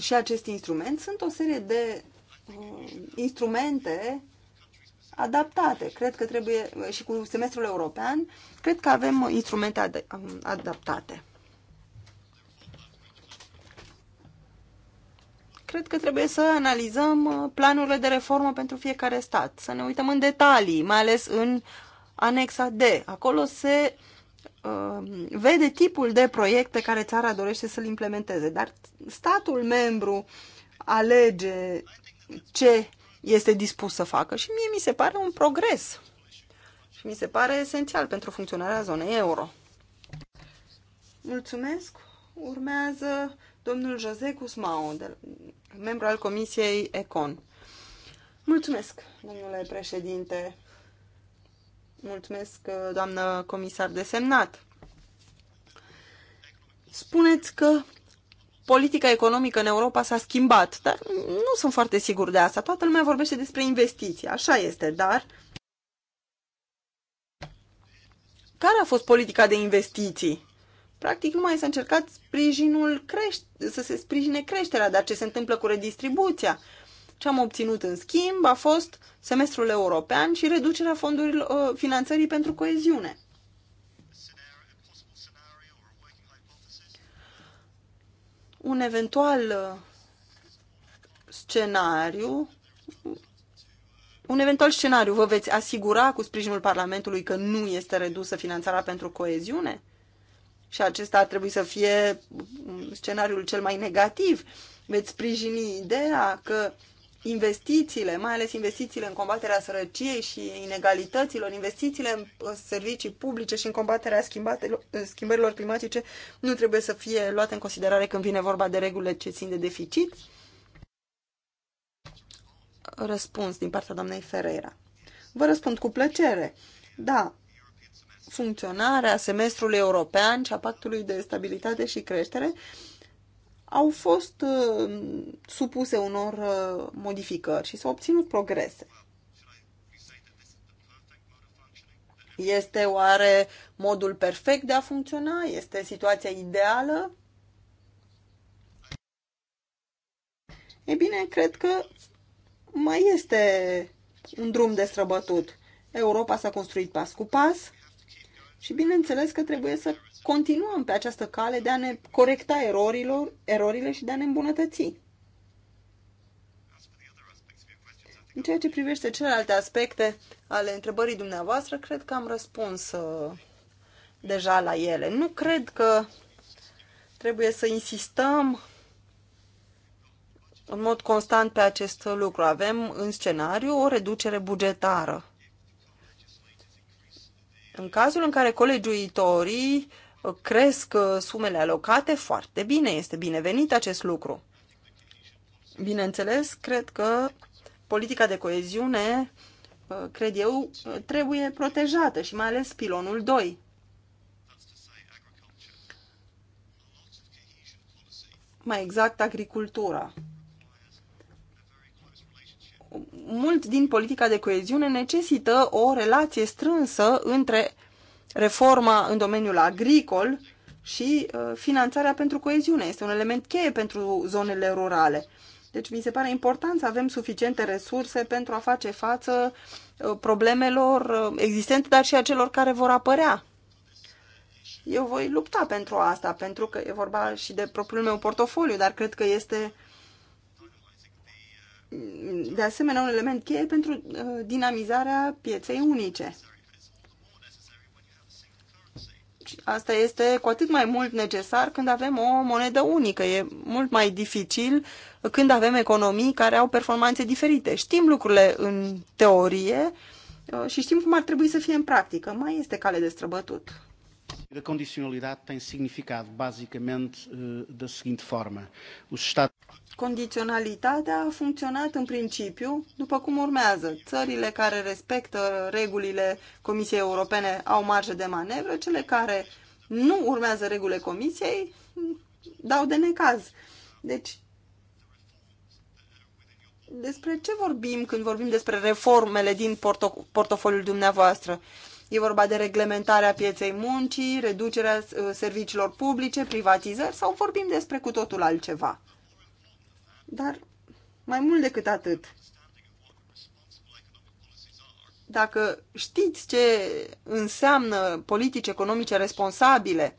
și acest instrument sunt o serie de uh, instrumente adaptate. Cred că trebuie, și cu semestrul european, cred că avem instrumente ad um, adaptate. Cred că trebuie să analizăm uh, planurile de reformă pentru fiecare stat, să ne uităm în detalii, mai ales în anexa D. Acolo se uh, Um, vede tipul de proiect pe care țara dorește să-l implementeze, dar statul membru alege ce este dispus să facă și mie mi se pare un progres și mi se pare esențial pentru funcționarea zonei euro. Mulțumesc! Urmează domnul Jose Guzmao, membru al Comisiei ECON. Mulțumesc, domnule președinte! Mulțumesc, uh, doamnă comisar desemnat. Spuneți că politica economică în Europa s-a schimbat, dar nu sunt foarte sigur de asta. Toată lumea vorbește despre investiții, așa este, dar care a fost politica de investiții? Practic nu mai s-a încercat sprijinul creș- să se sprijine creșterea, dar ce se întâmplă cu redistribuția? Ce am obținut în schimb a fost semestrul european și reducerea fondurilor uh, finanțării pentru coeziune. Un eventual uh, scenariu un eventual scenariu vă veți asigura cu sprijinul Parlamentului că nu este redusă finanțarea pentru coeziune? Și acesta ar trebui să fie mm, scenariul cel mai negativ. Veți sprijini ideea că investițiile, mai ales investițiile în combaterea sărăciei și inegalităților, investițiile în servicii publice și în combaterea schimbărilor climatice nu trebuie să fie luate în considerare când vine vorba de regulile ce țin de deficit? Răspuns din partea doamnei Ferreira. Vă răspund cu plăcere. Da, funcționarea semestrului european și a pactului de stabilitate și creștere au fost uh, supuse unor uh, modificări și s-au obținut progrese. Este oare modul perfect de a funcționa? Este situația ideală? E bine, cred că mai este un drum de străbătut. Europa s-a construit pas cu pas și bineînțeles că trebuie să continuăm pe această cale de a ne corecta erorilor, erorile și de a ne îmbunătăți. În ceea ce privește celelalte aspecte ale întrebării dumneavoastră, cred că am răspuns uh, deja la ele. Nu cred că trebuie să insistăm în mod constant pe acest lucru. Avem în scenariu o reducere bugetară. În cazul în care colegiuitorii cresc uh, sumele alocate, foarte bine, este binevenit acest lucru. Bineînțeles, cred că politica de coeziune, uh, cred eu, uh, trebuie protejată și mai ales pilonul 2. Mai exact, agricultura. Mult din politica de coeziune necesită o relație strânsă între reforma în domeniul agricol și uh, finanțarea pentru coeziune. Este un element cheie pentru zonele rurale. Deci mi se pare important să avem suficiente resurse pentru a face față uh, problemelor uh, existente, dar și a celor care vor apărea. Eu voi lupta pentru asta, pentru că e vorba și de propriul meu portofoliu, dar cred că este mm, de asemenea un element cheie pentru dinamizarea pieței unice. Deci asta este cu atât mai mult necesar când avem o monedă unică. E mult mai dificil când avem economii care au performanțe diferite. Știm lucrurile în teorie uh, și știm cum ar trebui să fie în practică. Mai este cale de străbătut. A da condicionalidade tem significado basicamente eh, da seguinte forma: os Estados Condiționalitatea a funcționat în principiu după cum urmează. Țările care respectă regulile Comisiei Europene au marge de manevră, cele care nu urmează regulile Comisiei dau de necaz. Deci, despre ce vorbim când vorbim despre reformele din porto portofoliul dumneavoastră? E vorba de reglementarea pieței muncii, reducerea uh, serviciilor publice, privatizări sau vorbim despre cu totul altceva. Dar mai mult decât atât, dacă știți ce înseamnă politici economice responsabile,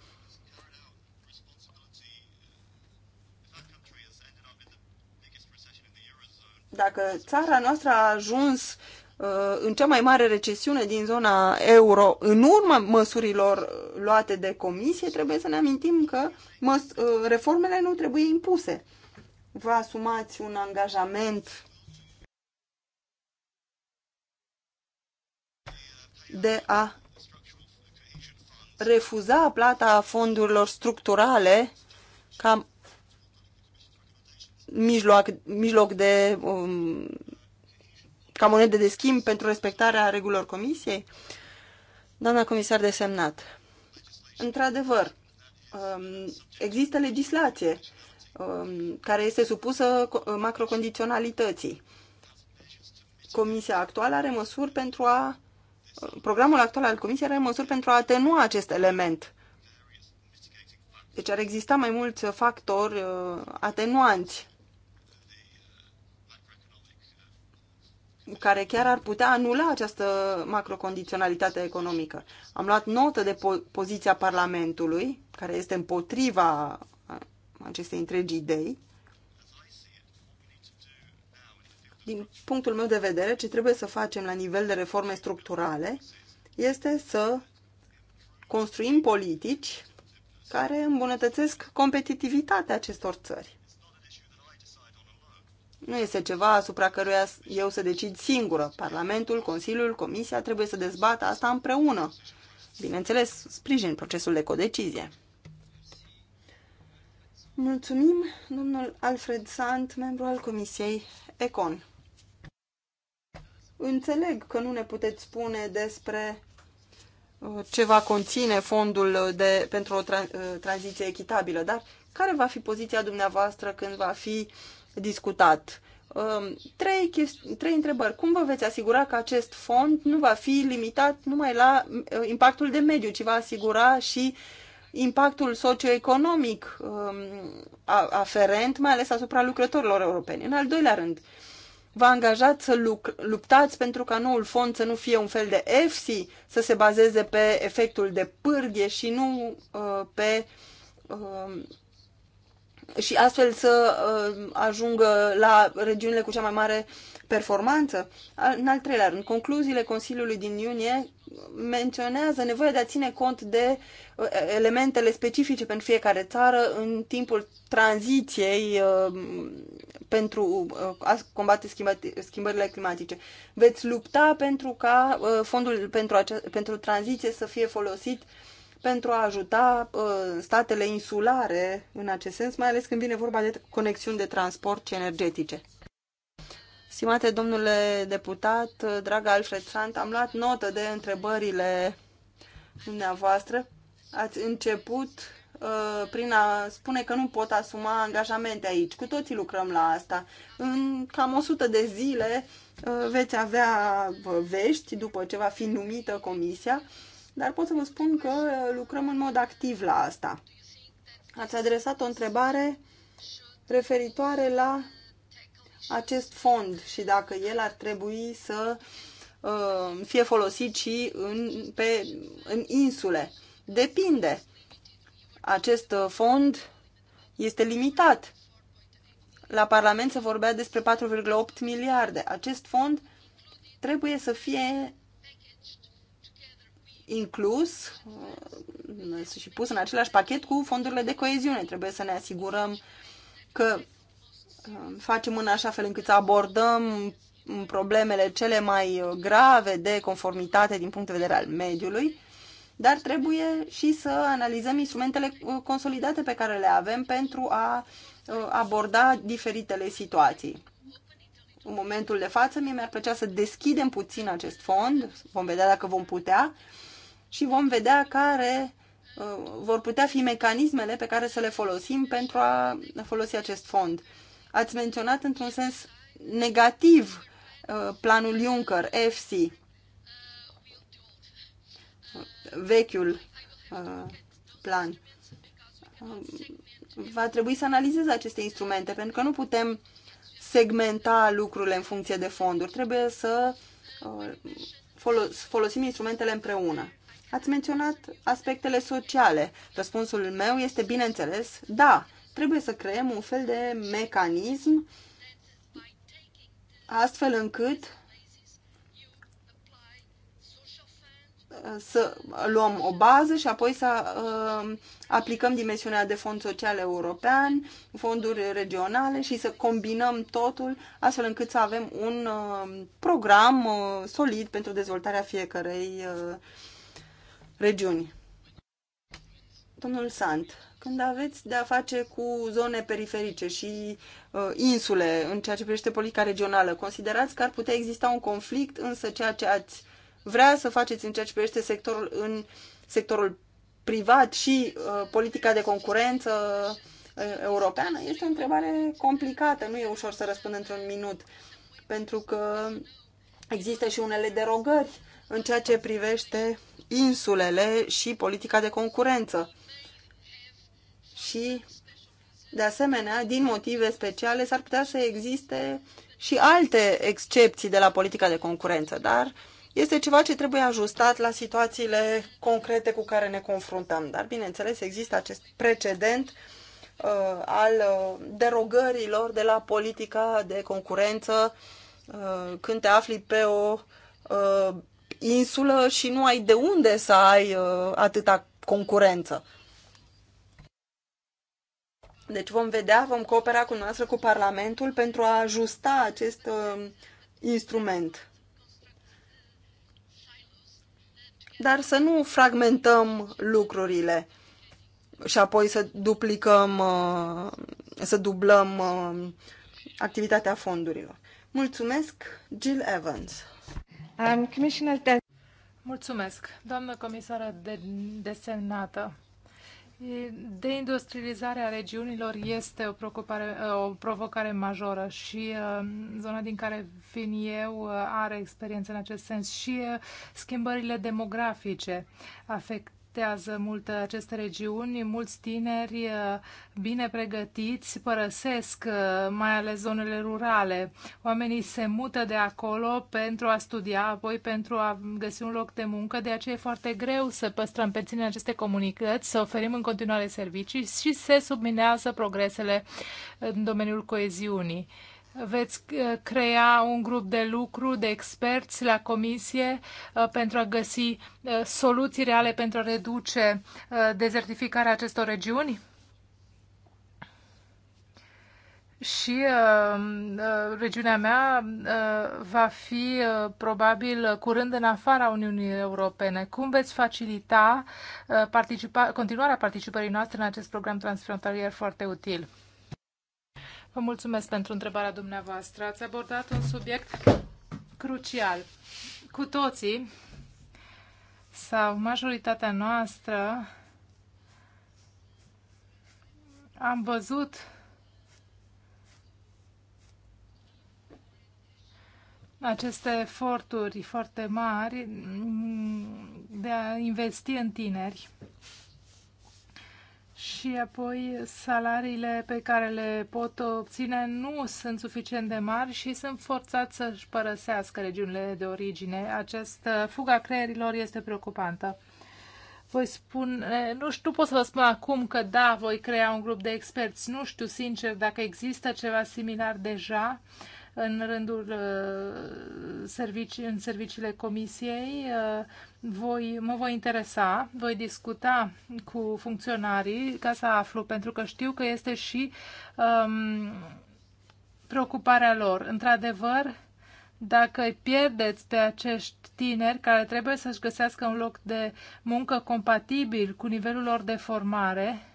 dacă țara noastră a ajuns uh, Uh, în cea mai mare recesiune din zona euro, în urma măsurilor luate de comisie, trebuie să ne amintim că uh, reformele nu trebuie impuse. Vă asumați un angajament de a refuza plata fondurilor structurale ca mijloc, mijloc de um, ca monedă de schimb pentru respectarea regulilor comisiei? Doamna comisar desemnat, într-adevăr, um, există legislație um, care este supusă macrocondiționalității. Comisia actuală are măsuri pentru a programul actual al Comisiei are măsuri pentru a atenua acest element. Deci ar exista mai mulți factori uh, atenuanți care chiar ar putea anula această macrocondiționalitate economică. Am luat notă de po- poziția Parlamentului, care este împotriva acestei întregi idei. Din punctul meu de vedere, ce trebuie să facem la nivel de reforme structurale este să construim politici care îmbunătățesc competitivitatea acestor țări. Nu este ceva asupra căruia eu să decid singură. Parlamentul, Consiliul, Comisia trebuie să dezbată asta împreună. Bineînțeles, sprijin procesul de codecizie. Mulțumim, domnul Alfred Sant, membru al Comisiei Econ. Înțeleg că nu ne puteți spune despre uh, ce va conține fondul de, pentru o tra, uh, tranziție echitabilă, dar care va fi poziția dumneavoastră când va fi uh, discutat. Um, trei, trei întrebări. Cum vă veți asigura că acest fond nu va fi limitat numai la uh, impactul de mediu, ci va asigura și impactul socioeconomic um, aferent, mai ales asupra lucrătorilor europeni? În al doilea rând, vă angajați să luptați pentru ca noul fond să nu fie un fel de EFSI, să se bazeze pe efectul de pârghie și nu uh, pe um, și astfel să uh, ajungă la regiunile cu cea mai mare performanță. În al treilea rând, concluziile Consiliului din iunie menționează nevoia de a ține cont de uh, elementele specifice pentru fiecare țară în timpul tranziției uh, pentru a combate schimbările climatice. Veți lupta pentru ca fondul pentru, acea, pentru tranziție să fie folosit uh, pentru a ajuta uh, statele insulare în acest sens, mai ales când vine vorba de conexiuni de transport și energetice. Stimate domnule deputat, uh, dragă Alfred Sant, am luat notă de întrebările dumneavoastră. Ați început uh, prin a spune că nu pot asuma angajamente aici. Cu toții lucrăm la asta. În cam 100 de zile veți avea vești după ce va fi numită comisia dar pot să vă spun că lucrăm în mod activ la asta. Ați adresat o întrebare referitoare la acest fond și dacă el ar trebui să uh, fie folosit și în, pe, în insule. Depinde. Acest uh, fond este limitat. La Parlament se vorbea despre 4,8 miliarde. Acest fond trebuie să fie inclus uh, și pus în același pachet cu fondurile de coeziune. Trebuie să ne asigurăm că uh, facem în așa fel încât să abordăm problemele cele mai grave de conformitate din punct de vedere al mediului, dar trebuie și să analizăm instrumentele uh, consolidate pe care le avem pentru a aborda diferitele situații. În momentul de față, mie mi-ar plăcea să deschidem puțin acest fond, vom vedea dacă vom putea, și vom vedea care uh, vor putea fi mecanismele pe care să le folosim pentru a folosi acest fond. Ați menționat într-un sens negativ uh, planul Juncker, FC, vechiul uh, plan. Va trebui să analizez aceste instrumente, pentru că nu putem segmenta lucrurile în funcție de fonduri. Trebuie să folosim instrumentele împreună. Ați menționat aspectele sociale. Răspunsul meu este, bineînțeles, da, trebuie să creăm un fel de mecanism astfel încât uh, să luăm o bază și apoi să uh, aplicăm dimensiunea de fond social european, fonduri regionale și să combinăm totul astfel încât să avem un uh, program uh, solid pentru dezvoltarea fiecărei uh, regiuni. Domnul Sant, când aveți de-a face cu zone periferice și uh, insule în ceea ce privește politica regională, considerați că ar putea exista un conflict, însă ceea ce ați vrea să faceți în ceea ce privește sectorul, în sectorul privat și uh, politica de concurență uh, europeană, este o întrebare complicată, nu e ușor să răspund într-un minut, pentru că există și unele derogări în ceea ce privește insulele și politica de concurență. Și, de asemenea, din motive speciale, s-ar putea să existe și alte excepții de la politica de concurență, dar este ceva ce trebuie ajustat la situațiile concrete cu care ne confruntăm. Dar, bineînțeles, există acest precedent uh, al uh, derogărilor de la politica de concurență uh, când te afli pe o uh, insulă și nu ai de unde să ai uh, atâta concurență. Deci vom vedea, vom coopera cu noastră, cu Parlamentul, pentru a ajusta acest uh, instrument. Dar să nu fragmentăm lucrurile și apoi să duplicăm, uh, să dublăm uh, activitatea fondurilor. Mulțumesc, Jill Evans. Um, Mulțumesc, doamnă comisară de- desemnată. Deindustrializarea regiunilor este o, preocupare, uh, o provocare majoră și um, zona din care vin eu uh, are experiență în acest sens și uh, schimbările demografice afect, afectează mult aceste regiuni. Mulți tineri uh, bine pregătiți părăsesc uh, mai ales zonele rurale. Oamenii se mută de acolo pentru a studia, apoi pentru a găsi un loc de muncă. De aceea e foarte greu să păstrăm pe ține aceste comunități, să oferim în continuare servicii și se subminează progresele în domeniul coeziunii veți uh, crea un grup de lucru de experți la comisie uh, pentru a găsi uh, soluții reale pentru a reduce dezertificarea acestor regiuni? și uh, regiunea mea uh, va fi uh, probabil curând în afara Uniunii Europene. Cum veți facilita uh, participa- continuarea participării noastre în acest program transfrontalier foarte util? Vă mulțumesc pentru întrebarea dumneavoastră. Ați abordat un subiect crucial. Cu toții sau majoritatea noastră am văzut aceste eforturi foarte mari de a investi în tineri și apoi salariile pe care le pot obține nu sunt suficient de mari și sunt forțați să-și părăsească regiunile de origine. Această fuga creierilor este preocupantă. Voi spun, nu știu, pot să vă spun acum că da, voi crea un grup de experți. Nu știu, sincer, dacă există ceva similar deja. Uh, în rândul uh, servici, în serviciile comisiei. Uh, voi, mă voi interesa, voi discuta cu funcționarii ca să aflu, pentru că știu că este și um, preocuparea lor. Într-adevăr, dacă îi pierdeți pe acești tineri care trebuie să-și găsească un loc de muncă compatibil cu nivelul lor de formare,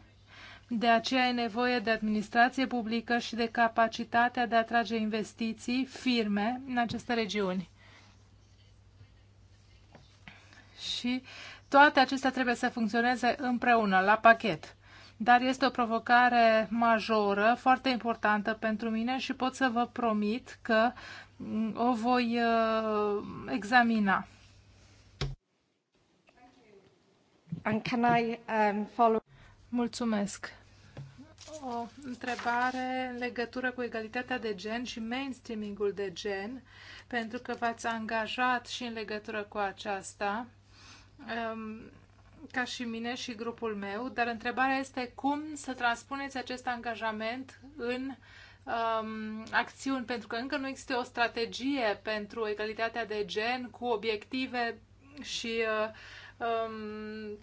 de aceea e nevoie de administrație publică și de capacitatea de a atrage investiții, firme în aceste regiuni. Și toate acestea trebuie să funcționeze împreună, la pachet. Dar este o provocare majoră, foarte importantă pentru mine și pot să vă promit că mm, o voi uh, examina. And can I um, follow Mulțumesc. O întrebare în legătură cu egalitatea de gen și mainstreamingul de gen, pentru că v-ați angajat și în legătură cu aceasta, um, ca și mine și grupul meu, dar întrebarea este cum să transpuneți acest angajament în um, acțiuni, pentru că încă nu există o strategie pentru egalitatea de gen cu obiective și uh, um,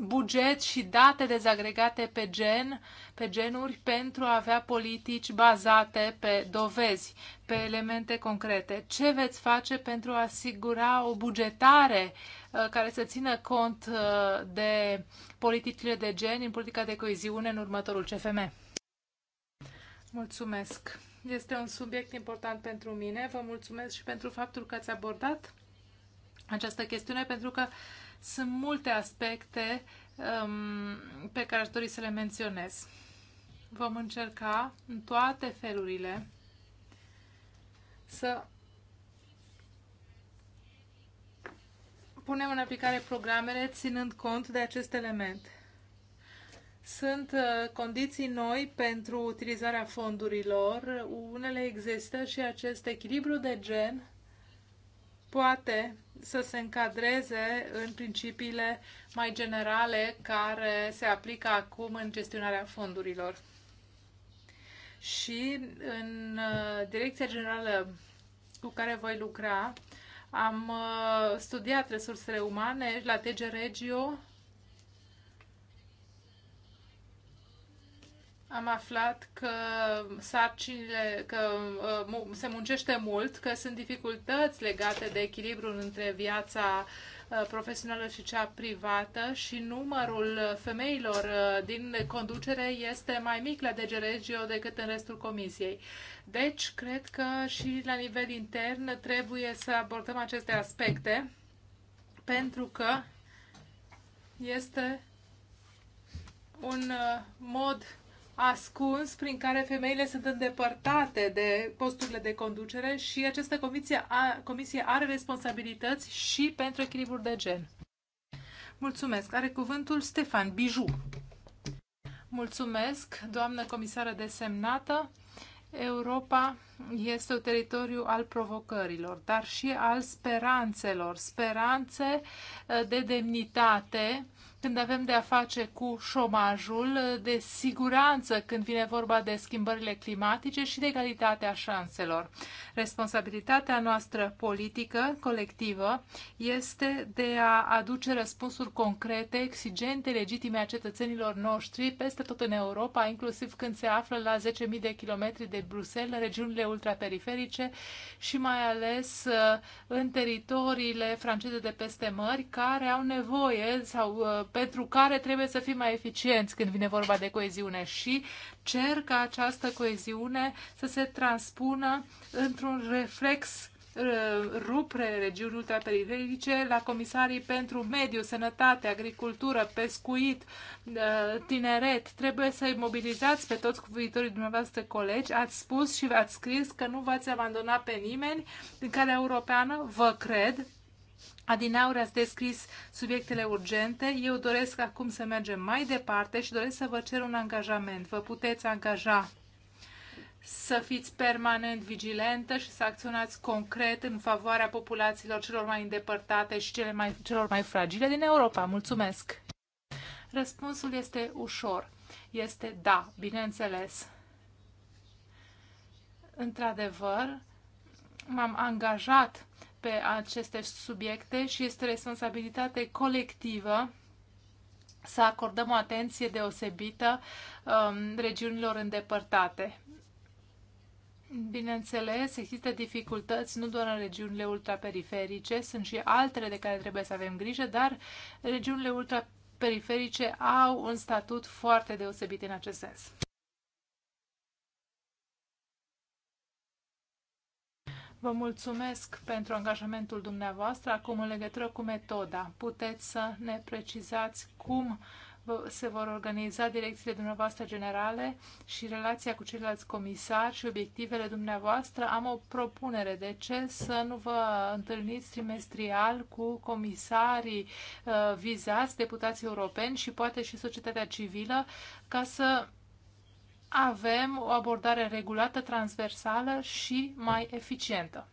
buget și date dezagregate pe gen, pe genuri pentru a avea politici bazate pe dovezi, pe elemente concrete. Ce veți face pentru a asigura o bugetare uh, care să țină cont uh, de politicile de gen în politica de coeziune în următorul CFM? Mulțumesc. Este un subiect important pentru mine. Vă mulțumesc și pentru faptul că ați abordat această chestiune, pentru că uh, sunt multe aspecte um, pe care aș dori să le menționez. Vom încerca în toate felurile să punem în aplicare programele ținând cont de acest element. Sunt uh, condiții noi pentru utilizarea fondurilor, unele există și acest echilibru de gen poate să se încadreze în principiile mai generale care se aplică acum în gestionarea fondurilor. Și în uh, direcția generală cu care voi lucra, am uh, studiat resursele umane la TG Regio am aflat că sarcinile, că uh, se muncește mult, că sunt dificultăți legate de echilibrul între viața uh, profesională și cea privată și numărul femeilor uh, din conducere este mai mic la DG Regio decât în restul comisiei. Deci, cred că și la nivel intern trebuie să abordăm aceste aspecte pentru că este un mod ascuns prin care femeile sunt îndepărtate de posturile de conducere și această comisie, a, comisie are responsabilități și pentru echilibrul de gen. Mulțumesc. Are cuvântul Stefan Biju. Mulțumesc, doamnă comisară desemnată. Europa este un teritoriu al provocărilor, dar și al speranțelor, speranțe eh, de demnitate când avem de a face cu șomajul, de siguranță când vine vorba de schimbările climatice și de egalitatea șanselor. Responsabilitatea noastră politică, colectivă, este de a aduce răspunsuri concrete, exigente, legitime a cetățenilor noștri peste tot în Europa, inclusiv când se află la 10.000 de kilometri de Bruxelles, regiunile ultraperiferice și mai ales uh, în teritoriile franceze de peste mări, care au nevoie sau uh, pentru care trebuie să fim mai eficienți când vine vorba de coeziune și cer ca această coeziune să se transpună într-un reflex uh, rupre regiuni ultraperiferice la comisarii pentru mediu, sănătate, agricultură, pescuit, uh, tineret. Trebuie să-i mobilizați pe toți viitorii dumneavoastră colegi. Ați spus și ați scris că nu v-ați abandonat pe nimeni din care europeană vă cred Adinaur ați descris subiectele urgente. Eu doresc acum să mergem mai departe și doresc să vă cer un angajament. Vă puteți angaja să fiți permanent vigilentă și să acționați concret în favoarea populațiilor celor mai îndepărtate și cele mai, celor mai fragile din Europa. Mulțumesc! Răspunsul este ușor. Este da, bineînțeles. Într-adevăr, m-am angajat pe aceste subiecte și este responsabilitate colectivă să acordăm o atenție deosebită um, regiunilor îndepărtate. Bineînțeles, există dificultăți nu doar în regiunile ultraperiferice, sunt și altele de care trebuie să avem grijă, dar regiunile ultraperiferice au un statut foarte deosebit în acest sens. Vă mulțumesc pentru angajamentul dumneavoastră. Acum, în legătură cu metoda, puteți să ne precizați cum se vor organiza direcțiile dumneavoastră generale și relația cu ceilalți comisari și obiectivele dumneavoastră. Am o propunere. De ce să nu vă întâlniți trimestrial cu comisarii uh, vizați, deputații europeni și poate și societatea civilă ca să avem o abordare regulată, transversală și mai eficientă.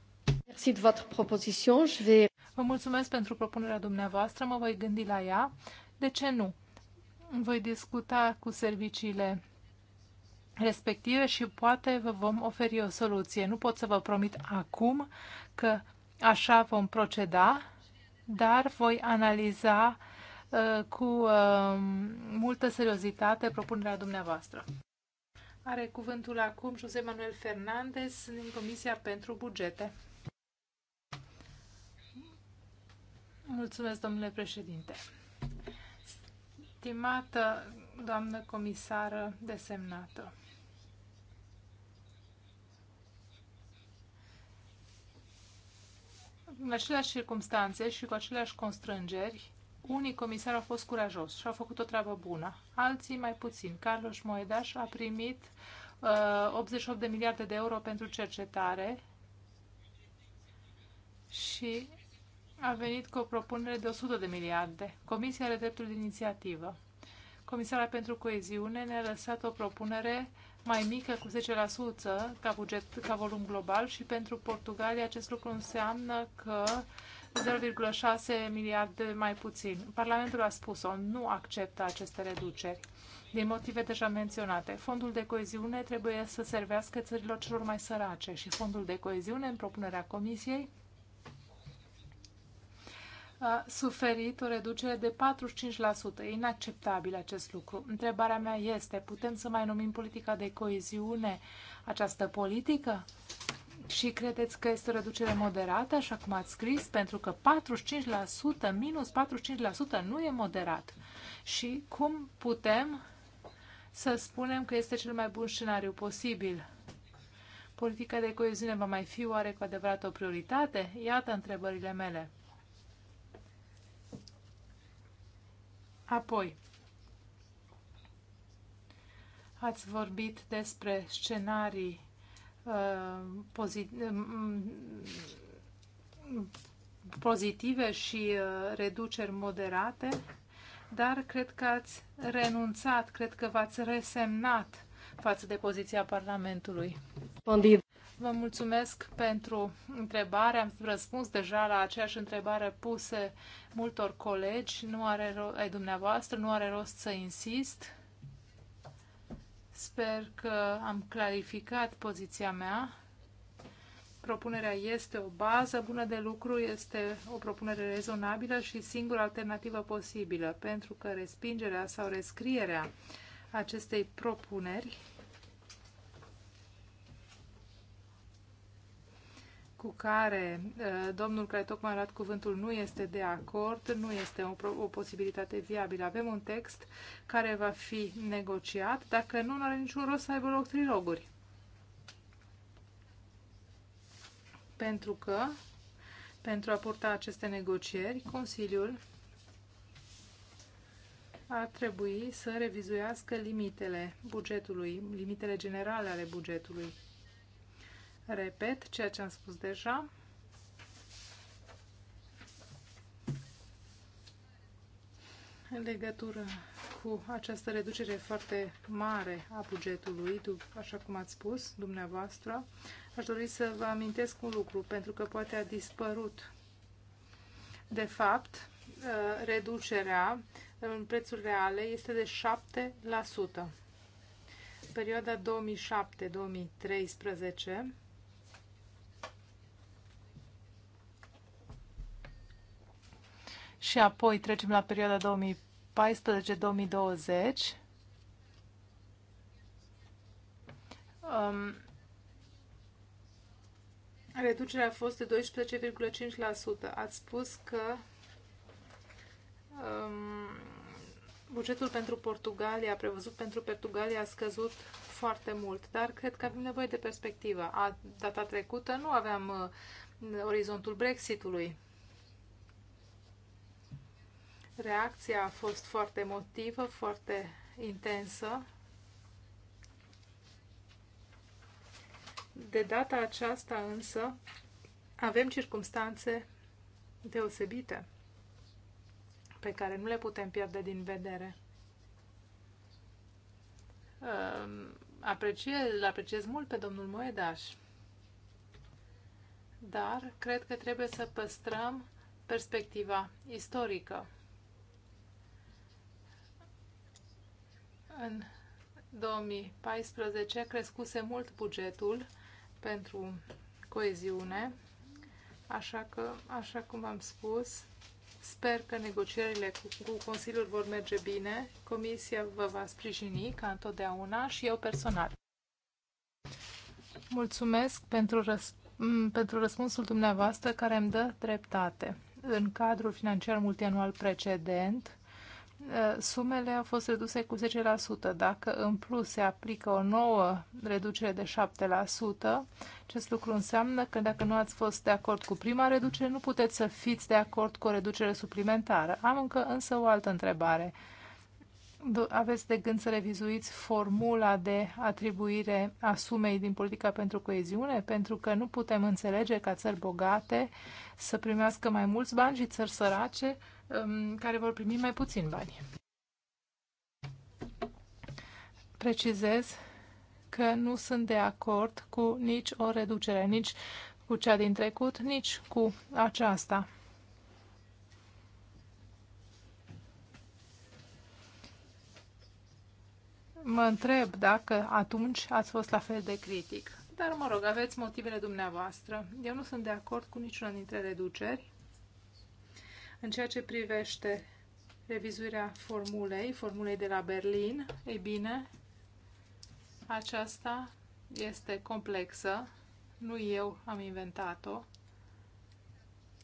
Merci de votre proposition. Je vais... Vă mulțumesc pentru propunerea dumneavoastră, mă voi gândi la ea. De ce nu? Voi discuta cu serviciile respective și poate vă vom oferi o soluție. Nu pot să vă promit acum că așa vom proceda, dar voi analiza uh, cu uh, multă seriozitate propunerea dumneavoastră. Are cuvântul acum José Manuel Fernandez din Comisia pentru Bugete. Mulțumesc, domnule președinte. Stimată doamnă comisară desemnată, în aceleași circunstanțe și cu aceleași constrângeri, unii comisari au fost curajos și au făcut o treabă bună, alții mai puțin. Carlos Moedas a primit uh, 88 de miliarde de euro pentru cercetare și a venit cu o propunere de 100 de miliarde. Comisia are dreptul de inițiativă. Comisarea pentru Coeziune ne-a lăsat o propunere mai mică cu 10% ca, buget, ca volum global și pentru Portugalia acest lucru înseamnă că uh, 0,6 miliarde mai puțin. Parlamentul a spus-o, nu acceptă aceste reduceri din motive deja menționate. Fondul de coeziune trebuie să servească țărilor celor mai sărace și fondul de coeziune, în propunerea Comisiei, a suferit o reducere de 45%. E inacceptabil acest lucru. Întrebarea mea este, putem să mai numim politica de coeziune această politică? Și credeți că este o reducere moderată, așa cum ați scris, pentru că 45% minus 45% nu e moderat. Și cum putem să spunem că este cel mai bun scenariu posibil? Politica de coeziune va mai fi oare cu adevărat o prioritate? Iată întrebările mele. Apoi, ați vorbit despre scenarii Uh, uh, mm, pozitive și uh, reduceri moderate, dar cred că ați renunțat, cred că v-ați resemnat față de poziția Parlamentului. Vă mulțumesc pentru întrebare. Am răspuns deja la aceeași întrebare puse multor colegi. Nu are ro- ai dumneavoastră, nu are rost să insist. Sper că am clarificat poziția mea. Propunerea este o bază bună de lucru, este o propunere rezonabilă și singura alternativă posibilă, pentru că respingerea sau rescrierea acestei propuneri cu care uh, domnul care tocmai a luat cuvântul nu este de acord, nu este o, o posibilitate viabilă. Avem un text care va fi negociat, dacă nu, nu are niciun rost să aibă loc triloguri. Pentru că, pentru a purta aceste negocieri, Consiliul ar trebui să revizuiască limitele bugetului, limitele generale ale bugetului repet ceea ce am spus deja. În legătură cu această reducere foarte mare a bugetului, așa cum ați spus dumneavoastră, aș dori să vă amintesc un lucru, pentru că poate a dispărut. De fapt, ă, reducerea în prețuri reale este de 7%. Perioada 2007-2013 și apoi trecem la perioada 2014-2020. Um, reducerea a fost de 12,5%. Ați spus că um, bugetul pentru Portugalia, prevăzut pentru Portugalia, a scăzut foarte mult, dar cred că avem nevoie de perspectivă. A, data trecută nu aveam uh, orizontul Brexitului. Reacția a fost foarte emotivă, foarte intensă. De data aceasta însă avem circumstanțe deosebite pe care nu le putem pierde din vedere. Apreciez, îl apreciez mult pe domnul Moedaș, dar cred că trebuie să păstrăm perspectiva istorică. în 2014 crescuse mult bugetul pentru coeziune, așa că, așa cum am spus, sper că negocierile cu, cu Consiliul vor merge bine, Comisia vă va sprijini ca întotdeauna și eu personal. Mulțumesc pentru, răs- pentru răspunsul dumneavoastră care îmi dă dreptate. În cadrul financiar multianual precedent, Eh, sumele au fost reduse cu 10%. Dacă în plus se aplică o nouă reducere de 7%, acest lucru înseamnă că dacă nu ați fost de acord cu prima reducere, nu puteți să fiți de acord cu o reducere suplimentară. Am încă însă o altă întrebare. Aveți de gând să revizuiți formula de atribuire a sumei din politica pentru coeziune? Pentru că nu putem înțelege ca țări bogate să primească mai mulți bani și țări sărace Um, care vor primi mai puțin bani. Precizez că nu sunt de acord cu nici o reducere, nici cu cea din trecut, nici cu aceasta. Mă întreb dacă atunci ați fost la fel de critic. Dar, mă rog, aveți motivele dumneavoastră. Eu nu sunt de acord cu niciuna dintre reduceri. În ceea ce privește revizuirea formulei, formulei de la Berlin, ei bine, aceasta este complexă, nu eu am inventat-o.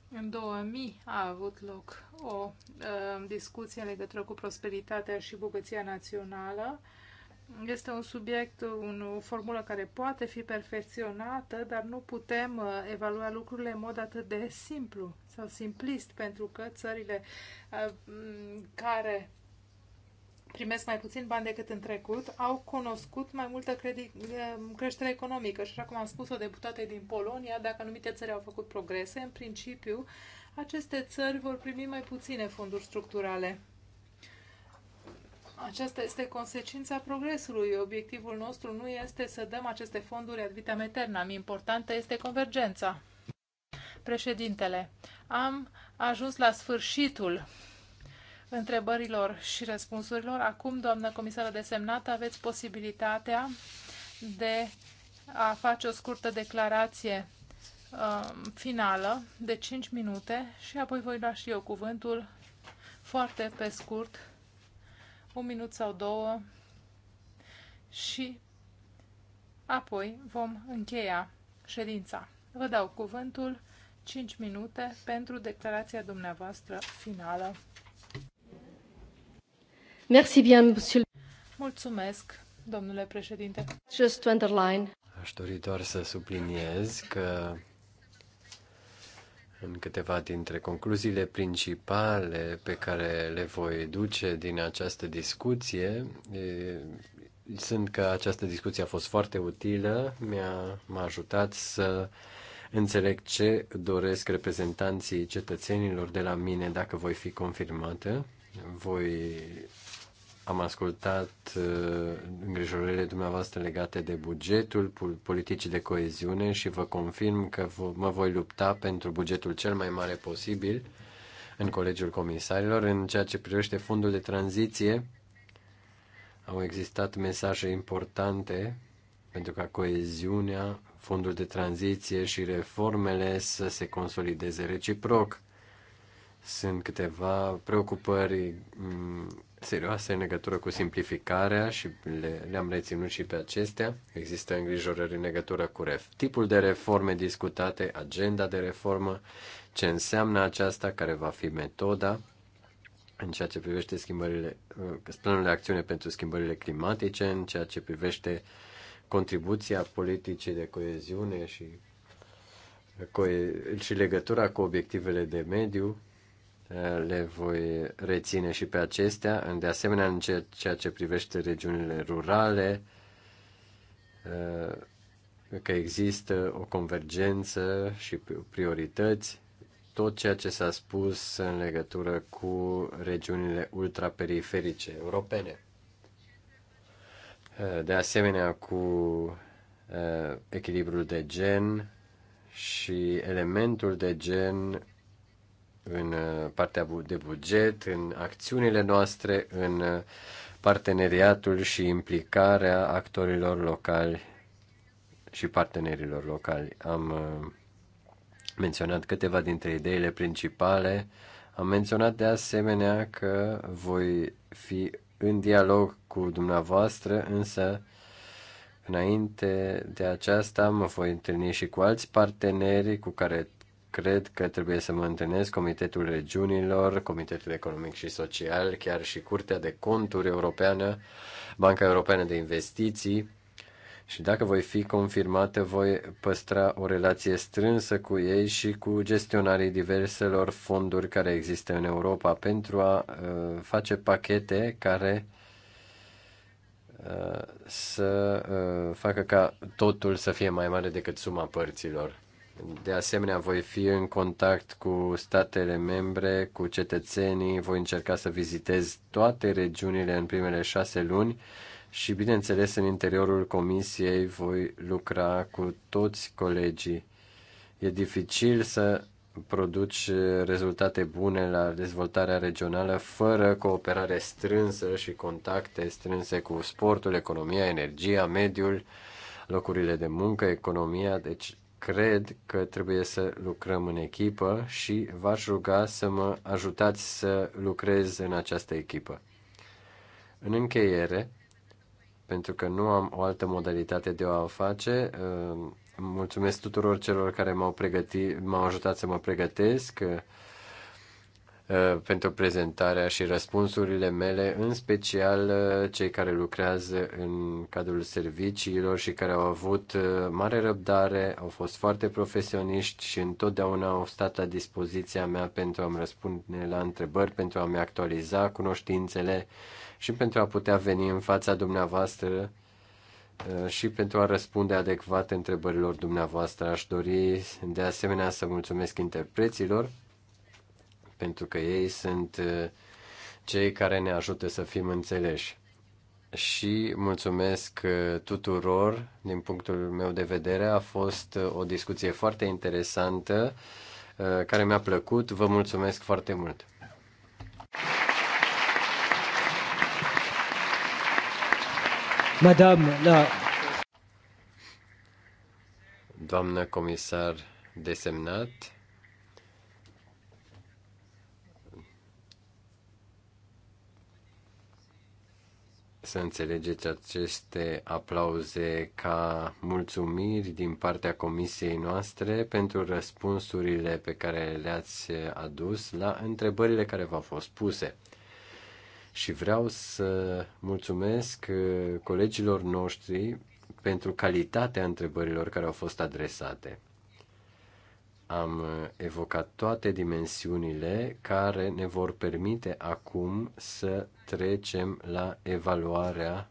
În 2000 a avut loc o uh, discuție în legătură cu prosperitatea și bogăția națională. Uh, este un subiect, un, o formulă care poate fi perfecționată, dar nu putem uh, evalua lucrurile în mod atât de simplu sau simplist, pentru că țările uh, care primesc mai puțin bani decât în trecut, au cunoscut mai multă uh, creștere economică și, așa cum am spus o deputată din Polonia, dacă anumite țări au făcut progrese, în principiu, aceste țări vor primi mai puține fonduri structurale. Aceasta este consecința progresului. Obiectivul nostru nu este să dăm aceste fonduri ad vitam aeternam. Importantă este convergența. Președintele, am ajuns la sfârșitul întrebărilor și răspunsurilor. Acum, doamnă comisară desemnată, aveți posibilitatea de a face o scurtă declarație uh, finală de 5 minute și apoi voi lua și eu cuvântul foarte pe scurt un minut sau două și apoi vom încheia ședința. Vă dau cuvântul 5 minute pentru declarația dumneavoastră finală. Merci bien, monsieur. Mulțumesc, domnule președinte. Just to underline. Aș dori doar să subliniez că în câteva dintre concluziile principale pe care le voi duce din această discuție sunt că această discuție a fost foarte utilă, mi-a m-a ajutat să înțeleg ce doresc reprezentanții cetățenilor de la mine dacă voi fi confirmată. Voi am ascultat uh, îngrijorările dumneavoastră legate de bugetul politicii de coeziune și vă confirm că mă voi lupta pentru bugetul cel mai mare posibil în Colegiul Comisarilor. În ceea ce privește fondul de tranziție, au existat mesaje importante pentru ca coeziunea, fondul de tranziție și reformele să se consolideze reciproc. Sunt câteva preocupări mm, serioase în legătură cu simplificarea și le, le-am reținut și pe acestea. Există îngrijorări în legătură cu ref, tipul de reforme discutate, agenda de reformă, ce înseamnă aceasta, care va fi metoda în ceea ce privește schimbările, uh, planul de acțiune pentru schimbările climatice, în ceea ce privește contribuția politicii de coeziune și, și legătura cu obiectivele de mediu, le voi reține și pe acestea. De asemenea, în ceea ce privește regiunile rurale, uh, că există o convergență și priorități. Tot ceea ce s-a spus în legătură cu regiunile ultraperiferice europene. Uh, de asemenea, cu uh, echilibrul de gen și elementul de gen în uh, partea de buget, în acțiunile noastre, în uh, parteneriatul și implicarea actorilor locali și partenerilor locali. Am uh, menționat câteva dintre ideile principale. Am menționat de asemenea că voi fi în dialog cu dumneavoastră, însă înainte de aceasta mă voi întâlni și cu alți parteneri cu care cred că trebuie să mă întâlnesc Comitetul Regiunilor, Comitetul Economic și Social, chiar și Curtea de Conturi Europeană, Banca Europeană de Investiții și dacă voi fi confirmată, voi păstra o relație strânsă cu ei și cu gestionarii diverselor fonduri care există în Europa pentru a uh, face pachete care uh, să uh, facă ca totul să fie mai mare decât suma părților. De asemenea, voi fi în contact cu statele membre, cu cetățenii, voi încerca să vizitez toate regiunile în primele șase luni și, bineînțeles, în interiorul comisiei voi lucra cu toți colegii. E dificil să produci rezultate bune la dezvoltarea regională fără cooperare strânsă și contacte strânse cu sportul, economia, energia, mediul, locurile de muncă, economia, deci cred că trebuie să lucrăm în echipă și v-aș ruga să mă ajutați să lucrez în această echipă. În încheiere, pentru că nu am o altă modalitate de a o face, uh, mulțumesc tuturor celor care m-au, pregătit, m-au ajutat să mă pregătesc, uh, Uh, pentru prezentarea și răspunsurile mele, în special uh, cei care lucrează în cadrul serviciilor și care au avut uh, mare răbdare, au fost foarte profesioniști și întotdeauna au stat la dispoziția mea pentru a-mi răspunde la întrebări, pentru a-mi actualiza cunoștințele și pentru a putea veni în fața dumneavoastră și pentru a răspunde adecvat întrebărilor dumneavoastră. Aș dori de asemenea să mulțumesc interpreților pentru că ei sunt uh, cei care ne ajută să fim înțeleși. Și mulțumesc uh, tuturor, din punctul meu de vedere, a fost uh, o discuție foarte interesantă care mi-a plăcut. Vă mulțumesc foarte mult! Madame, la... Doamnă comisar desemnat, să înțelegeți aceste aplauze ca mulțumiri din partea comisiei noastre pentru răspunsurile pe care le-ați adus la întrebările care v-au fost puse. Și vreau să mulțumesc uh, colegilor noștri pentru calitatea întrebărilor care au fost adresate am evocat toate dimensiunile care ne vor permite acum să trecem la evaluarea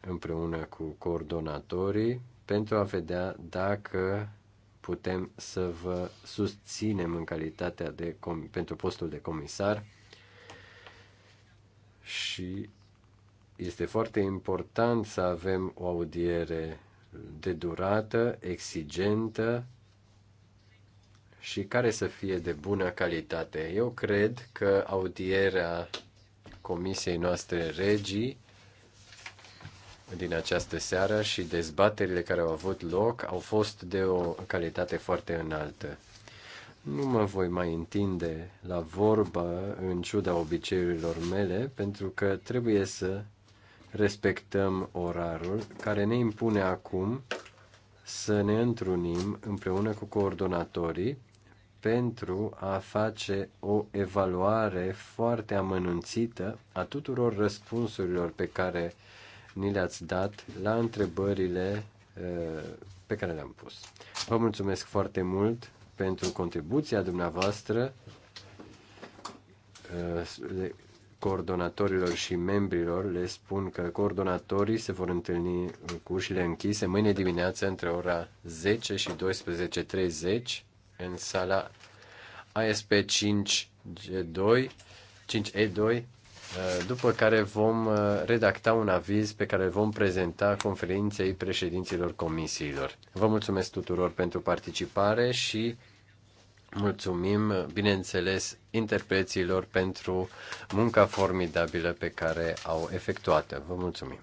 împreună cu coordonatorii pentru a vedea dacă putem să vă susținem în calitatea de pentru postul de comisar și este foarte important să avem o audiere de durată, exigentă și care să fie de bună calitate. Eu cred că audierea comisiei noastre regii din această seară și dezbaterile care au avut loc au fost de o calitate foarte înaltă. Nu mă voi mai întinde la vorbă în ciuda obiceiurilor mele, pentru că trebuie să respectăm orarul care ne impune acum să ne întrunim împreună cu coordonatorii pentru a face o evaluare foarte amănunțită a tuturor răspunsurilor pe care ni le-ați dat la întrebările uh, pe care le-am pus. Vă mulțumesc foarte mult pentru contribuția dumneavoastră uh, coordonatorilor și membrilor le spun că coordonatorii se vor întâlni cu ușile închise mâine dimineață între ora 10 și 12.30 în sala ASP 5G2, 5E2, după care vom uh, redacta un aviz pe care îl vom prezenta conferinței președinților comisiilor. Vă mulțumesc tuturor pentru participare și Mulțumim, bineînțeles, interpreților pentru munca formidabilă pe care au efectuat-o. Vă mulțumim!